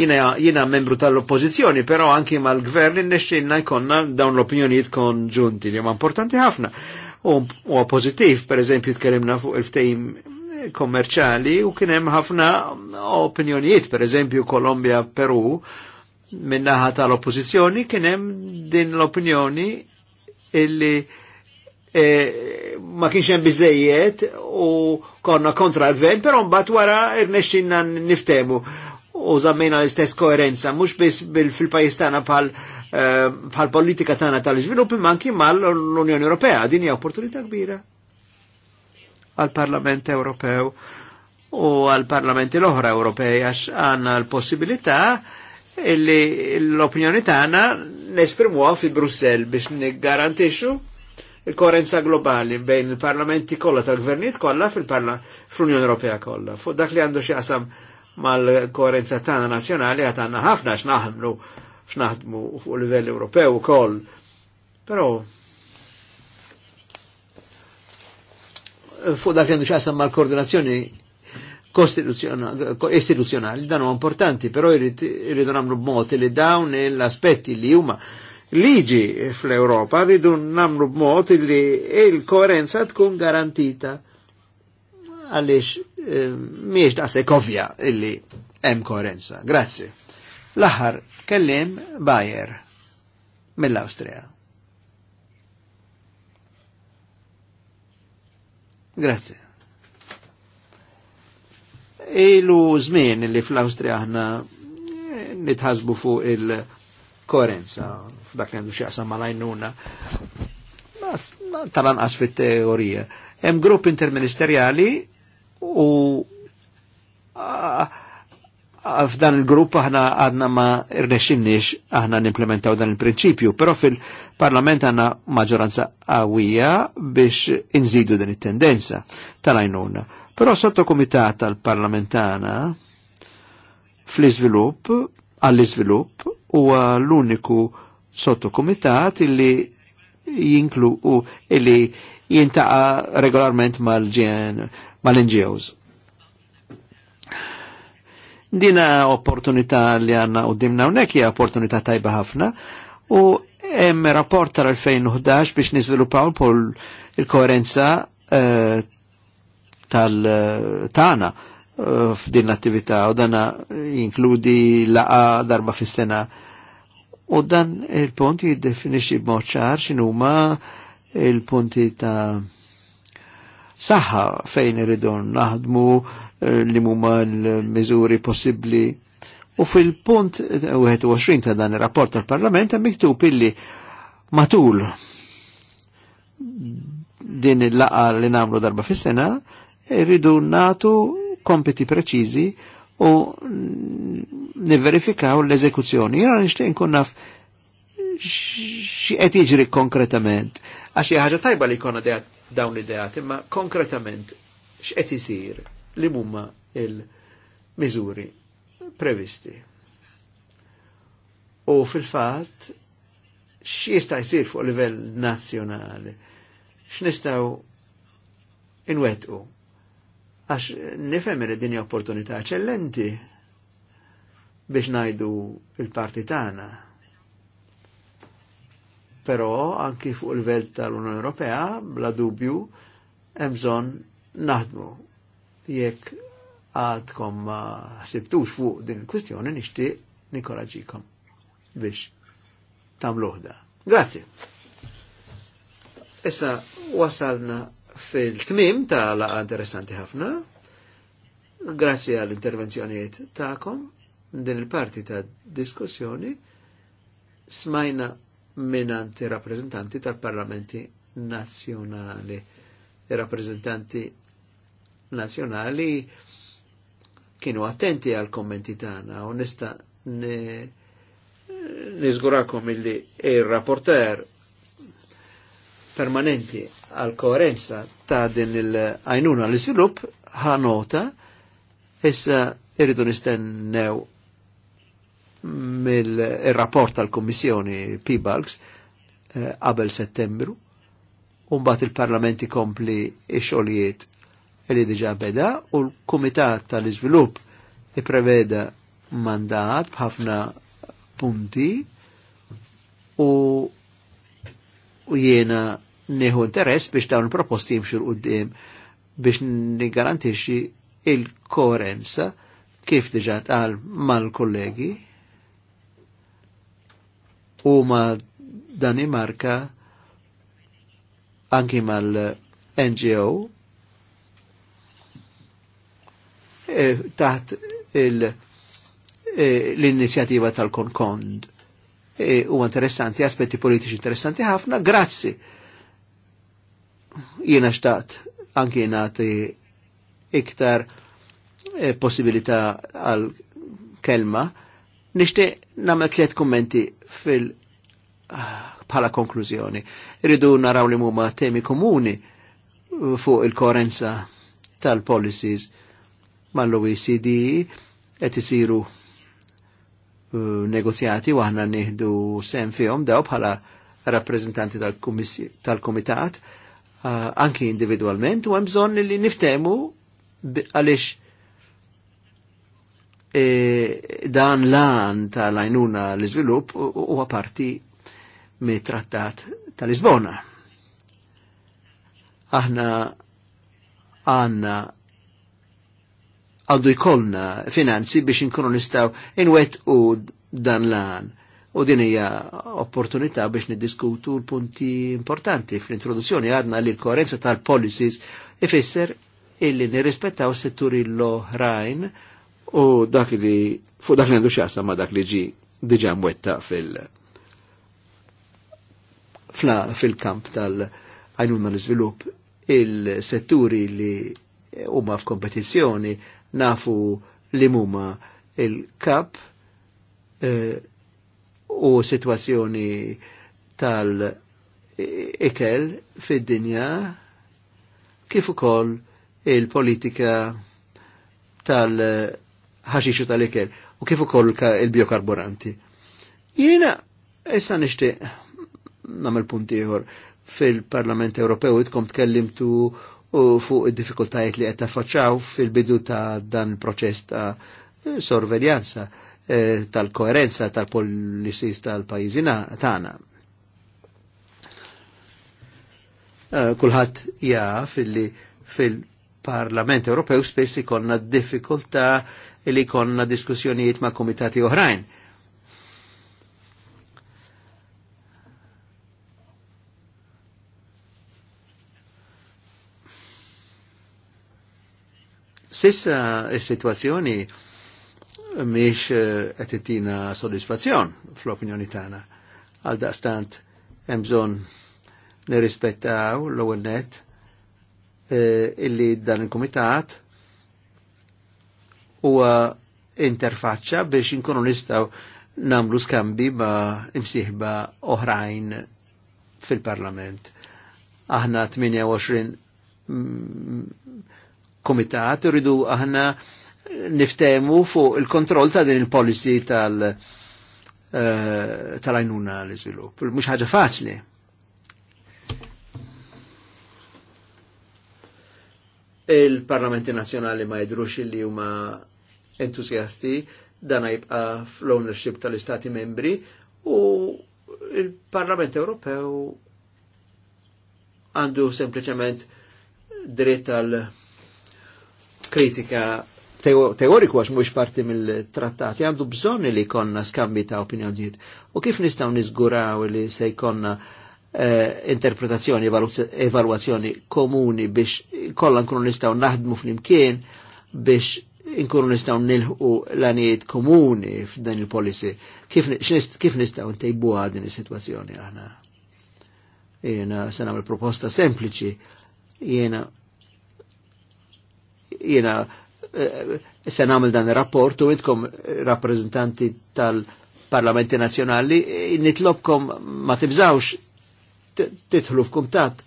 jina, jina membru tal-oppozizjoni, però anki mal-gvern innexxilna jkonna dawn l-opinjonijiet konġunti li huma importanti ħafna. U pozittiv, per eżempju, tkellimna fuq il-ftejim kommerċali u kien hemm ħafna opinjonijiet, per eżempju Kolombja, Peru, minnaħa tal-oppozizjoni kien hemm din l-opinjoni illi e, ma kienx hemm biżejjed u konna kontra l-gvern, però mbagħad wara irnexxinna niftemu u żammejna l-istess koerenza mhux biss fil-pajjiż tagħna bħal e, bħal politika tagħna tal-iżvilupp imma anki mal-Unjoni Ewropea din hija opportunità kbira għal-Parlament Ewropew u għal-Parlamenti l-oħra Ewropej għax għanna l-possibilità illi l-opinjoni tagħna nesprimuha fi Brussell biex niggarantixxu il-korenza globali bejn il-parlamenti kollha tal-gvernijiet kollha fl unjoni Ewropea kollha. Fuq dak li għandu xi qasam mal korenza tagħna nazzjonali għad għandna ħafna x'naħmlu x'naħdmu fuq livell Ewropew ukoll. Però fuq dak għandu xasam mal-koordinazzjoni istituzjonali, dan u importanti, però irridu namlu b'mod li dawn l-aspetti li huma liġi fl-Europa rridu namlu b'mod li il-koerenza tkun garantita għalix eh, miex daqseg ovvja illi hemm koerenza. Grazie. L-aħħar kellim Bayer mill austria Grazie. Ilu zmin li fl austria aħna eh, nitħasbu fuq il-korenza dak li għandu xaqsam malajnuna. Talan tal fit-teorija. Hemm grupp interministerjali u f'dan il-grupp aħna għadna ma rnexxinniex aħna nimplementaw dan il-prinċipju, però fil-Parlament għandna maġoranza għawija biex inżidu din it-tendenza tal-għajnuna. Però sotto komitat tal-parlamentana fl izvilupp għall izvilupp huwa l-uniku sotto komitat illi jinklu u illi jintaqa regolarment mal-NGOs. Mal Dina opportunità li għanna u dimna unnek hija opportunità tajba ħafna u hemm rapport tal-2011 biex pol il-koerenza eh, tal-tana eh, f'din l-attività u dana inkludi laqa darba fis-sena u dan il-punt jiddefinixxi b'mod ċar x'inhuma il-punti ta' saħħa fejn irridu naħdmu Eh, li mumma l-mizuri possibli. U fil-punt 21 eh, ta' dan il-rapport tal-Parlament hemm miktub illi matul din il-laqa li namlu darba fis-sena irridu natu kompiti preċiżi u niverifikaw l-eżekuzzjoni. Jena nishtiq nkun naf x'qed jiġri konkretament. Għax ħaġa tajba li jkun dawn l-ideat, imma konkretament x'qed isir li mumma il-miżuri previsti. U fil-fat, x'jista' jsir fuq livell nazzjonali, x'nistgħu inwetqu. Għax nifhem li dinja opportunità eċellenti biex najdu il-parti tagħna. Però anki fuq il-livell tal-Unjoni Ewropea, bla dubju, hemm bżonn naħdmu Jekk għadkom sibtux fuq din il-kwistjoni nixtieq nikoraġikom biex tamluħda. Grazie. Issa wasalna fil-tmim ta' laqa interessanti ħafna. Grazie għall-intervenzjonijiet ta'kom din il-parti ta' diskussjoni smajna minanti rappresentanti tal-parlamenti nazjonali, rappresentanti nazjonali kienu attenti għal kommenti tagħna u nista' niżgurakom illi ir-rapporter permanenti għal koerenza ta' din il-għajnuna l-iżvilupp ħa nota issa irridu nistennew mill-rapport tal-Kommissjoni P-Balks eh, qabel settembru un bat il parlamenti kompli i xogħlijiet li diġa beda u l-Kumitat tal-Iżvilupp ipreveda mandat b'ħafna punti u, u jiena neħu interess biex dawn il-proposti jimxu l-qoddim biex nigarantixi il-koerenza kif diġa tal mal-kollegi u ma Danimarka anki mal-NGO Eh, taħt eh, l-inizjativa tal-Konkond. E, u interessanti, aspetti politiċi interessanti ħafna, grazzi. Jiena xtaqt anki nati iktar eh, possibilità għal kelma. Nishti namel tliet kommenti fil- ah, bħala konklużjoni. Irridu naraw li mumma temi komuni fuq il-korenza tal-policies mal-OECD qed isiru uh, negozjati u aħna nieħdu sem fihom daw bħala rappreżentanti tal-Kumitat uh, anki individualment u hemm bżonn li niftemu għaliex dan e, dan lan tal-għajnuna l-izvilup u parti mit trattat tal-Lisbona. Aħna għanna għaddu jkollna finanzi biex inkunu nistaw inwet u dan lan. U din hija opportunità biex niddiskutu l-punti importanti fl-introduzzjoni għadna li l-koerenza tal-policies ifisser illi nirrispettaw setturi l-oħrajn u dak li fuq dak li għandu xasa ma dak li ġi diġa mwetta fil- fil-kamp tal-għajnuna l-izvilup il-setturi li huma f'kompetizzjoni nafu li muma il-kap eh, u situazzjoni tal-ikel fid-dinja kif ukoll il-politika tal-ħaxixu tal-ikel u kif ukoll il-biokarburanti. Jiena issa nixtieq nagħmel punt ieħor fil-Parlament Ewropew idkom tkellimtu u fuq id-diffikultajiet li qed taffaċċaw fil-bidu ta' dan il-proċess ta' sorveljanza eh, tal-koerenza tal-policies tal-pajjiżina tagħna. Eh, kulħadd jaf illi fil-Parlament Ewropew spess ikonna diffikultà li konna diskussjonijiet ma' komitati oħrajn Sissa situazzjoni miex għetittina eh, soddisfazzjon fl-opinjoni tana. Għal daqstant hemm bżonn nirrispettaw l-ewwel net eh, illi dan il komitat u interfaċċa biex inkunu nistaw namlu skambi ma' imsieħba oħrajn fil-parlament. Aħna 28 komitat rridu aħna niftemu fuq il-kontroll ta' din il-policy tal- eh, tal l-izvilup. Mux ħaġa faċli. Il-parlamenti nazjonali ma jidrux li huma entuzjasti dan jibqa fl-ownership tal-istati membri u il-Parlament Ewropew għandu sempliciment dritt tal- kritika teoriku għax mux parti mill-trattati, għandu bżon li konna skambi ta' opinjonijiet. U kif nistaw nizguraw li se jkonna eh, interpretazzjoni, evaluazzjoni komuni biex kollha nkunu nistaw naħdmu fl-imkien biex inkunu nistaw nilħu l-għaniet komuni f'dan il polisi Kif, nistaw ntejbu din is-situazzjoni aħna? Jena sena nagħmel proposta sempliċi, jena Jena eh, se namel dan il-rapport u idkom rappresentanti tal-Parlamenti Nazjonali, eh, nitlobkom ma tibżawx titħlu f'kuntat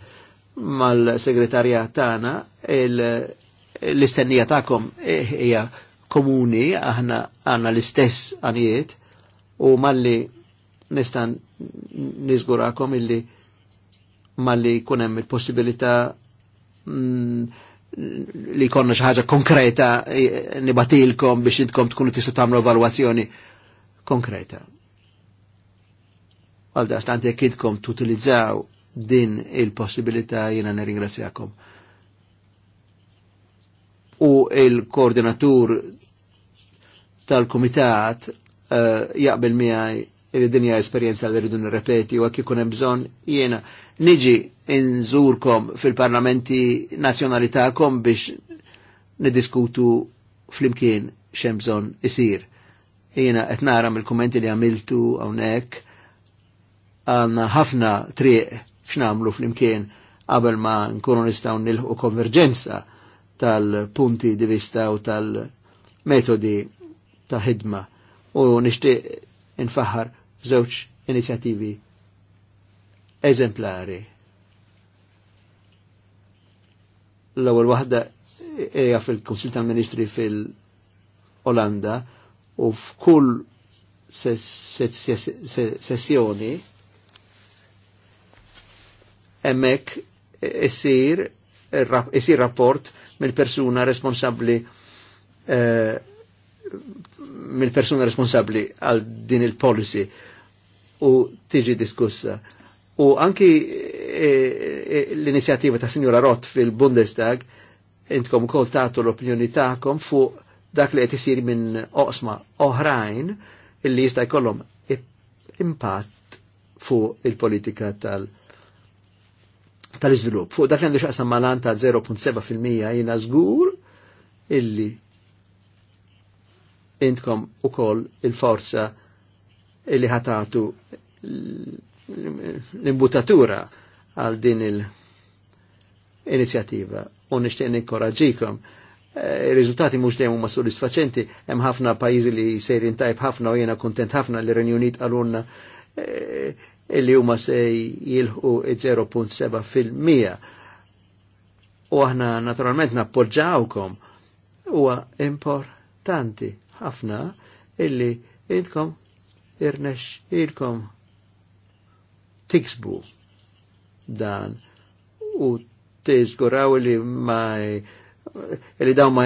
mal-segretarja tagħna eh, l-istennija tagħkom hija komuni, aħna għanna l-istess għanijiet u malli nistan nizgurakom illi malli kunem il-possibilita mm, li konna xaħġa konkreta eh, nibatilkom biex intkom tkunu tistu tamlu evalwazzjoni konkreta. Għalda, stant jek tutilizzaw din il-possibilità jena neringrazzjakom. U il-koordinatur tal-komitat uh, eh, jaqbel miħaj il-dinja esperienza li rridu nirrepeti u għak jikun bżon jena niġi inżurkom fil-parlamenti nazjonali ta'kom biex nidiskutu fl-imkien xemżon isir. Jena qed nara mill-kummenti li għamiltu hawnhekk għandna ħafna triq x'namlu fl-imkien qabel ma nkunu nistgħu nilħu konverġenza tal-punti di vista u tal-metodi ta' ħidma u nixtieq infaħar żewġ inizjattivi eżemplari L-ewwel waħda hija fil-Kunsil tal-Ministri fil-Olanda u f'kull sessjoni emmek isir isir rapport mill-persuna responsabbli eh, mill-persuna responsabbli għal din il-policy u tiġi diskussa. U anki l-inizjattiva ta' Signora Rott fil-Bundestag intkom kol tagħtu l-opinjoni tagħkom fuq dak li qed isir minn oqsma oħrajn illi jista' jkollhom impatt fuq il-politika tal- tal-iżvilupp. Fuq dak li għandu xaqsa malan ta' 0.7% jina żgur illi intkom u koll il-forza illi ħatatu l-imbutatura għal din il-inizjattiva u nixtieq nikkoraġikom. Eh, Il-riżultati mhux dejjem huma soddisfaċenti, hemm ħafna pajjiżi li sejrin tajb ħafna u jiena kuntent ħafna li Renjunit għalunna eh, illi huma se jilħu 0.7 fil-mija. U aħna naturalment nappoġġawkom. Huwa importanti ħafna illi intkom irnex ilkom tiksbu dan u tiżguraw li ma li daw ma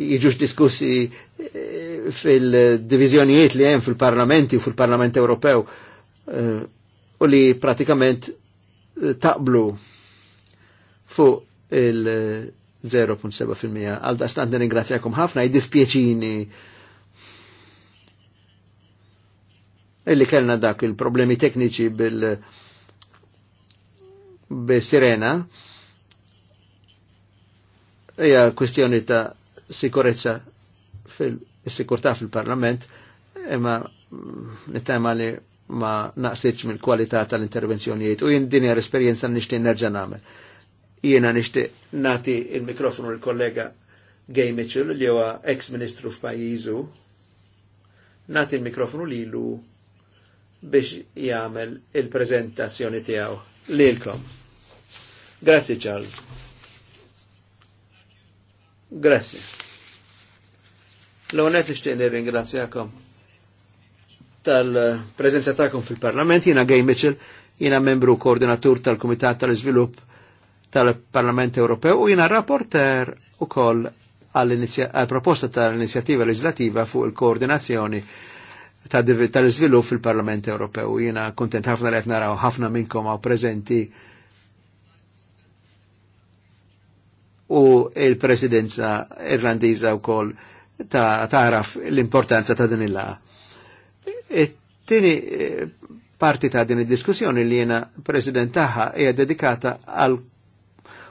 jiġux diskussi eh, fil-divizjonijiet li hemm fil-parlamenti u fil-parlament Ewropew eh, u li pratikament eh, taqblu fuq il-0.7% għal dastant nirringrazzjakom ħafna jiddispjaċini illi kellna dak il-problemi tekniċi bil- b-sirena, hija kwestjoni ta' sikurezza fil-sikurtà fil-Parlament imma nittema li ma naqsitx mill-kwalità tal-intervenzjonijiet u jien din l esperjenza nixtieq nerġa' nagħmel. Jiena nixtieq nati il-mikrofonu l-kollega Gay Mitchell li huwa ex-ministru f'pajjiżu. Nati il-mikrofonu lilu biex jagħmel il-preżentazzjoni tiegħu lilkom. Grazie Charles. Grazie. L-għonet xtejn nirringrazzjakom tal-prezenza ta'kom fil-parlament, jina Gay Mitchell, jina membru koordinatur tal-Komitat tal izvilup tal-Parlament Ewropew u jina rapporter u koll għal-proposta tal-inizjativa legislativa fuq il-koordinazzjoni tal-izvilupp fil-Parlament Ewropew. Jina kontent ħafna li raw ħafna minnkom għaw prezenti u il-presidenza irlandiza u kol taraf ta l-importanza ta' din il-laqa. E tini eh, parti ta' din il-diskussjoni li jena president taħħa hija dedikata għal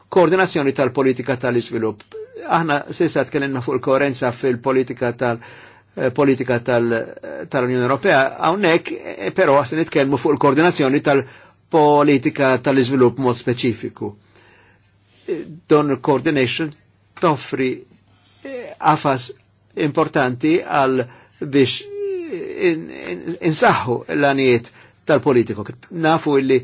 koordinazzjoni tal-politika tal-izvilupp. Aħna sissa tkellimna fuq il-koerenza fil-politika tal-izvilupp eh, politika tal politika tal unjoni tal Ewropea, għawnek, eh, però se nitkellmu fuq il-koordinazzjoni tal-politika tal-iżvilupp mod speċifiku donor coordination toffri eh, għafas importanti għal biex insaħħu eh, in, in l-għaniet tal-politiku. Nafu illi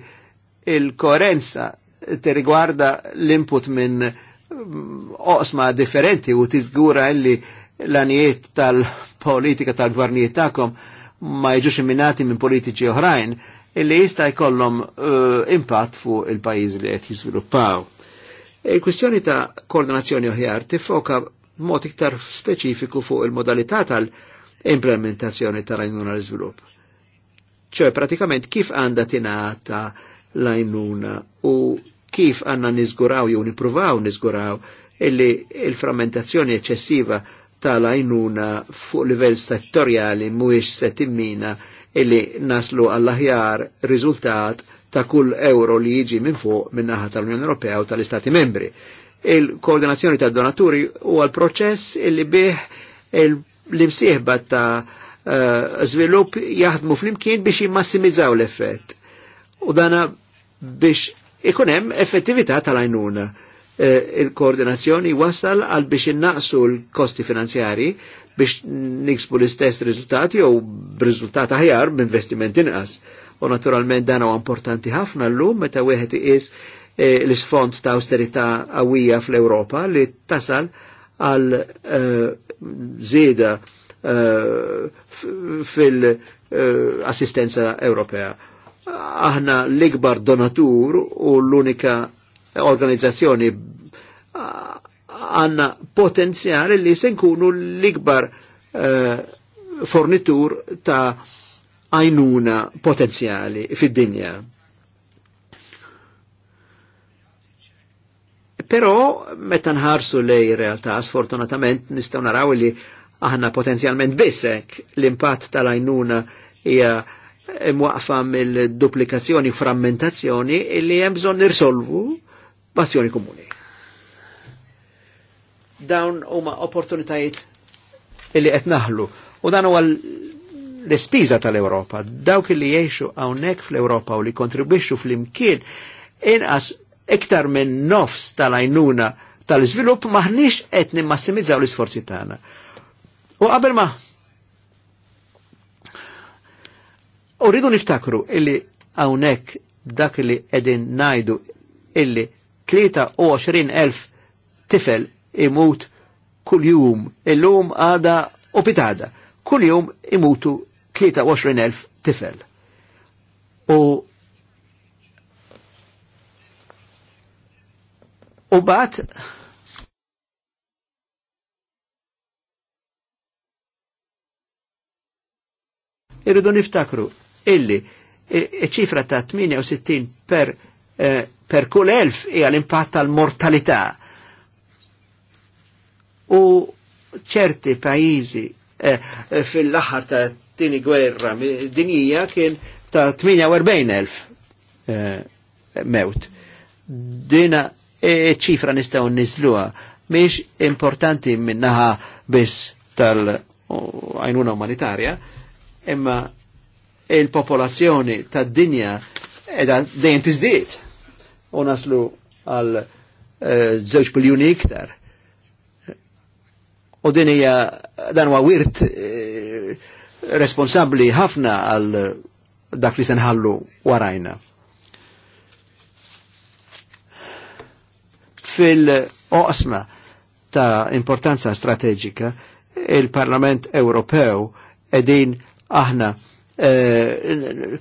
il-koerenza ti riguarda l-input minn mm, oqsma differenti u tizgura illi l-għaniet tal-politika tal-gvarnijiet takom ma jġux imminati minn politiċi oħrajn illi jista' jkollhom uh, impatt fuq il pajiz li qed jiżviluppaw. Il-kwistjoni e ta' koordinazzjoni oħjar tifoka mod iktar speċifiku fuq il-modalità tal-implementazzjoni tal-għajnuna l izvilup ċoj pratikament kif għanda tinata l-għajnuna u kif għanna nizguraw jew nipruvaw nizguraw illi il-frammentazzjoni eccessiva tal-għajnuna fuq livell settorjali mhuwiex settimina illi naslu għall-aħjar riżultat ta' kull euro li jiġi minn fuq minn naħa tal-Unjoni Ewropea u tal-Istati membri. Il-koordinazzjoni tad donaturi huwa l-proċess illi bih l-imsieħba ta' żvilupp eh, jaħdmu fl-imkien biex jimmassimizzaw l-effett. U dana biex ikun hemm effettività tal ajnuna eh, Il-koordinazzjoni wasal għal biex innaqsu l-kosti finanzjari biex niksbu l-istess riżultati jew b'riżultat aħjar b'investiment inqas. U naturalment dan huwa importanti ħafna llum meta wieħed iqis eh, l-isfond ta' austerità qawwija fl-Ewropa li tasal għal eh, żieda eh, fil-assistenza Ewropea. Aħna l-ikbar donatur u l-unika organizzazzjoni għanna potenzjali li se nkunu l-ikbar fornitur ta' għajnuna potenzjali fid-dinja. Però meta nħarsu lej realtà, sfortunatament nistgħu naraw li aħna potenzjalment bissek l-impatt tal-għajnuna hija imwaqfa mill-duplikazzjoni u frammentazzjoni li hemm bżonn nirsolvu b'azzjoni komuni. Dawn huma opportunitajiet li qed naħlu u dan huwa l-ispiża tal-Ewropa, dawk li jiexu hawnhekk fl-Ewropa u li kontribuixu fl-imkien inqas iktar minn nofs tal ajnuna tal-iżvilupp maħniex qed nimmassimizzaw l-isforzi tagħna. U qabel ma U rridu niftakru illi hawnhekk dak li qegħdin ngħidu illi 23,000 tifel imut kuljum lum għada u pitada kuljum imutu 23.000 tifel. U u bat irridu niftakru illi ċifra ta' 68 per, eh, per kull elf hija l-impatt tal-mortalità. U ċerti pajizi eh, eh fil laħar ta' fit gwerra dinija kien ta' 48.000 eh, mewt. Dina e, e ċifra nistaw nisluha miex importanti minnaħa biss tal-għajnuna umanitarja, imma il-popolazzjoni ta' dinja edha dejjem tiżdied u naslu għal eh, żewġ e, biljuni iktar. U din hija dan huwa wirt e, responsabli ħafna għal dak li senħallu warajna. Fil-oqsma ta' importanza strategika, il-Parlament Ewropew edin aħna eh,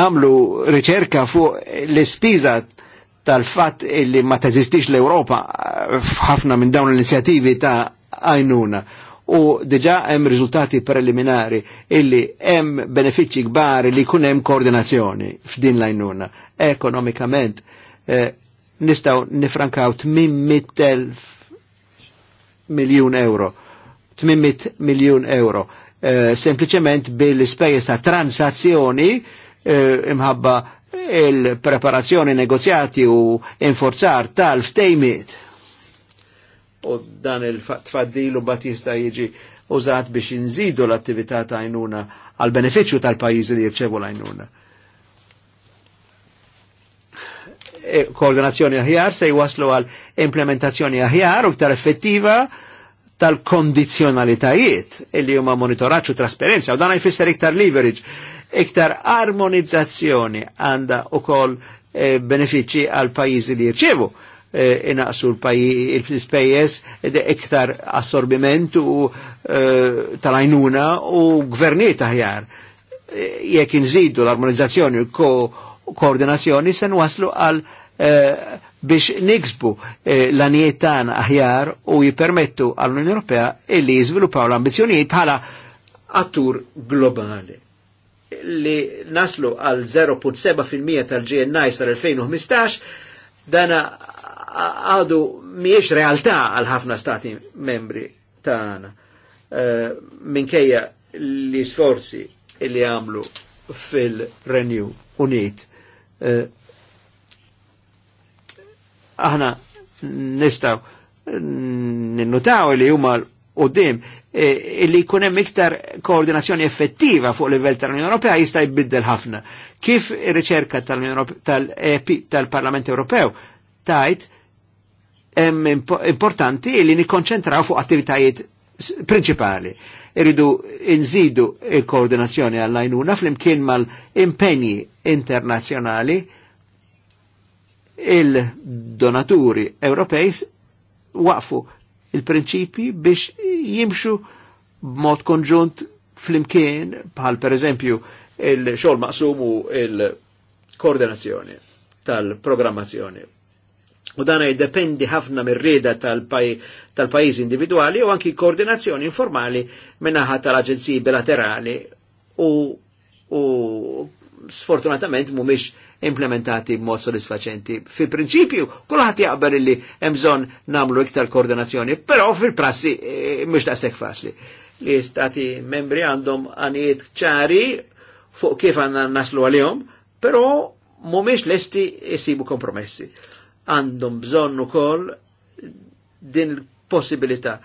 namlu riċerka fuq l-ispiża tal-fatt li ma teżistix l-Europa f'ħafna minn dawn l-inizjativi ta' għajnuna u diġa hemm riżultati preliminari illi hemm benefiċċji kbar li jkun hemm koordinazzjoni f'din l Ekonomikament eh, nistgħu nifrankaw 800 miljun euro. 800 miljun euro. Eh, Sempliċement bil-ispejjeż ta' transazzjoni eh, imħabba il-preparazzjoni negozjati u inforzar tal-ftejmiet u dan il-tfaddilu Batista jista jiġi użat biex inżidu l-attività ta' għajnuna għal beneficju tal-pajizi li jirċevu la' jnuna. E koordinazzjoni aħjar se jwaslu għal implementazzjoni aħjar u ktar effettiva tal-kondizjonalitajiet illi huma monitoraċu u trasparenza u dan jfisser iktar leverage, iktar armonizzazzjoni għanda u kol e, benefiċi għal pajizi li jirċevu Eh, inaqsu l-spejjes iktar assorbiment u eh, tal-ajnuna u gvernijiet aħjar. Eh, jekk inżidu l-armonizzazzjoni u koordinazzjoni se waslu għal biex niksbu l-anietan aħjar u jipermettu għall-Unjoni Ewropea illi jiżviluppaw l-ambizjonijiet bħala attur globali li naslu għal 0.7% tal-GNI sar 2015 dana għadu miex realtà għal ħafna stati membri tagħna eh, minkejja li sforzi li għamlu fil-Renew Unit. Eh, aħna nistaw ninnutaw li huma l-qoddim eh, li jkun hemm iktar koordinazzjoni effettiva fuq livell tal-Unjoni Ewropea jista' jbiddel ħafna. Kif ir-riċerka tal-Parlament tal Ewropew tajt importanti li nikkonċentraw fuq attivitajiet principali. Iridu nżidu il-koordinazzjoni għall-għajnuna fl-imkien mal impegni internazzjonali il-donaturi Ewropej waqfu il-prinċipi biex jimxu b'mod konġunt fl-imkien bħal per eżempju il-xol maqsumu il-koordinazzjoni tal-programmazzjoni U dan jiddependi ħafna mir-rieda tal-pajjiż tal individwali u anki koordinazzjoni informali minnaħa tal-aġenziji bilaterali u, u sfortunatament mhumiex implementati mod sodisfaċenti. Fi prinċipju, kulħadd jaqbel li hemm bżonn nagħmlu iktar koordinazzjoni, però fil-prassi e, mhux daqshekk faċli. Li stati membri għandhom għanijiet ċari fuq kif għanna naslu għalihom, però mhumiex lesti jsibu kompromessi għandhom bżonn ukoll din il-possibilità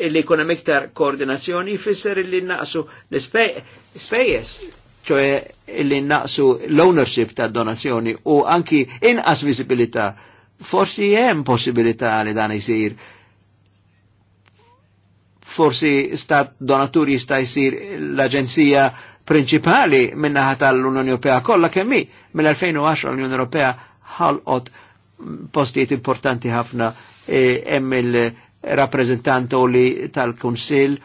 li jkun hemm iktar koordinazzjoni jfisser li naqsu l-ispejjeż, ċoe li naqsu l-ownership ta' donazzjoni u anki inqas visibilità. Forsi hemm possibilità li dan isir. forsi stat donatur jista' jsir l-Aġenzija prinċipali minnaħa tal-Unjoni Ewropea kollha kemm mill-2010 l-Unjoni Ewropea ħalqot postijiet importanti ħafna e, hemm il rappresentant li tal-Kunsill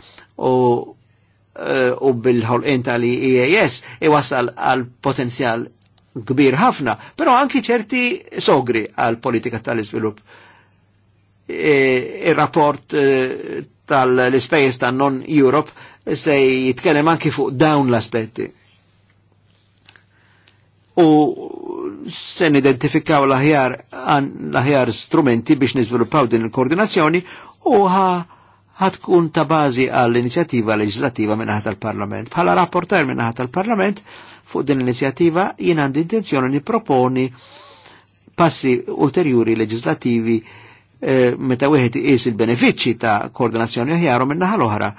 u e, u bil-ħolqin tal-IAS e wasal għal potenzjal kbir ħafna, però anki ċerti sogri għal politika tal izvilup Il-rapport tal-ispejjeż tal non Europe se jitkellem anki fuq dawn l-aspetti u se identifikaw l-aħjar l-aħjar strumenti biex niżviluppaw din il-koordinazzjoni u ħatkun ta' bażi għall-inizjattiva leġislativa minnaħat tal-Parlament. Bħala rapporter minnaħat tal-Parlament fuq din l-inizjattiva jien għandi intenzjoni niproponi passi ulterjuri leġislativi eh, meta wieħed is il-benefiċċji ta' koordinazzjoni aħjar u minnaħa l-oħra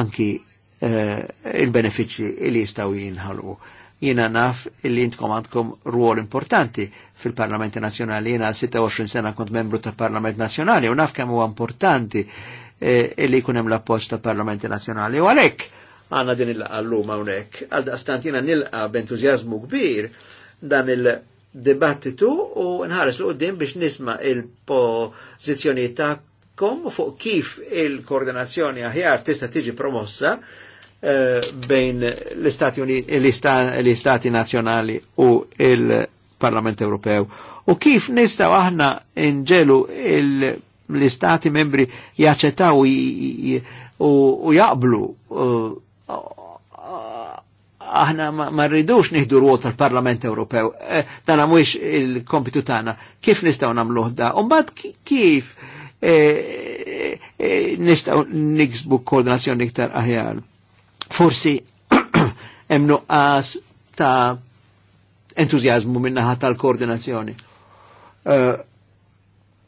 anki eh, il-benefiċċji li jistgħu jinħalqu jina naf li jintkom għandkom ruol importanti fil parlament Nazjonali. Jina 26 sena kont membru ta' Parlament Nazjonali u naf kemm huwa importanti eh, il li kunem l-appoġġ ta' Parlamenti Nazjonali. U għalhekk għandna din il-laqa unek, hawnhekk. Għal daqstant jiena nilqa b'entużjażmu kbir dan il debattitu u nħares l-qoddim biex nisma il ta' kom fuq kif il-koordinazzjoni aħjar tista' tiġi promossa Eh, bejn l-Istati l-Istati Nazzjonali u il-Parlament Ewropew. U kif nistaw aħna nġelu l-Istati membri jaċċettaw u jaqblu eh, aħna ma rridux nieħdu ruot tal-Parlament Ewropew, eh, dan mhuwiex il-kompitu tagħna, kif nistgħu nagħmlu da? U mbagħad kif nistgħu niksbu koordinazzjoni iktar aħjar forsi hemm nuqqas ta' entuzjazmu naħa tal-koordinazzjoni. Uh,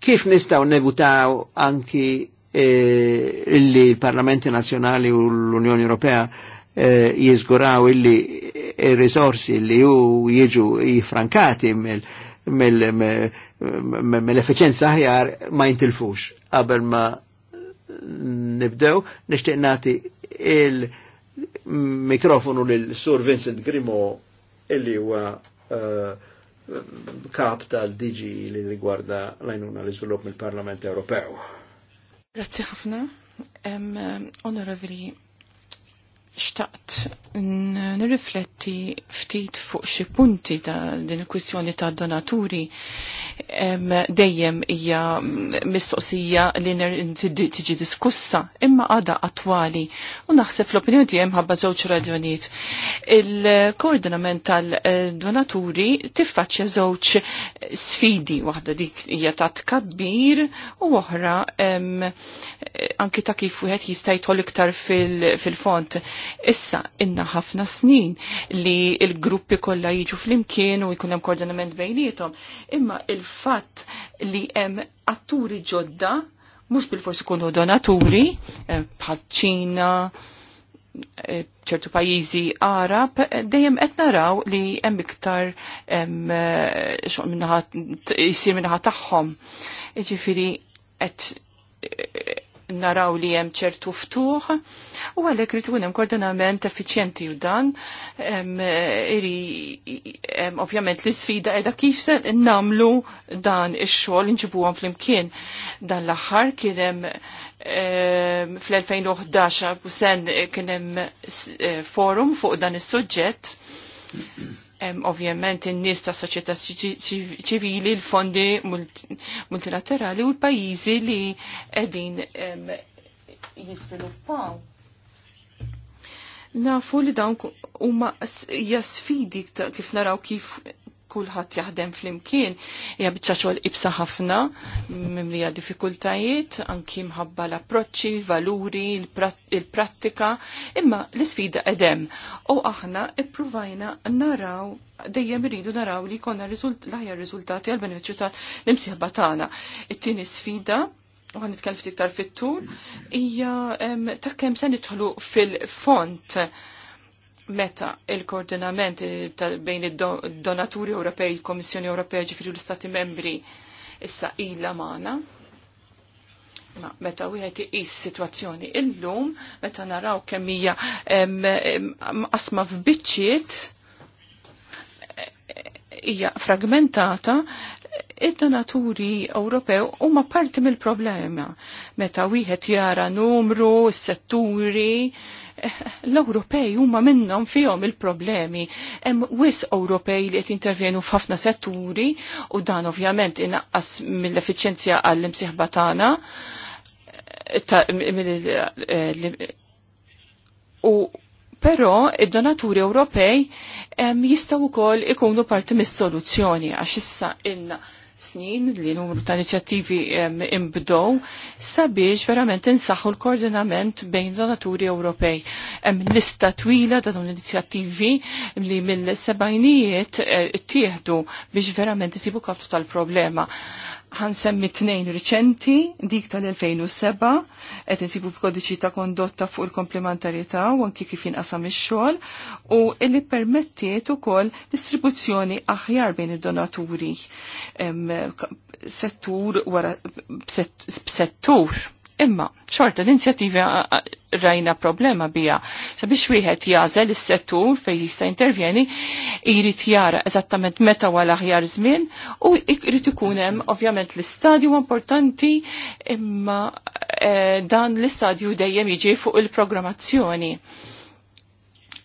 kif nistgħu nevutaw anki eh, illi l parlamenti Nazzjonali u l-Unjoni Ewropea eh, jizguraw illi il-risorsi eh, li ju jiġu jifrankati mill-efficienza ħjar ma jintilfux. Qabel ma nibdew, nishtiq nati il- mikrofonu lil Sur Vincent Grimo illi huwa eh, kap tal-DG li rigwarda lajnuna għajnuna l-izvilup mill-Parlament Ewropew. Grazie ħafna. Eh, onorevoli xtaqt nirrifletti ftit fuq xi punti ta' din il-kwistjoni ta' donaturi dejjem hija mistoqsija li tiġi diskussa imma għada attwali u naħseb l-opinjoni tiegħi ħabba żewġ raġunijiet. Il-koordinament tal-donaturi tiffaċċja żewġ sfidi waħda dik hija ta' tkabbir u oħra anki ta' kif wieħed jista' jitħol iktar fil-font. fil font fil Issa inna ħafna snin li il-gruppi kollha jiġu flimkien u jkun hemm koordinament bejnietom, imma il-fatt li hemm atturi ġodda mhux bil-forsi kunu donaturi eh, bħadċina, Ċina, eh, ċertu pajjiżi Arab, dejjem qed naraw li hemm iktar eh, jisir minnaħat tagħhom. Jiġifieri qed naraw li hemm ċertu ftuħ u għalhekk rid ikun hemm koordinament effiċjenti u dan iri ovvjament l-isfida qiegħda kif se nagħmlu dan ix-xogħol inġibuhom flimkien. Dan l-aħħar kien hemm fl-2011 sen kien hemm eh, forum fuq dan is-suġġett ovvjament in-nies ta' soċjetà ċivili, l-fondi multilaterali u l-pajjiżi li qegħdin jisviluppaw. Nafu li dawn huma sfidi kif naraw kif kulħadd jaħdem flimkien hija biċċa xogħol ibsa ħafna mimlija diffikultajiet anki mħabba l-approċċi, valuri, il-prattika, imma l-isfida qedem. U aħna ippruvajna naraw dejjem iridu naraw li jkollna l-aħjar riżultati għal benefiċċju tal-imsieħba tagħna. It-tieni sfida u għan nitkellem ftit iktar fit-tul hija ta' kemm se nidħlu fil-font meta il-koordinament bejn id-donaturi Ewropej, il-Komissjoni Ewropej ġifiri l-Stati membri issa ila magħna. Ma meta wieħed iqis sitwazzjoni illum, meta naraw kemm hija asma f'biċċiet hija fragmentata, id-donaturi Ewropew huma parti mill-problema. Meta wieħed jara numru, setturi, l-Ewropej huma minnhom fihom il-problemi. Hemm wis Ewropej li qed intervjenu f'ħafna setturi u dan ovvjament inaqqas mill-effiċenzja għall-imsieħba tagħna eh, u però id-donaturi Ewropej jistgħu wkoll ikunu parti mis-soluzzjoni għax issa inna snin li numru ta' inizjattivi imbdow sabiex verament insaħħu l-koordinament bejn donaturi Ewropej. Hemm lista twila ta' dawn l-inizjattivi li mill-sebajnijiet eh, tieħdu biex verament isibu kaptu tal-problema ħansemmi tnejn riċenti, dik tal-2007, qed insibu f'kodiċi ta' kondotta fuq il-komplementarjetà u anki kif inqasam ix-xogħol u illi permettiet ukoll distribuzzjoni aħjar bejn id-donaturi settur wara settur Imma, xorta, l-inzjattiva rajna problema bija. Sabiex wieħed jażel is-settur fejn jista' intervjeni, jrid jara eżattament meta wara aħjar żmien u jrid ikun hemm ovvjament l-istadju importanti imma e, dan l-istadju dejjem jiġi fuq il-programmazzjoni.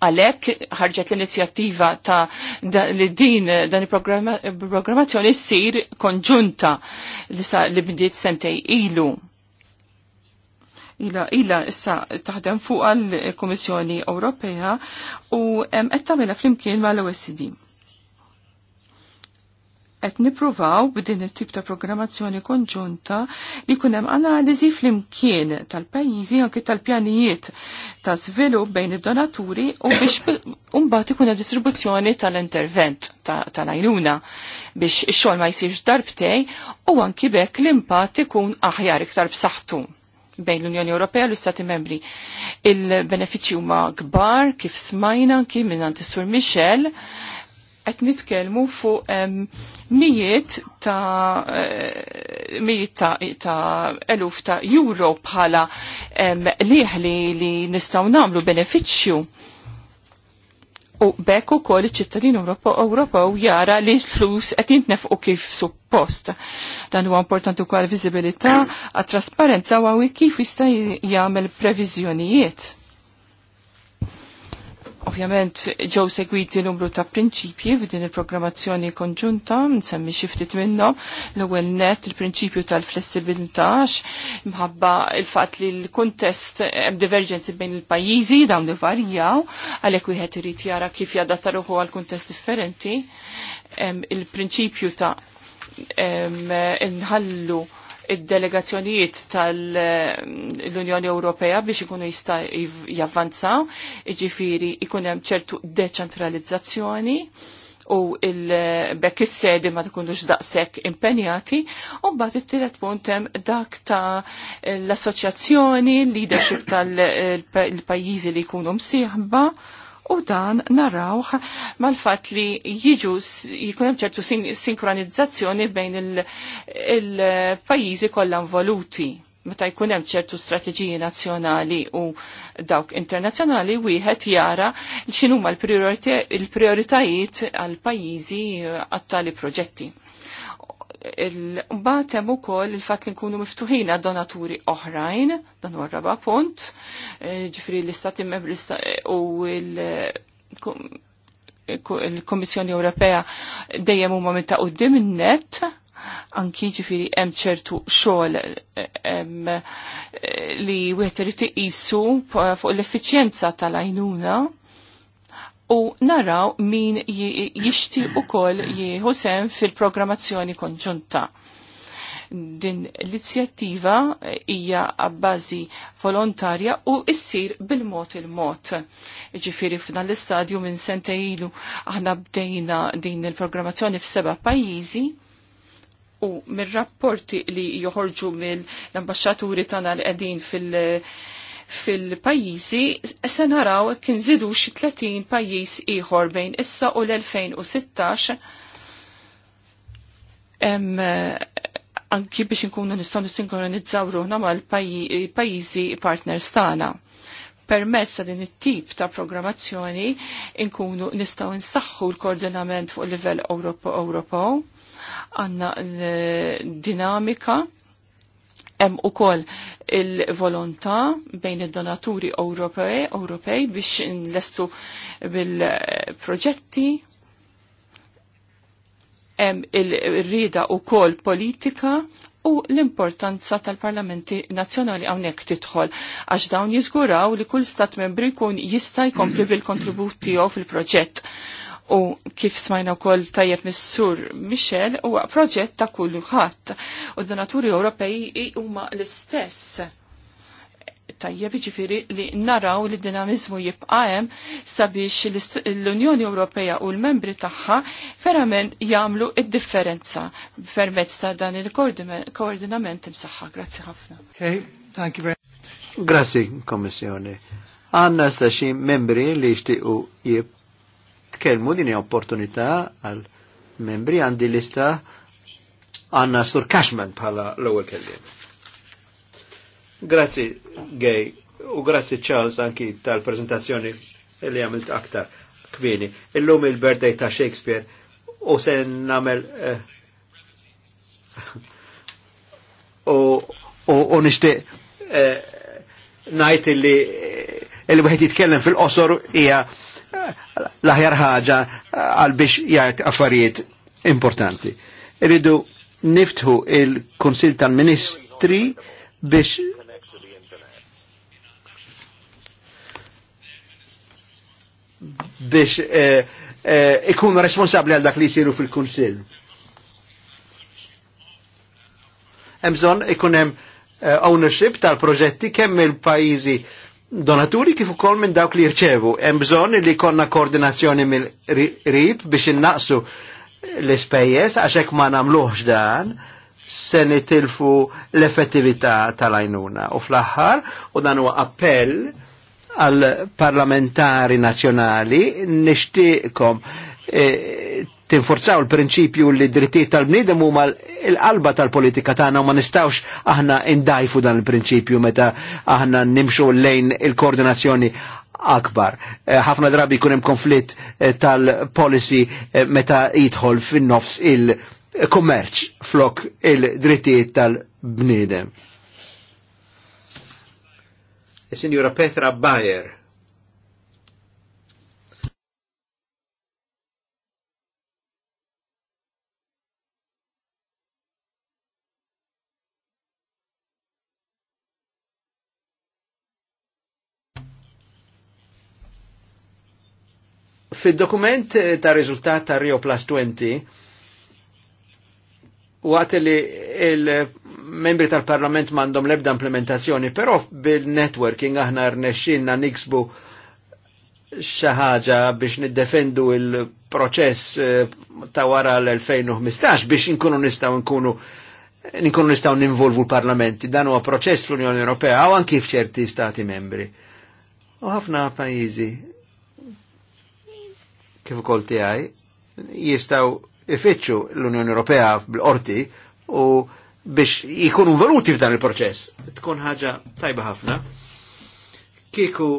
Għalek ħarġet l-inizjattiva ta' li din dan il-programmazzjoni ssir konġunta li, li bdiet sentej ilu ila, ila issa taħdem fuq għall komissjoni Ewropea u qed tagħmilha flimkien mal osd Qed nippruvaw b'din it-tip ta' programmazzjoni konġunta li jkun hemm analiżi flimkien tal-pajjiżi anke tal-pjanijiet ta' żvilupp bejn id-donaturi u biex mbagħad ikun hemm distribuzzjoni tal-intervent tal-għajnuna biex ix-xogħol ma jsirx darbtej u anki bekk l-impatt ikun aħjar iktar b'saħħtu bejn l-Unjoni Ewropea u l-Istati Membri. Il-benefiċċji huma kbar kif smajna kif minn sur Michel qed nitkellmu fuq mijiet ta' eh, mijiet ta', ta eluf ta' euro bħala liħli li nistgħu nagħmlu benefiċċju u bekk ukoll iċ-ċittadin Ewropew jara li l-flus qed jintnefqu kif suppost. Dan huwa importanti wkoll viżibilità għat-trasparenza u kif jista' jagħmel previżjonijiet Ovvjament ġew segwiti numru ta' prinċipji f'din il-programmazzjoni konġunta, nsemmi xi ftit minnhom, l-ewwel net il-prinċipju tal-flessibilità mħabba il-fatt li l-kuntest hemm divergenzi bejn il-pajjiżi dawn li varjaw għalhekk wieħed irid jara kif jadatta ruħu għal kuntest differenti. Il-prinċipju ta' inħallu id-delegazzjonijiet tal-Unjoni Ewropea biex ikunu jista' javvanzaw, jiġifieri ikun hemm ċertu deċentralizzazzjoni u il-bekk is-sedi ma tkunux daqshekk impenjati, u mbagħad it-tielet punt hemm dak ta' l-assoċjazzjoni, leadership tal-pajjiżi li jkunu msieħba, u dan narawħ mal-fat li jiġu jikun hemm ċertu sin sinkronizzazzjoni bejn il-pajjiżi il kollha involuti meta jkun hemm ċertu strateġiji nazzjonali u dawk internazzjonali wieħed jara x'inhuma l prioritajiet għal pajjiżi għattali tali proġetti. Mbagħad hemm ukoll il-fatt li nkunu miftuħin għad donaturi oħrajn, dan huwa ba' punt, e, ġifri l-istati membri e, u l komissjoni Ewropea dejjem huma minn ta' qudiem in-net, anki ġifiri hemm ċertu xogħol e, li wieħed irid iqisu fuq l-effiċjenza tal-għajnuna u naraw min jishti u kol jihusem fil-programmazzjoni konġunta. Din l-inizjattiva hija abbażi volontarja u issir bil-mod il-mod. Ġifiri f'dan l-istadju minn sente ilu aħna bdejna din il-programmazzjoni f'seba' pajjiżi u mir-rapporti li joħorġu mill-ambasċaturi tagħna li qegħdin fil- fil-pajjiżi se naraw kien zidu xi 30 pajjiż ieħor bejn issa u l-2016 eh, anki biex nkunu nistgħu nissinkronizzaw ruħna mal-pajjiżi partners tagħna. Permezz ta' din it-tip ta' programmazzjoni nkunu nistgħu nsaħħu l-koordinament fuq livell Ewropew għandna dinamika hemm ukoll il-volontà bejn id-donaturi Ewropej Ewropej biex nlestu bil-proġetti hemm il-rida wkoll politika u l-importanza tal-parlamenti nazzjonali hawnhekk tidħol għax dawn jiżguraw li kull stat membri jkun jista' jkompli bil-kontribut tiegħu fil-proġett u kif smajna wkoll tajjeb mis-sur Michel huwa proġett ta' kullu kulħadd u d-donaturi Ewropej huma l-istess tajjeb ġifiri li naraw li dinamizmu jibqajem sabiex l-Unjoni Ewropeja u l-membri tagħha verament jagħmlu id-differenza permezz ta' dan il-koordinament imsaħħa. Grazzi ħafna. Okay, thank you very much. Grazzi, Kommissjoni. Għanna staxi membri li jixtiqu jib kelmu din hija opportunità għal membri għandi lista għanna sur kaxman bħala l-ewwel kelliem. Grazzi Gay u grazzi Charles anki tal-prezentazzjoni li għamilt aktar kbini. Illum il-birthday ta' Shakespeare u se namel eh, u nixtieq eh, ngħid li eh, il wħed jitkellem fil-qosor hija l-aħjar ħaġa eh, għal biex jgħajt affarijiet importanti. Irridu niftħu il-Konsil tal-Ministri biex biex eh, eh, ikun responsabli għal dak li jisiru fil konsil Emżon ikun hemm ownership tal-proġetti kemm il pajizi donaturi kif ukoll minn dawk li jirċevu. Hemm bżonn li konna koordinazzjoni mill-rib biex innaqsu l-ispejjeż għax hekk ma nagħmluhx dan se nitilfu l-effettività tal-għajnuna. U fl-aħħar, u dan huwa appell għal parlamentari nazzjonali nixtieqkom eh, tinforzaw il-prinċipju li drittijiet tal-bniedem huma l-qalba tal-politika tagħna u ma nistgħux aħna indajfu dan il-prinċipju meta aħna nimxu lejn il-koordinazzjoni akbar. Eh, ħafna drabi jkun hemm konflitt eh, tal-policy eh, meta jidħol fin-nofs il-kummerċ flok il-drittijiet tal-bniedem. Signora Petra Bayer. Fil-dokument eh, ta' riżultat ta' Rio Plus 20, waqt li il-membri tal-parlament mandom lebda implementazzjoni, però bil-networking aħna rnexxinna niksbu xaħġa biex niddefendu il-proċess eh, ta' wara l-2015 biex nkunu nistaw nkunu nkunu nistaw ninvolvu l-parlamenti. Dan huwa proċess l-Unjoni Ewropea u anki f'ċerti stati membri. U ħafna pajjiżi kif kolti tiegħi jistgħu ifittxu l-Unjoni Ewropea bl-qorti u biex jikunu veruti f'dan il-proċess. Tkun ħaġa tajba ħafna. Kiku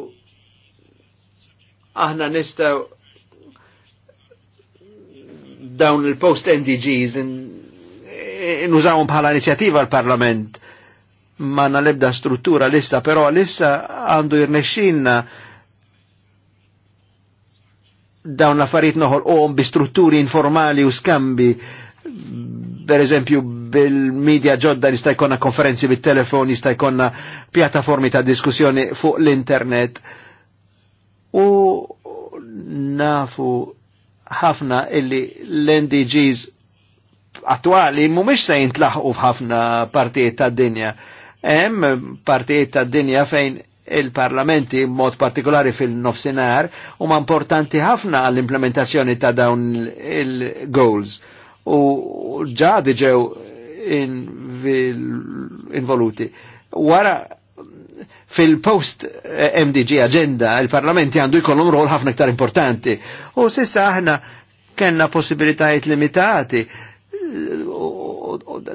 aħna nistaw dawn il-post NDGs nużawhom bħala inizjativa l-Parlament ma nalebda struttura lissa, però lissa għandu jirnexxinna dawn l-affarijiet noħol qom bi strutturi informali u skambi per eżempju bil-medja ġodda jista' jkollna konferenzi bit-telefon, jista' jkollna pjattaformi ta' diskussjoni fuq l-internet. U nafu ħafna illi l-NDGs attuali mhumiex se jintlaħqu f'ħafna partijiet tad-dinja. Hemm partijiet tad-dinja fejn il-parlamenti mod partikolari fil-nofsinar u ma importanti ħafna għall-implementazzjoni ta' dawn il-goals u ġa diġew involuti. Wara fil-post eh, MDG agenda il-parlamenti għandu jkollhom rol ħafna iktar importanti. U sissa aħna kenna possibilitajiet limitati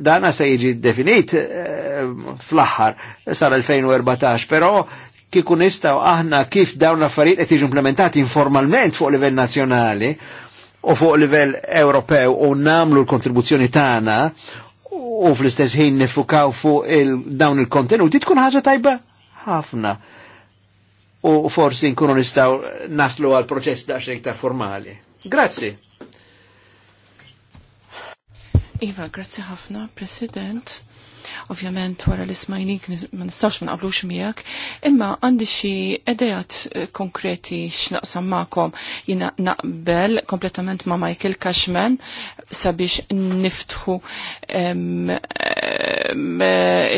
dana se jiġi definit eh, fl-aħħar sal-2014, però kieku nistaw aħna kif dawn l-affarijiet qed jiġu implementati informalment fuq livell nazzjonali u fuq livell Ewropew u namlu l-kontribuzzjoni tagħna u fl-istess ħin nifukaw fuq il dawn il-kontenuti tkun ħaġa tajba ħafna. U forsi nkunu nistaw naslu għal proċess da iktar formali. Grazzi. Iva, grazzi ħafna, President. Ovvjament wara li smajnik ma nistax ma naqblux miegħek, imma għandi xi idejat konkreti x'naqsam magħkom jiena naqbel kompletament ma' Michael Cashman sabiex niftħu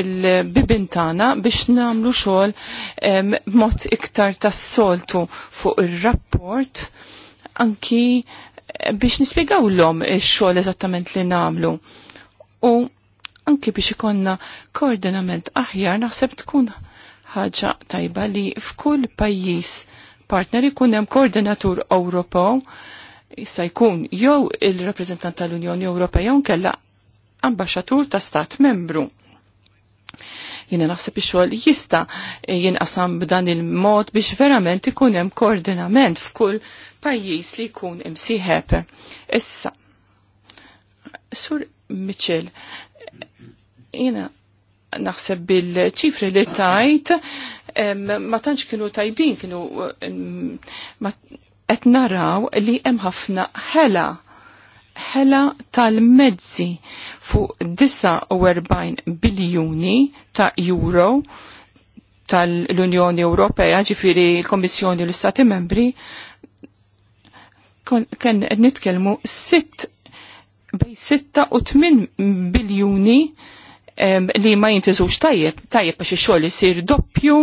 il-bibin tagħna biex nagħmlu xogħol mod iktar tas-soltu fuq ir-rapport anki biex nispiegaw l-om il-xol eżattament li namlu. U anki biex ikonna koordinament aħjar naħseb tkun ħaġa tajba li f'kull pajjiż partner ikun hemm koordinatur Ewropew jista' jkun jew il-rappreżentant tal-Unjoni Ewropea jew nkella ambaxxatur ta' stat membru. Jiena naħseb ix-xogħol jista' jinqasam b'dan il-mod biex verament ikun hemm koordinament f'kull pajjiż li jkun imsieħeb. Issa, Sur Mitchell, jina naħseb bil-ċifri li tajt ma tantx kienu tajbin kienu qed naraw li hemm ħafna ħela ħela tal-mezzi fuq 49 biljuni ta' euro tal-Unjoni Ewropea, ġifiri l-Komissjoni u l-Istati Membri, kien nitkellmu 6 bej 6 u 8 biljuni li ma jintiżux tajjeb, tajjeb għax ix-xogħol isir doppju,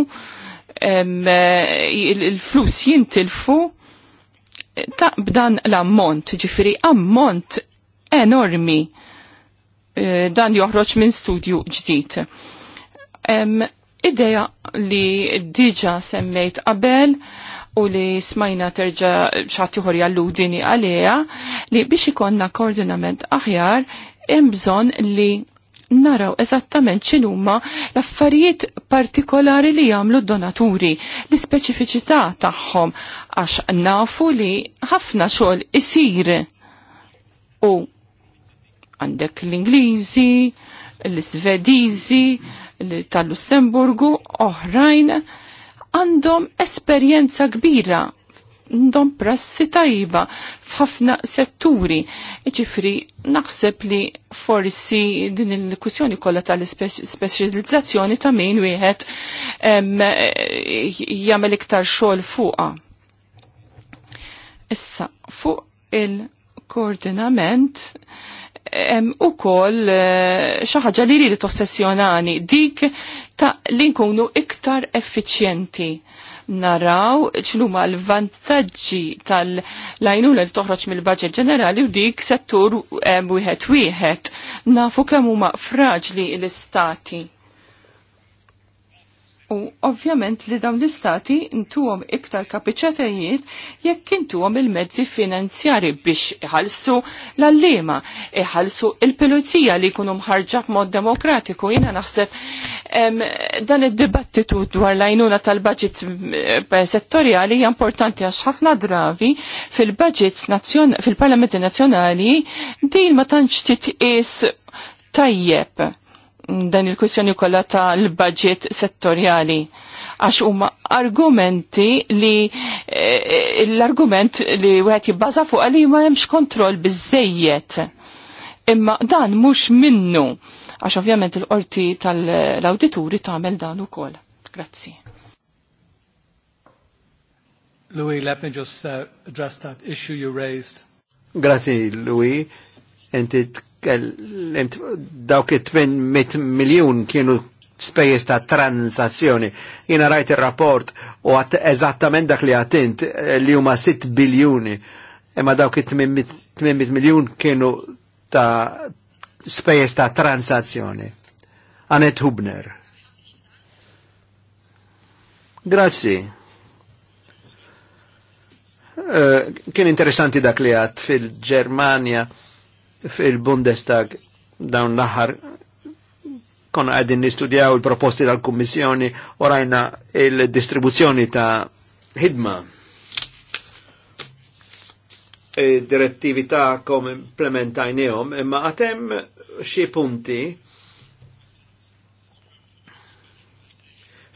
eh, il-flus jintilfu ta' b'dan l-ammont, ġifiri ammont enormi eh, dan joħroġ minn studju ġdid. Ideja li diġa semmejt qabel u li smajna terġa xati ħorja l-ludini għalija li biex ikonna koordinament aħjar imbżon li naraw eżattament x'inhuma l-affarijiet partikolari li jagħmlu d-donaturi, l-ispeċifiċità tagħhom għax nafu li ħafna xogħol isir u għandek l-Ingliżi, l-Svediżi, tal-Lussemburgu, oħrajn għandhom esperjenza kbira ndom prassi tajba f'ħafna setturi. Ġifri, naħseb li forsi din il-kussjoni kollha tal-speċjalizzazzjoni ta' min wieħed jagħmel iktar xogħol fuqha. Issa, fuq il-koordinament u kol eh, xaħġa li li tossessjonani dik ta' li nkunu iktar effiċjenti naraw x'luma l-vantaġġi tal-lajnuna li toħroġ mill-budget ġenerali u dik settur eh, wieħed wieħed. Nafu kemm huma fraġli l-istati U ovvjament li dawn l-istati intuhom iktar kapiċatajiet jekk intuhom il-mezzi finanzjari biex iħalsu l-allima, iħalsu il-pulizija li jkunu mħarġa b'mod demokratiku. Jiena naħseb dan id-dibattitu dwar l-għajnuna tal-budget eh, settorjali hija importanti għax ħafna dravi fil-budgets fil-Parlamenti Nazzjonali din ma tantx titqies tajjeb dan il-kwistjoni kollha tal-budget settorjali. Għax huma argumenti li eh, l-argument li wieħed jibbaża fuq li ma hemmx kontroll biżejjed. Imma dan mhux minnu għax ovvjament il-qorti tal-awdituri tagħmel dan ukoll. Grazzi. Louis, let me just uh, address that issue you raised. Grazie, Louis enti dawk it-8 miljun kienu spejjeż ta' transazzjoni. Jiena rajt ir-rapport u għat eżattament dak li għatint eh, li huma 6 biljuni. Imma dawk it-800 miljun kienu ta' spejjeż ta' transazzjoni. Anet Hubner. Grazzi. Uh, kien interessanti dak li għat fil-Germania fil-Bundestag dawn l-aħħar konna għedin nistudjaw il-proposti tal-Kummissjoni u rajna il-distribuzzjoni ta' ħidma. Direttivi ta' kom implementajnijom, imma għatem xie punti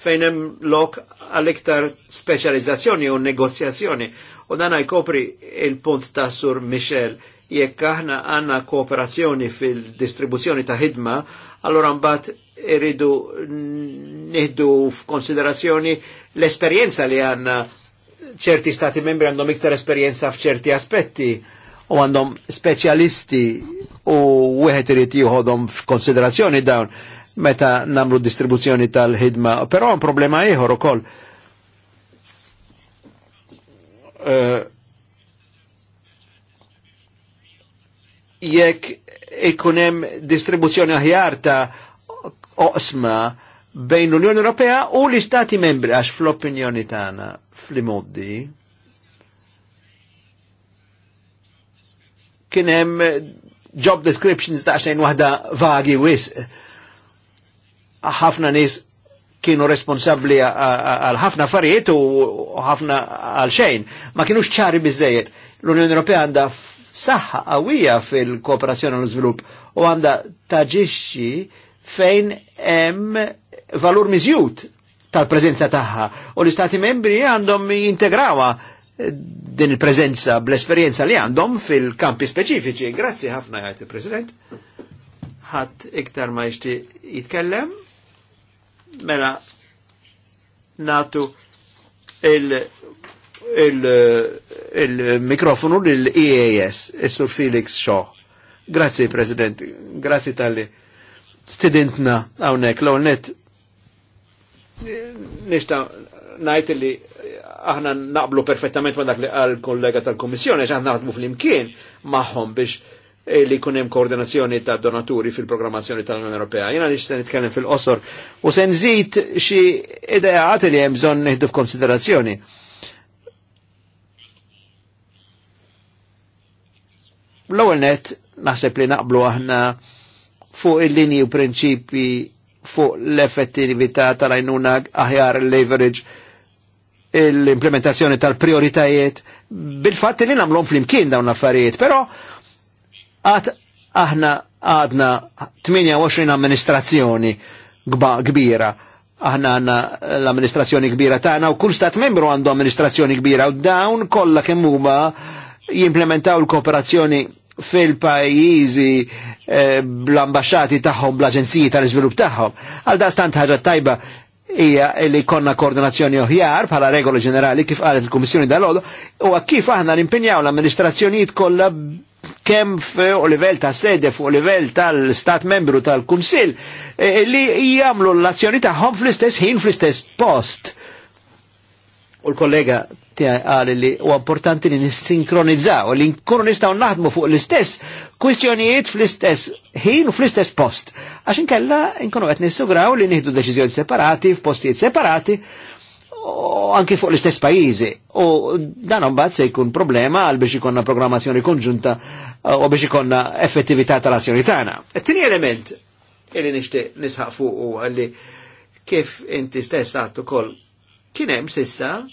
fejnem lok għal-iktar specializzazzjoni u negozjazzjoni. U dan għajkopri il-punt ta' Sur Michel jekk aħna għanna kooperazzjoni fil-distribuzzjoni ta' ħidma, allora mbagħad irridu nieħdu f'konsiderazzjoni l-esperjenza li għanna ċerti stati membri għandhom iktar esperjenza f'ċerti aspetti u għandhom speċjalisti u wieħed irid jieħodhom f'konsiderazzjoni dawn meta namlu distribuzzjoni tal-ħidma, però għan problema ieħor ukoll. Uh, jekk ikunem distribuzzjoni aħjar ta' oqsma bejn l-Unjoni Ewropea u l-Istati membri għax fl-opinjoni tagħna fl-imoddi kien hemm job descriptions ta' xejn waħda vagi wis. Ħafna nies kienu responsabbli għal ħafna affarijiet u ħafna għal xejn, ma kienux ċari biżejjed. L-Unjoni Ewropea għandha saħħa għawija fil-kooperazzjoni u l-iżvilupp u għandha taġixxi fejn hemm valur miżjut tal-preżenza tagħha u l-Istati membri għandhom jintegrawa eh, din il-preżenza bl-esperjenza li għandhom fil-kampi speċifiċi. Grazzi ħafna jgħid il-President. Ħadd iktar ma jixti jitkellem. Mela natu il- il-mikrofonu il l-EAS, e il-Sur Felix Shaw. Grazie, President, grazie tal-li stidentna għawnek, l net nishta najt li aħna naqblu perfettament ma dak li għal kollega tal komissjoni aħna naħdmu fl-imkien maħħom biex eh, li kunem koordinazzjoni ta' donaturi fil-programmazzjoni tal-Unjoni Ewropea. Jena li se nitkellem fil-qosor u se nżid xi idea li hemm bżonn nieħdu f'konsiderazzjoni. konsiderazzjoni L-ewwel net naħseb li naqblu aħna fuq il-linji u prinċipi fuq l-effettività tal-għajnuna aħjar leverage l-implementazzjoni tal-prioritajiet bil-fatt li namlom fl-imkien dawn l-affarijiet, però għad aħna għadna 28 amministrazzjoni kbira aħna għanna l-amministrazzjoni kbira taħna u kull stat membru għandu amministrazzjoni kbira u dawn kollha kemm huma jimplementaw l-kooperazzjoni fil-pajizi eh, bl-ambasċati tagħhom, bl-aġenziji tal-iżvilupp tagħhom. Għal da stant ħaġa tajba hija li konna koordinazzjoni oħjar bħala regoli ġenerali kif għalet il-Kummissjoni dal-għodu u kif aħna nimpinjaw l-amministrazzjonijiet kollha kemm fuq livell ta' sede fuq livell tal-Stat membru tal-Kunsill eh, li jagħmlu l-azzjoni taħħom fl-istess ħin fl-istess post U l-kollega għal li u importanti li nissinkronizzaw, li nkunu nistaw naħdmu fuq l-istess kwistjonijiet fl-istess ħin u fl-istess post. Għaxin kella nkunu għet nissugraw li nieħdu deċizjoni separati, f'postijiet separati, u anki fuq l-istess pajizi. U dan mbagħad se jkun problema għal biex ikonna programmazzjoni konġunta uh, u biex ikonna effettività tal-azzjoni tagħna. Tini element illi nixtieq nisħaq fuq u għalli kif inti stess għattu kol Kienem sissa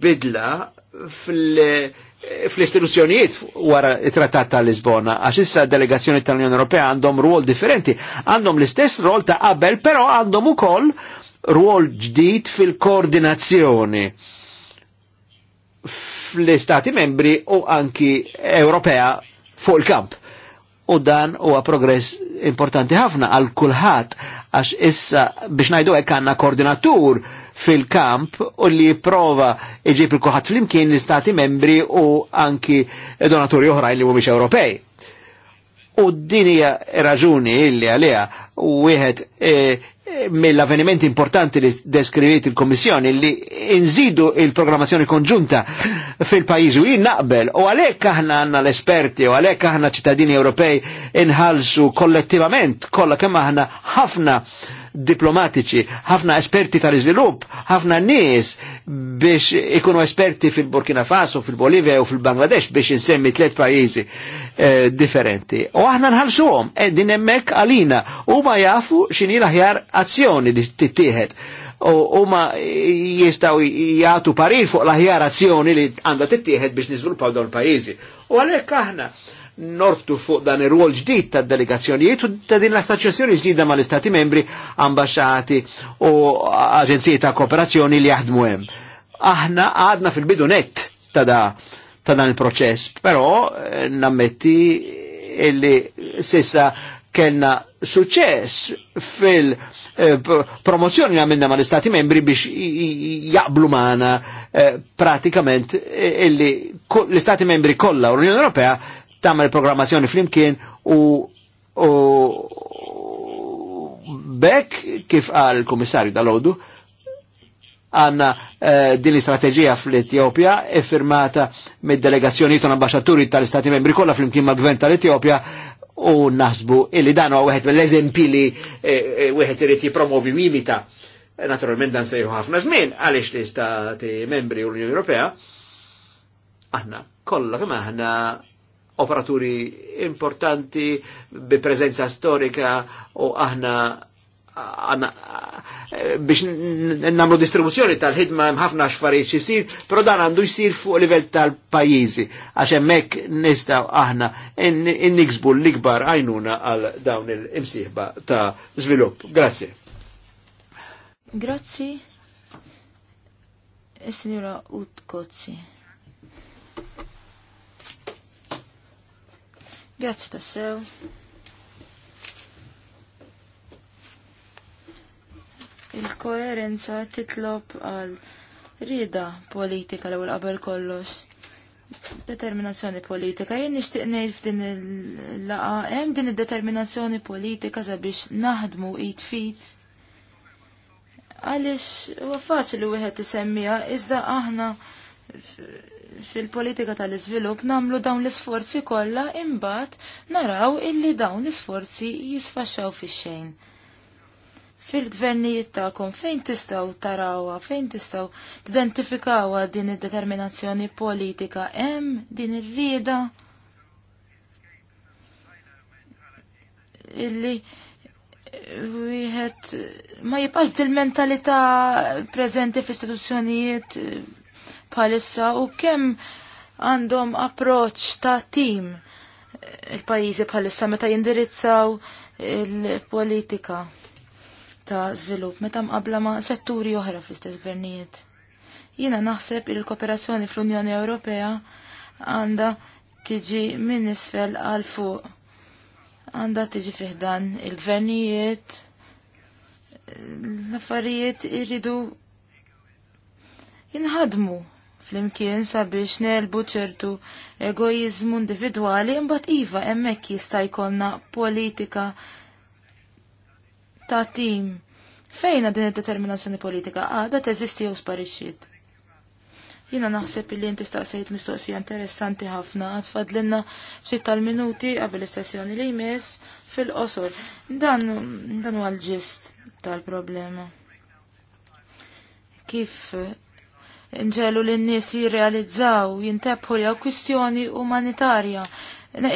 bidla fl-istituzzjonijiet wara it-trattat ta' Lisbona, għax issa delegazzjoni tal-Unjoni Ewropea għandhom ruol differenti, għandhom l-istess ruol ta' qabel, però għandhom ukoll ruol ġdid fil-koordinazzjoni fl-istati membri u anki Ewropea fuq il-kamp. U dan huwa progress importanti ħafna għal kulħadd għax issa biex ngħidu hekk għandna koordinatur fil-kamp u li prova iġib il-kuħat fl-imkien l-istati membri u anki Donatori oħrajn li mumiex Ewropej. U din hija raġuni illi għalija wieħed e, e, mill avveniment importanti li deskrivit il-Kommissjoni li inżidu il-programmazzjoni konġunta fil-pajizu jien naqbel u għalek aħna għanna l-esperti u għalek aħna ċittadini Ewropej inħalsu kollettivament kollha kemm aħna ħafna diplomatiċi, ħafna esperti tal-iżvilupp, ħafna nies biex ikunu esperti fil-Burkina Faso, fil-Bolivia u fil-Bangladesh biex insemmi tliet pajjiżi eh, differenti. U aħna nħallsuhom eh, din hemmhekk għalina huma jafu x'inhi l-aħjar azzjoni li tittieħed u jistgħu jagħtu jgħatu parir fuq l-aħjar azzjoni li għandha tittieħed biex niżviluppaw dawn il-pajjiżi. U għalhekk aħna norbtu fuq dan ir-rwol ġdid ta' delegazzjonijiet u ta' din l-astazzjoni ġdida ma' l istati membri, ambasċati u aġenziji ta' kooperazzjoni li jaħdmu hemm. Aħna għadna fil-bidu net ta' da ta' dan il-proċess, però eh, nammetti illi sissa kellna suċess fil-promozzjoni eh, għamilna ma eh, l-Istati membri biex jaqblu maħna pratikament illi l-Istati membri kolla u l-Unjoni Ewropea tagħmel programmazzjoni flimkien u u bekk kif qal il-Kummissarju dal ħodu għanna uh, din l-istrateġija fl-Etjopja firmata mid-delegazzjoni ton ambasċaturi tal stati membri kollha flimkien mal-Gvern tal-Etjopja u naħsbu illi dan huwa wieħed mill-eżempi li eh, eh wieħed irid jipromovi imita. Eh, naturalment dan sejħu ħafna żmien għaliex l-Istati membri u l-Unjoni Ewropea aħna kolla kemm aħna operaturi importanti bi prezenza storika u aħna għanna biex namlu distribuzzjoni tal-ħidma mħafna x'farijiet jisir, pero dan għandu jisir fuq livell tal-pajjiżi għax hemmhekk nista' aħna inniksbu l-ikbar għajnuna għal dawn il-imsieħba ta' żvilupp. Grazie. Grazie. Signora Utkozzi. Grazie tassew. Il-koerenza titlob għal rida politika l-ewwel qabel kollox. Determinazzjoni politika. Jien nixtieq ngħid f'din il-laqa hemm din id-determinazzjoni politika sabiex naħdmu it fit għaliex huwa faċli wieħed isemmiha iżda aħna fil-politika tal-iżvilupp namlu dawn l-isforzi kollha imbagħad naraw illi dawn l-isforzi jisfaxxaw fix-xejn. Fil-gvernijiet tagħkom fejn tistgħu tarawha, fejn tistgħu tidentifikawha din id-determinazzjoni politika hemm din ir-rieda illi wieħed ma jibqax il mentalità preżenti fl-istituzzjonijiet bħalissa u kemm għandhom approċ ta' tim il-pajjiżi bħalissa meta jindirizzaw il-politika ta' żvilupp meta mqabla ma' setturi oħra fl-istess gvernijiet. Jiena naħseb il-kooperazzjoni fl-Unjoni Ewropea għandha tiġi minn isfel għal fuq. Għandha tiġi fiħdan il-gvernijiet, l-affarijiet irridu jinħadmu flimkien sabiex nelbu ċertu egoizmu individwali imbat iva hemmhekk jista' jkollna politika ta' tim. Fejna din id-determinazzjoni politika għada ah, teżisti jew sparixxiet. Jina naħseb li jinti staqsejt mistoqsija interessanti ħafna għad fadlinna ftit tal-minuti qabel is-sessjoni li jmiss fil-qosor. Dan dan huwa l-ġist tal-problema. Kif nġelu l-nies jirrealizzaw, jintebħu jew kwistjoni umanitarja.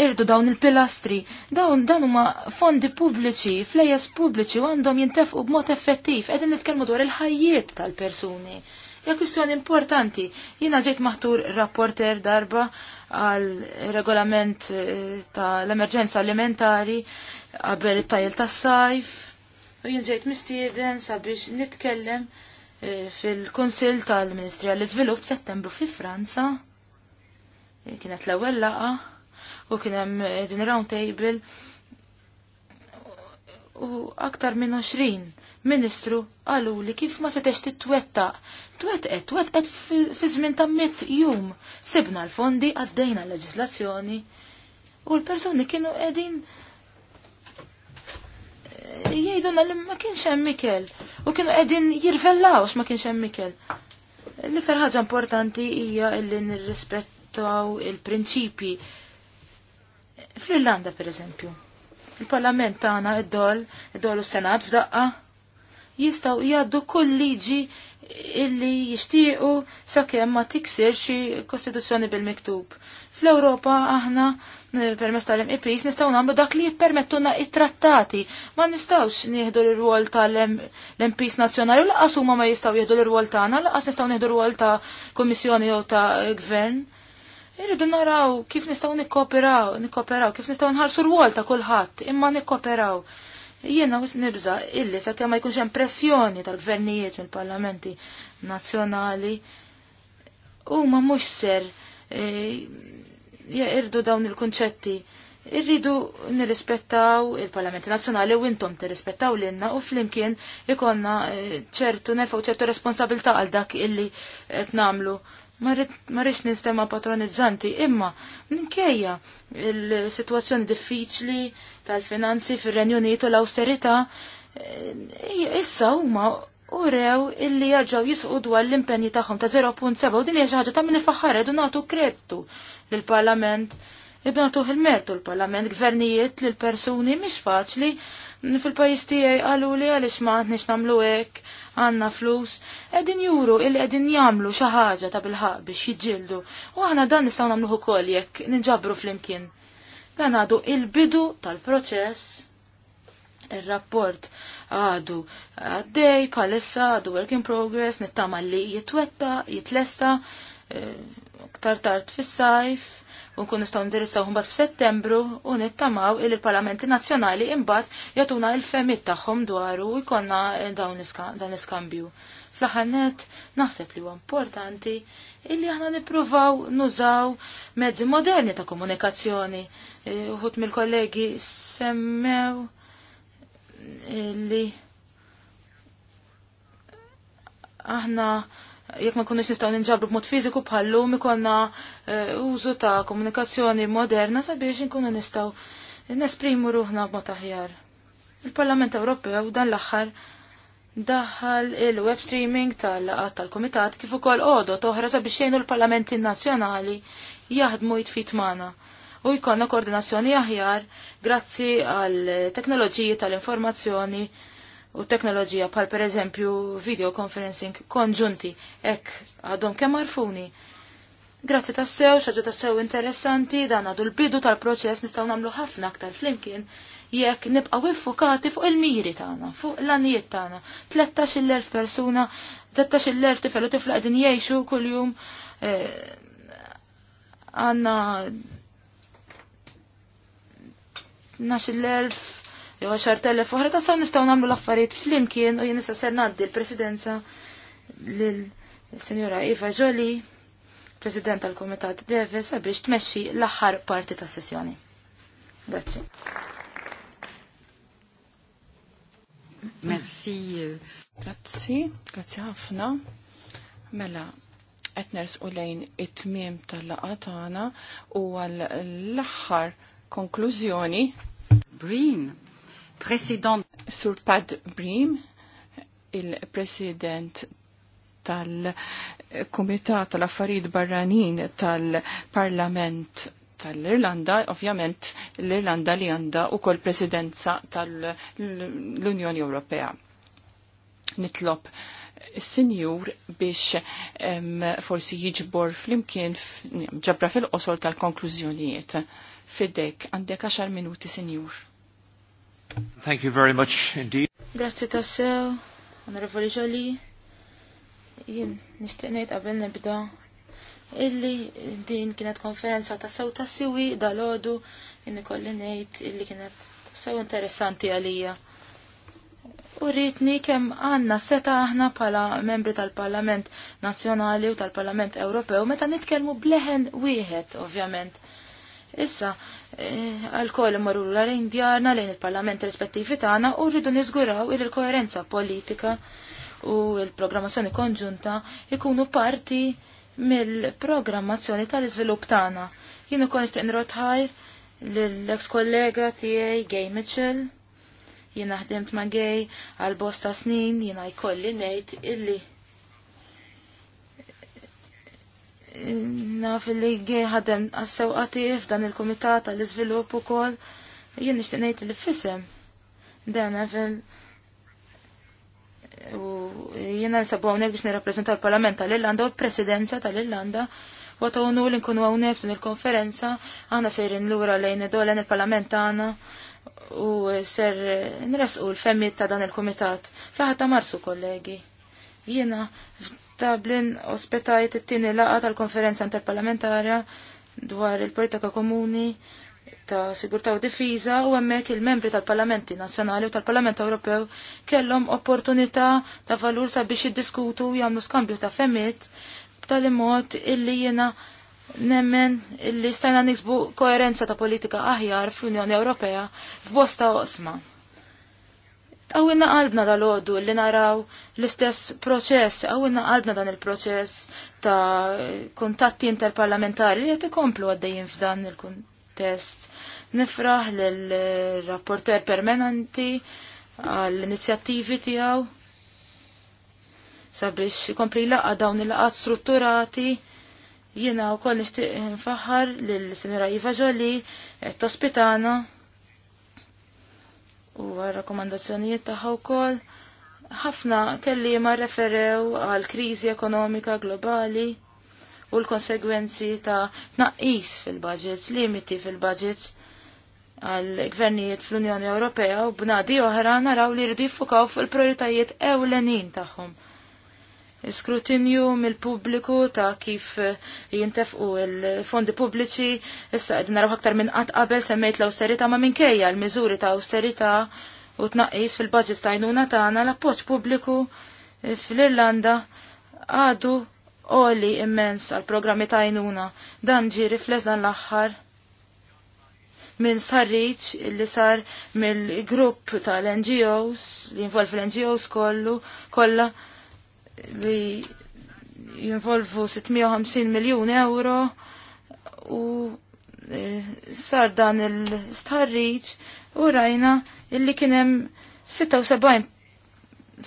Irdu dawn il-pilastri, dawn dan huma fondi pubbliċi, flejjes pubbliċi għandhom jintefqu b'mod effettiv, qegħdin nitkellmu dwar il-ħajjiet tal-persuni. Ja kwistjoni importanti, jiena ġejt maħtur rapporter darba għal regolament eh, tal-emerġenza alimentari qabel it-tajl tas-sajf, u jien ġejt mistieden sabiex nitkellem E, fil konsil tal-Ministri għall izvilup f'Settembru fi Franza. E, kienet l-ewwel laqa u kien hemm e, din round table u aktar minn 20 ministru għalu li kif ma setex titwetta. Twetqet, twetqet fi żmien ta' mit jum. Sibna l-fondi, għaddejna l-leġislazzjoni u l-persuni kienu qegħdin jgħidulna li ma kienx hemm ikel u kienu qegħdin jirvellaw ma kienx hemm ikel. L-iktar ħaġa importanti hija li nirrispettaw il prinċipji Fl-Irlanda pereżempju, il-Parlament tagħna id-dol, id-dol u s-Senat f'daqqa jistgħu jgħaddu kull liġi illi jixtiequ sakemm ma tiksirx kostituzzjoni bil-miktub. Fl-Ewropa aħna permess tal-MEPs nistgħu nagħmlu dak li jippermettuna it-trattati. Ma nistgħux nieħdu l-rwol tal-MPs nazzjonali u laqas huma ma jistgħu jieħdu l-rwol tagħna, laqas nistgħu nieħdu l-rwol ta' kummissjoni jew ta' gvern. Irridu naraw kif nistgħu nikkooperaw, nikkooperaw, kif nistgħu nħarsu rwol ta' kulħadd, imma nikkooperaw. Jiena wis nibża illi sakemm ma jkunx hemm pressjoni tal-gvernijiet mill-parlamenti nazzjonali huma mhux ser eh, jirdu dawn il-kunċetti. Irridu nirrispettaw il parlament Nazzjonali u intom tirrispettaw l-inna u flimkien ikonna eh, ċertu nerfaw ċertu responsabilta għal dak illi qed namlu. Marriċ nistema patronizzanti, imma minkejja il-situazzjoni diffiċli tal-finanzi fir-Renju Unitu l-austerita, eh, issa huma u rew illi jaġaw jisqu dwar l-impenji tagħhom ta' 0.7 u din hija xi ħaġa ta' min ifaħħar edu nagħtu kreditu lill-Parlament. Idu nagħtu il-mertu l-Parlament, gvernijiet lil persuni mhix faċli fil-pajjiż tiegħi qalu li għaliex ma għandniex nagħmlu hekk, għandna flus, qegħdin juru illi qegħdin jagħmlu xi ħaġa ta' bilħaq biex jiġġieldu u aħna dan nistgħu nagħmluh ukoll jekk ninġabru flimkien. Dan għadu il-bidu tal-proċess ir-rapport għadu għaddej, palessa għadu work in progress, nittama li jitwetta, jitlesta eh, ktar tard fis-sajf, unkun nistaw indirizzaw mbagħad f'Settembru u nittamaw il parlamenti Nazzjonali imbagħad jagħtuna l-femmit tagħhom dwaru u jkollna eh, dawn l-iskambju. Fl-aħħar naħseb li huwa importanti illi aħna nippruvaw nużaw mezzi moderni ta' komunikazzjoni. Eh, uħut mill-kollegi semmew li aħna jekk ma kunux nistgħu ninġabru b'mod fiżiku bħallum ikonna e, użu ta' komunikazzjoni moderna sabiex inkunu nistgħu nesprimu ruħna b'mod aħjar. Il-Parlament Ewropew dan l-aħħar daħal il-web streaming tal-laqat tal-komitat kif ukoll għodot toħra sabiex jgħinu l-parlamenti nazzjonali jaħdmu jitfit magħna u jkollna koordinazzjoni aħjar grazzi għal teknoloġiji tal-informazzjoni u teknoloġija pal per eżempju video conferencing konġunti ek għadhom kemm marfuni. Grazzi tassew, xaġa tassew interessanti, dan għadu l-bidu tal-proċess nistaw namlu ħafna aktar flimkien jekk nibqaw iffukati fuq il-miri tagħna, fuq l-anijiet tagħna. 13,000 persuna, 13,000 tifel u tifla qegħdin jgħixu kuljum għandna eh, jo għaxar 10.000 oħra ta' sew nistgħu nagħmlu l-affarijiet flimkien u jien ser ngħaddi l-presidenza lil senjora Iva Ġoli, President tal-Kumitat Deves, sabiex tmexxi l-aħħar parti tas sessjoni. Grazzi. Merci. Euh. Grazzi, grazie ħafna. Mela, etners u lejn it-tmiem tal-laqa tagħna u għall-aħħar konklużjoni Breen, President. Sur Pad Bream, il-President tal-Kumitat tal-Affarijiet Barranin tal-Parlament tal-Irlanda, ovvjament l-Irlanda li għanda u kol presidenza tal-Unjoni Ewropea. Nitlob senjur sinjur biex forsi jiġbor flimkien ġabra fil qosol tal-konklużjonijiet fidejk. Għandek 10 minuti, Sinjur. Thank you very much indeed. Grazzi sew, onorevoli ġoli. Jien nixtieq ngħid qabel nibda illi din kienet konferenza ta' sew ta' siwi dal-ħodu inni kolli ngħid illi kienet ta' sew interessanti għalija. U rritni kemm għandna seta aħna bħala membri tal-Parlament Nazzjonali u tal-Parlament Ewropew meta nitkellmu bleħen wieħed ovvjament Issa, għal-koll eh, marru l-għalin djarna lejn il-parlament rispettivi tagħna u rridu niżguraw il-koerenza politika u il-programmazzjoni konġunta ikunu parti mill-programmazzjoni tal-iżvilupp tagħna. Jien konġt inrotħaj nrotħajr lill-ex kollega tiegħi Gay Mitchell. jiena ħdimt ma' Gay għal bosta snin jiena jkolli ngħid illi naf li ħadem għassew għatif dan il-komitat għal iżvilupp u kol, jien nishtinajt ngħid li fissem. Dan għafil u jiena sabu għonek biex nirrappreżenta l-Parlament tal-Irlanda u l-Presidenza tal-Irlanda u għatawnu li nkunu hawnhekk f'din il-konferenza aħna sejrin lura lejn idolen il-Parlament tagħna u ser nresqu l-femmiet ta' dan il-komitat. Fl-ħadd ta' Marsu kollegi. Jiena Dublin ospitajt it-tieni laqa tal-konferenza interparlamentarja dwar il-politika komuni ta' sigurtà u difiża u hemmhekk il-membri tal-Parlamenti Nazzjonali u tal-Parlament Ewropew kellhom opportunità ta' valur sabiex jiddiskutu u jagħmlu skambju ta' femmit b'tali mod illi jiena nemmen illi stajna niksbu koerenza ta' politika aħjar fl-Unjoni Ewropea f'bosta osma. Għawinna qalbna dal-ħodu li naraw l-istess proċess, għawinna qalbna dan il-proċess ta' kontatti interparlamentari li jtikomplu għaddejjin f'dan il-kontest. Nifraħ l-rapporter permanenti għall-inizjattivi tijaw sabiex kompli laqqa dawn il-laqat strutturati jiena u koll nishtiq nfaħħar l-Sinjora Iva Ġoli, tospitana u għal-rakomandazzjonijiet tagħha wkoll. Ħafna ma referew għal kriżi ekonomika globali u l-konsegwenzi ta' tnaqqis fil-budgets, limiti fil-budgets għal gvernijiet fl-Unjoni Ewropea u b'nadi oħra naraw li jridu jiffukaw fuq il-prioritajiet ewlenin tagħhom skrutinju mill-pubbliku ta' kif eh, jintefqu il-fondi pubbliċi, issa qed naraw aktar minn qatt qabel semmejt l-awsterità ma' minkejja l-miżuri ta' awsterità u tnaqqis fil-budget ta' jnuna tagħna l-appoġġ pubbliku eh, fl-Irlanda għadu oli immens għal programmi ta' jnuna. Dan ġi rifles dan l-aħħar minn sarriċ li sar mill-grupp tal-NGOs, li involf l-NGOs kollu, kollha li jinvolvu 650 miljon euro u e, sar dan il-starriċ u rajna illi kienem 76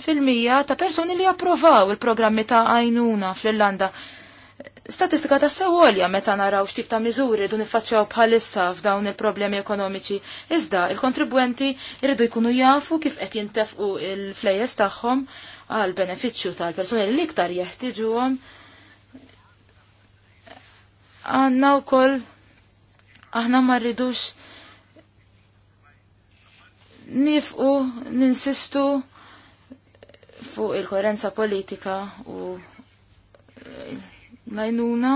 fil-mija ta' personi li approvaw il-programmi ta' għajnuna fl-Irlanda statistika ta' sewolja meta naraw x'tip ta' miżuri dun iffaċċjaw bħalissa f'dawn il-problemi ekonomiċi. Iżda il-kontribwenti rridu jkunu jafu kif qed jintefqu il-flejes tagħhom għal benefiċċju tal-persuni li iktar jeħtiġuhom. Għandna wkoll aħna ma rridux nifqu ninsistu fuq il-koerenza politika u najnuna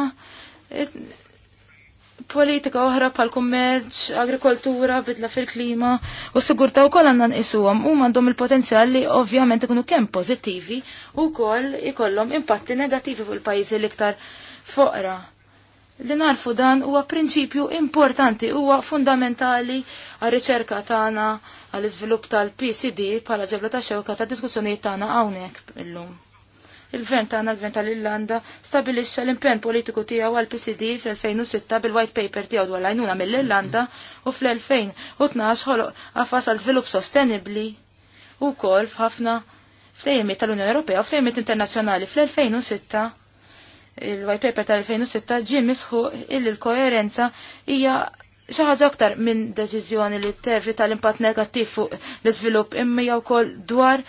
politika oħra pal kummerċ agrikoltura, bidla fil-klima u s-sigurta u koll għannan isuwam u mandom il-potenzjal li ovvjament ikunu kem pozittivi u koll ikollom impatti negativi fuq il-pajizi l-iktar foqra. Li narfu dan huwa prinċipju importanti huwa fundamentali għal riċerka tagħna għal iżvilupp tal-PCD bħala ġebla ta' xewka ta' diskussjonijiet tagħna hawnhekk illum il-gvern tagħna l-gvern tal-Irlanda stabilixxa l-impenn politiku tiegħu għal PCD fl-2006 bil-white paper tiegħu dwar l-għajnuna mill-Irlanda u fl-2012 ħoloq għafas għal żvilupp sostenibbli wkoll f'ħafna ftejjemiet tal-Unjoni Ewropea u ftejjemiet internazzjonali fl-2006 il-white paper tal-2006 ġie misħu il l-koerenza hija ħaġa aktar minn deċiżjoni li tevi tal impatt negattiv fuq l-iżvilupp imma jew wkoll dwar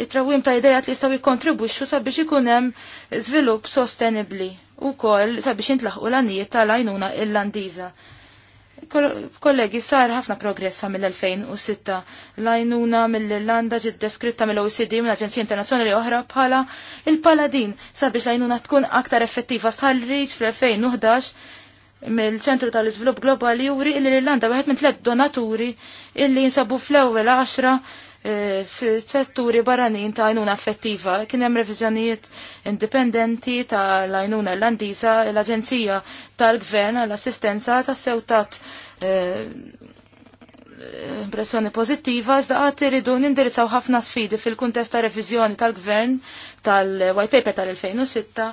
it-trawim ta' idejat li jistaw jikontribwixxu sabiex ikun hemm żvilupp sostenibbli wkoll sabiex jintlaħqu l-għanijiet tal-għajnuna irlandiża. Kollegi, sar ħafna progressa mill-2006. L-għajnuna mill-Irlanda ġid deskritta mill-OECD mill aġenzija Internazzjonali oħra bħala il-Paladin sabiex l-għajnuna tkun aktar effettiva sħal riċ fl-2011 mill-ċentru tal-iżvilupp globali juri li l-Irlanda wieħed minn tlet donaturi illi jinsabu fl-ewwel Eh, fil-setturi barranin ta' għajnuna affettiva. Kien hemm reviżjonijiet indipendenti ta' l-għajnuna irlandiża, l-Aġenzija tal-Gvern għall-Assistenza tas-Sewtat eh, impressjoni pozittiva, iżda għad iridu nindirizzaw ħafna sfidi fil-kuntest ta' reviżjoni tal-gvern tal-white paper tal-2006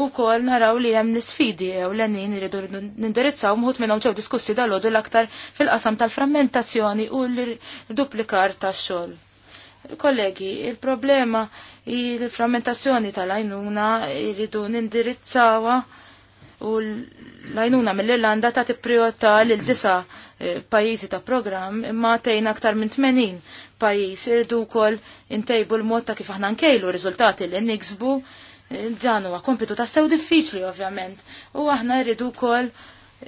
u kol naraw li hemm l u l-għennin iridu nindirizzaw muħut minnhom ċew diskussi dal ħodu l-aktar fil-qasam tal-frammentazzjoni u l-duplikar tax-xogħol. Kollegi, il-problema il-frammentazzjoni tal-għajnuna iridu nindirizzawa u Lajnuna mill-Irlanda ta' priorità lil disa eh, pajjiżi ta' programm imma tejna aktar minn 80 pajjiż irdu wkoll intejbu l-mod ta' kif aħna nkejlu riżultati li niksbu eh, dan huwa kompitu ta' sew diffiċli ovvjament u aħna rridu wkoll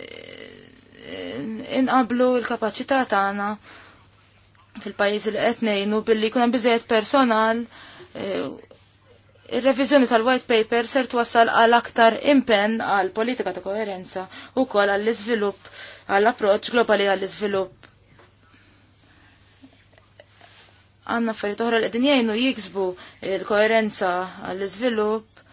eh, inqablu l-kapaċità tagħna fil-pajjiżi li qed ngħinu billi kuna hemm biżejjed personal Ir-reviżjoni tal-white paper ser twassal għal aktar impenn għal politika ta' koerenza u kol għall iżvilupp għall approċ globali għall iżvilupp għanna affarijiet oħra li qegħdin jiksbu l-koerenza għall iżvilupp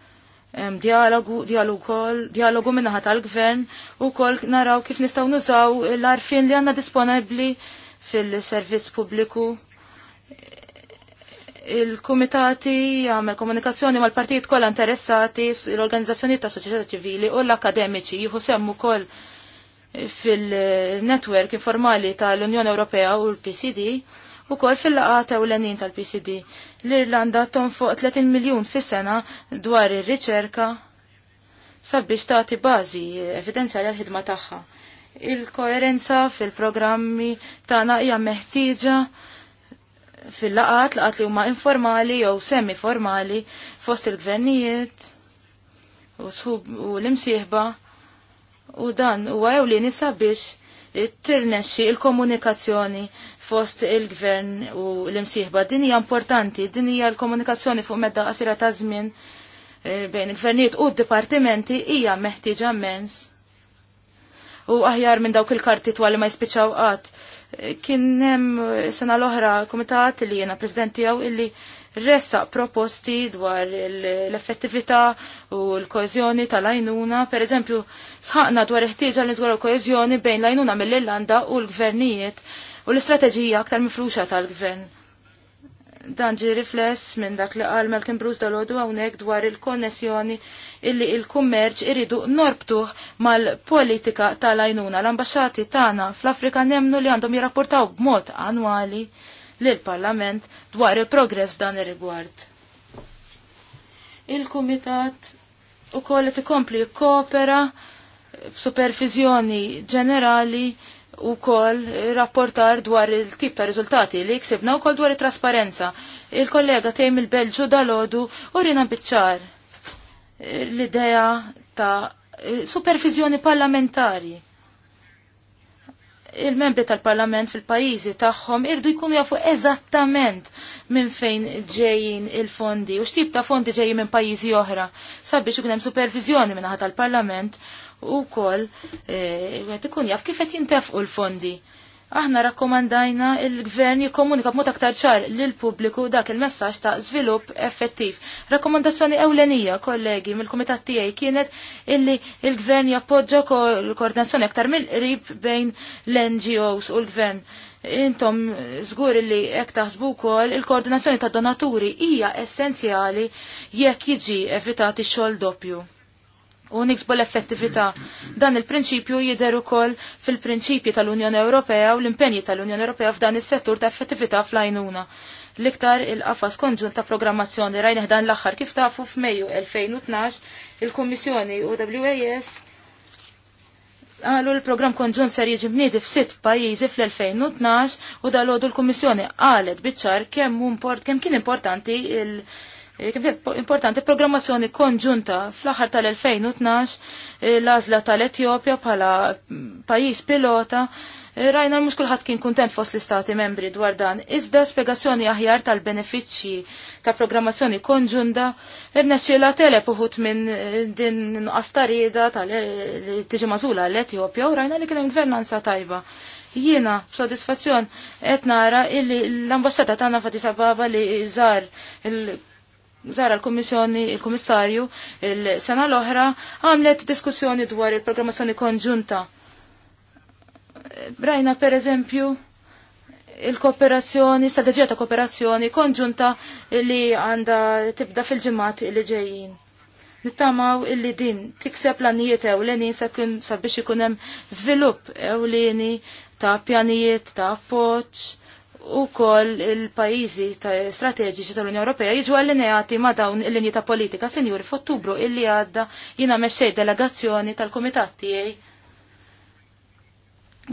dialogu, dialogu kol, dialogu minnaħa tal-gvern u kol naraw kif nistaw nużaw l-arfin li għanna disponibli fil-servizz pubbliku il-kumitati għamel komunikazzjoni mal-partijiet kollha interessati, l-organizzazzjoni ta' soċjetà ċivili u l-akademiċi jieħu semmu kol fil-netwerk informali tal-Unjoni Ewropea u l-PCD u kol fil-laqata u l-enin tal-PCD. L-Irlanda tonfoq 30 miljon fis-sena dwar ir-riċerka sabiex tagħti bażi evidenzjali għal-ħidma tagħha. Il-koerenza fil-programmi tagħna hija meħtieġa fil-laqat, laqat li huma informali jew semi formali fost il-gvernijiet u sħub u l-imsieħba u dan u għaw li nisa biex tirnexxi il-komunikazzjoni fost il-gvern u l-imsieħba. Din hija importanti, din hija l-komunikazzjoni fuq medda qasira ta' żmien e, bejn il-gvernijiet u d-dipartimenti hija meħtieġa mens. U aħjar minn dawk il-karti twali ma jispiċċaw qatt kien hemm eh, sena l-oħra komitat li jiena president tiegħu illi ressaq proposti dwar l-effettività u l-koezjoni tal ajnuna Per eżempju, sħaqna dwar iħtieġa li dwar l-koezjoni bejn l mill-Irlanda u l-gvernijiet u l-istrateġija aktar mifruxa tal-gvern. Dan ġi rifless minn dak li għal Malcolm Bruce dal-ħodu hawnhekk dwar il-konnessjoni illi il-kummerċ iridu norbtuh mal-politika tal-għajnuna. L-ambasċati tagħna fl-Afrika nemnu li għandhom jirrapportaw b'mod annwali lill-Parlament dwar il-progress f'dan ir-rigward. Il-Kumitat ukoll qed ikompli jikkopera b'supervizjoni ġenerali u kol rapportar dwar il-tip ta' rizultati li jiksibna u kol dwar il-trasparenza. Il-kollega tejm il-Belġu dal-ħodu u rina bitċar l-ideja ta' supervizjoni parlamentari. Il-membri tal-parlament fil-pajizi tagħhom irdu jkunu jafu eżattament minn fejn ġejjin il-fondi u x'tip ta' fondi ġejjin minn pajjiżi oħra sabiex ikun hemm supervizjoni minnaħa tal-parlament u kol e, għet ikun jaf kifet jintefqu l-fondi. Aħna rakkomandajna il-gvern jikkomunika b'mod aktar ċar lill-pubbliku dak il-messaġġ ta' żvilupp effettiv. Rakkomandazzjoni ewlenija, kollegi, mill-kumitat tiegħi kienet illi il-gvern jappoġġa koordinazzjoni aktar mill-qrib bejn l-NGOs u l-gvern. Intom żgur illi hekk taħsbu wkoll il-koordinazzjoni tad donaturi hija essenzjali jekk jiġi evitati ix-xogħol doppju u niksbu l-effettività. Dan il-prinċipju jidher ukoll fil-prinċipji tal-Unjoni Ewropea u l-impenji tal-Unjoni Ewropea f'dan is-settur ta' effettività fl-għajnuna. L-iktar il-qafas konġunt ta' programmazzjoni rajna dan l-aħħar kif tafu f'Mejju 2012 il-Kummissjoni u WAS għalu l-program konġun ser jiġi bniedi f'sitt pajjiżi fl-2012 u dal-għodu l-Kummissjoni għalet biċċar kemm kem kien importanti il- Eh, importanti programmazzjoni konġunta fl-aħħar tal-2012 eh, l azla tal-Etjopja bħala mm, pajjiż pilota eh, rajna mhux kulħadd kien kuntent fost l-istati membri dwar dan. Iżda spjegazzjoni aħjar tal-benefiċċji ta' programmazzjoni konġunta irna xiela telep puħut minn din astarida tal-tiġi mażula l-Etjopja u rajna li kien hemm gvernanza tajba jiena b'sodisfazzjon qed nara illi l-ambasċata tagħna Fatisa Baba li żar zara l-Kommissjoni, il-Kommissarju, il-sena l-oħra għamlet diskussjoni dwar il-programmazzjoni konġunta. Brajna per eżempju il-kooperazzjoni, strategija ta' kooperazzjoni konġunta li għanda tibda fil-ġimat li ġejjin. Nittamaw illi din tikseb planijiet ewleni sabiex ikun hemm żvilupp eni ta' pjanijiet ta' appoġġ u kol il-pajizi strateġiċi tal-Unjoni Ewropea jiġu allineati ma dawn il-linji ta' politika. senjuri f'Ottubru illi għadda jina meċċej delegazzjoni tal-Kumitat tiegħi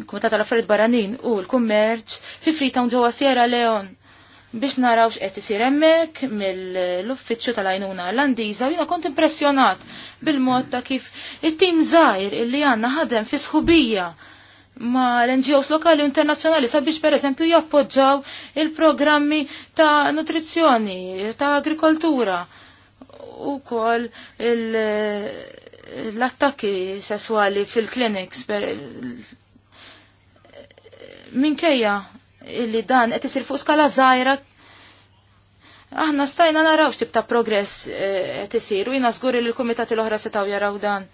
il-Kumitat tal-Affarijiet Barranin u l-Kummerċ fi Freetown ġewwa Sierra Leone biex narawx x'qed isir hemmhekk mill-uffiċċju tal-għajnuna Landiża u jiena kont impressjonat bil-mod ta' kif it-tim żgħir illi għandna ħadem fi sħubija ma l-NGOs lokali u internazzjonali sabiex per eżempju jappoġġaw il-programmi ta' nutrizzjoni, ta' agrikoltura u kol l-attakki sessuali fil-kliniks minkejja illi dan qed isir fuq skala żgħira aħna stajna naraw x'tib ta' progress eh, qed isir u jina żgur li l-kumitati l-oħra setgħu jaraw dan.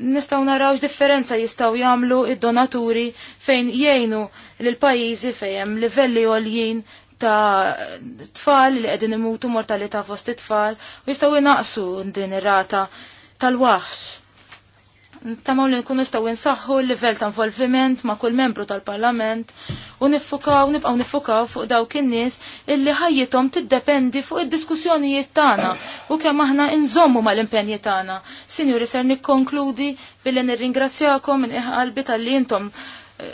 nistaw narawx differenza jistaw jamlu id-donaturi fejn jgħinu l-pajizi fejn livelli għoljien ta' tfal li għedin imutu mortalità fost it-tfal u jistaw jnaqsu din ir-rata tal-waħx. Tamaw li nkunu staw insaħħu l-level ta' involviment ma' kull membru tal-parlament u nifukaw, nibqaw nifukaw fuq dawk in-nies illi ħajjithom tiddependi fuq id-diskussjonijiet tagħna u kemm aħna inżommu mal-impenji tagħna. Sinjuri ser nikkonkludi billi nirringrazzjakom minn qalbi tal-li intom eh,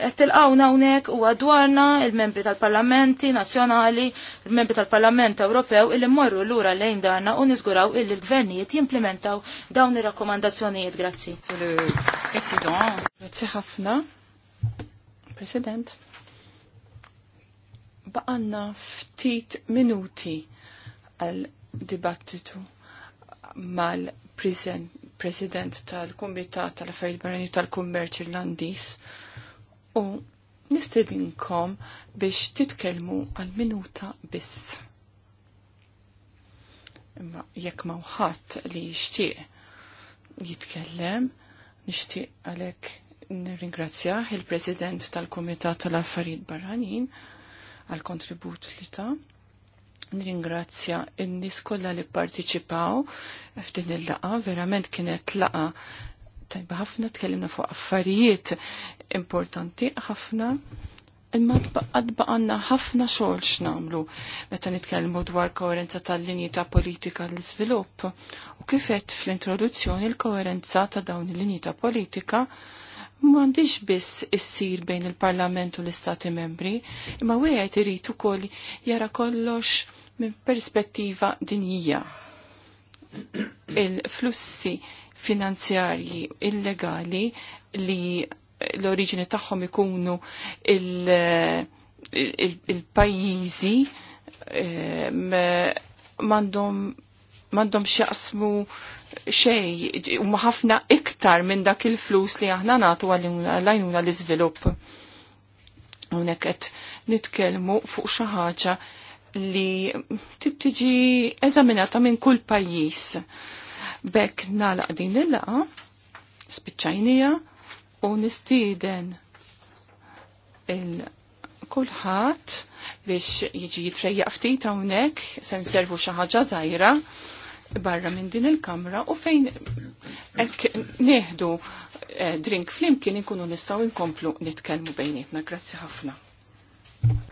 qed tilqawna hawnhekk huwa dwarna il-membri tal-Parlamenti Nazzjonali, il-membri tal-Parlament Ewropew morru mmorru lura lejn darna u niżguraw li l-gvernijiet jimplementaw dawn ir-rakkomandazzjonijiet. Grazzi. Grazzi ħafna. President. Baqanna ftit minuti għal dibattitu mal-President tal-Kumitat tal-Affarijiet Barani tal-Kummerċ Irlandiż u nistedinkom biex titkelmu għal minuta biss. Imma jekk ma uħat li jixtieq jitkellem, nixtieq għalhekk nirringrazzjah il-President tal-Kumitat tal-Affarijiet Barranin għal kontribut li ta' Nirringrazzja n-nis kollha li partiċipaw f'din il-laqa, verament kienet laqa tajba ħafna tkellimna fuq affarijiet importanti ħafna imma għadbaqanna ħafna xogħol x'namlu meta nitkellmu dwar koerenza tal-linji ta' politika l iżvilupp u kifet fl-introduzzjoni l-koerenza ta' dawn il-linji ta' politika m'għandix biss issir bejn il-Parlament u l-Istati membri, imma wieħed irid ukoll jara kollox minn perspettiva dinjija. Il-flussi finanzjarji illegali li l-oriġini tagħhom ikunu il-pajjiżi eh, m'għandhom m'għandhom x'jaqsmu xej huma ħafna iktar minn dak il-flus li aħna nagħtu għal-għajnuna l-iżvilupp. Hawnhekk qed nitkellmu fuq xi ħaġa li tittiġi eżaminata minn kull pajjiż. Bekk nalaq din il-laqa, spiċċajnija, u nistieden il-kulħat biex jiġi jitrejja ftit hawnhekk se nservu xi ħaġa żgħira barra minn din il-kamra u fejn hekk neħdu eh, drink flimkien inkunu nistgħu nkomplu nitkellmu bejnietna. Grazzi ħafna.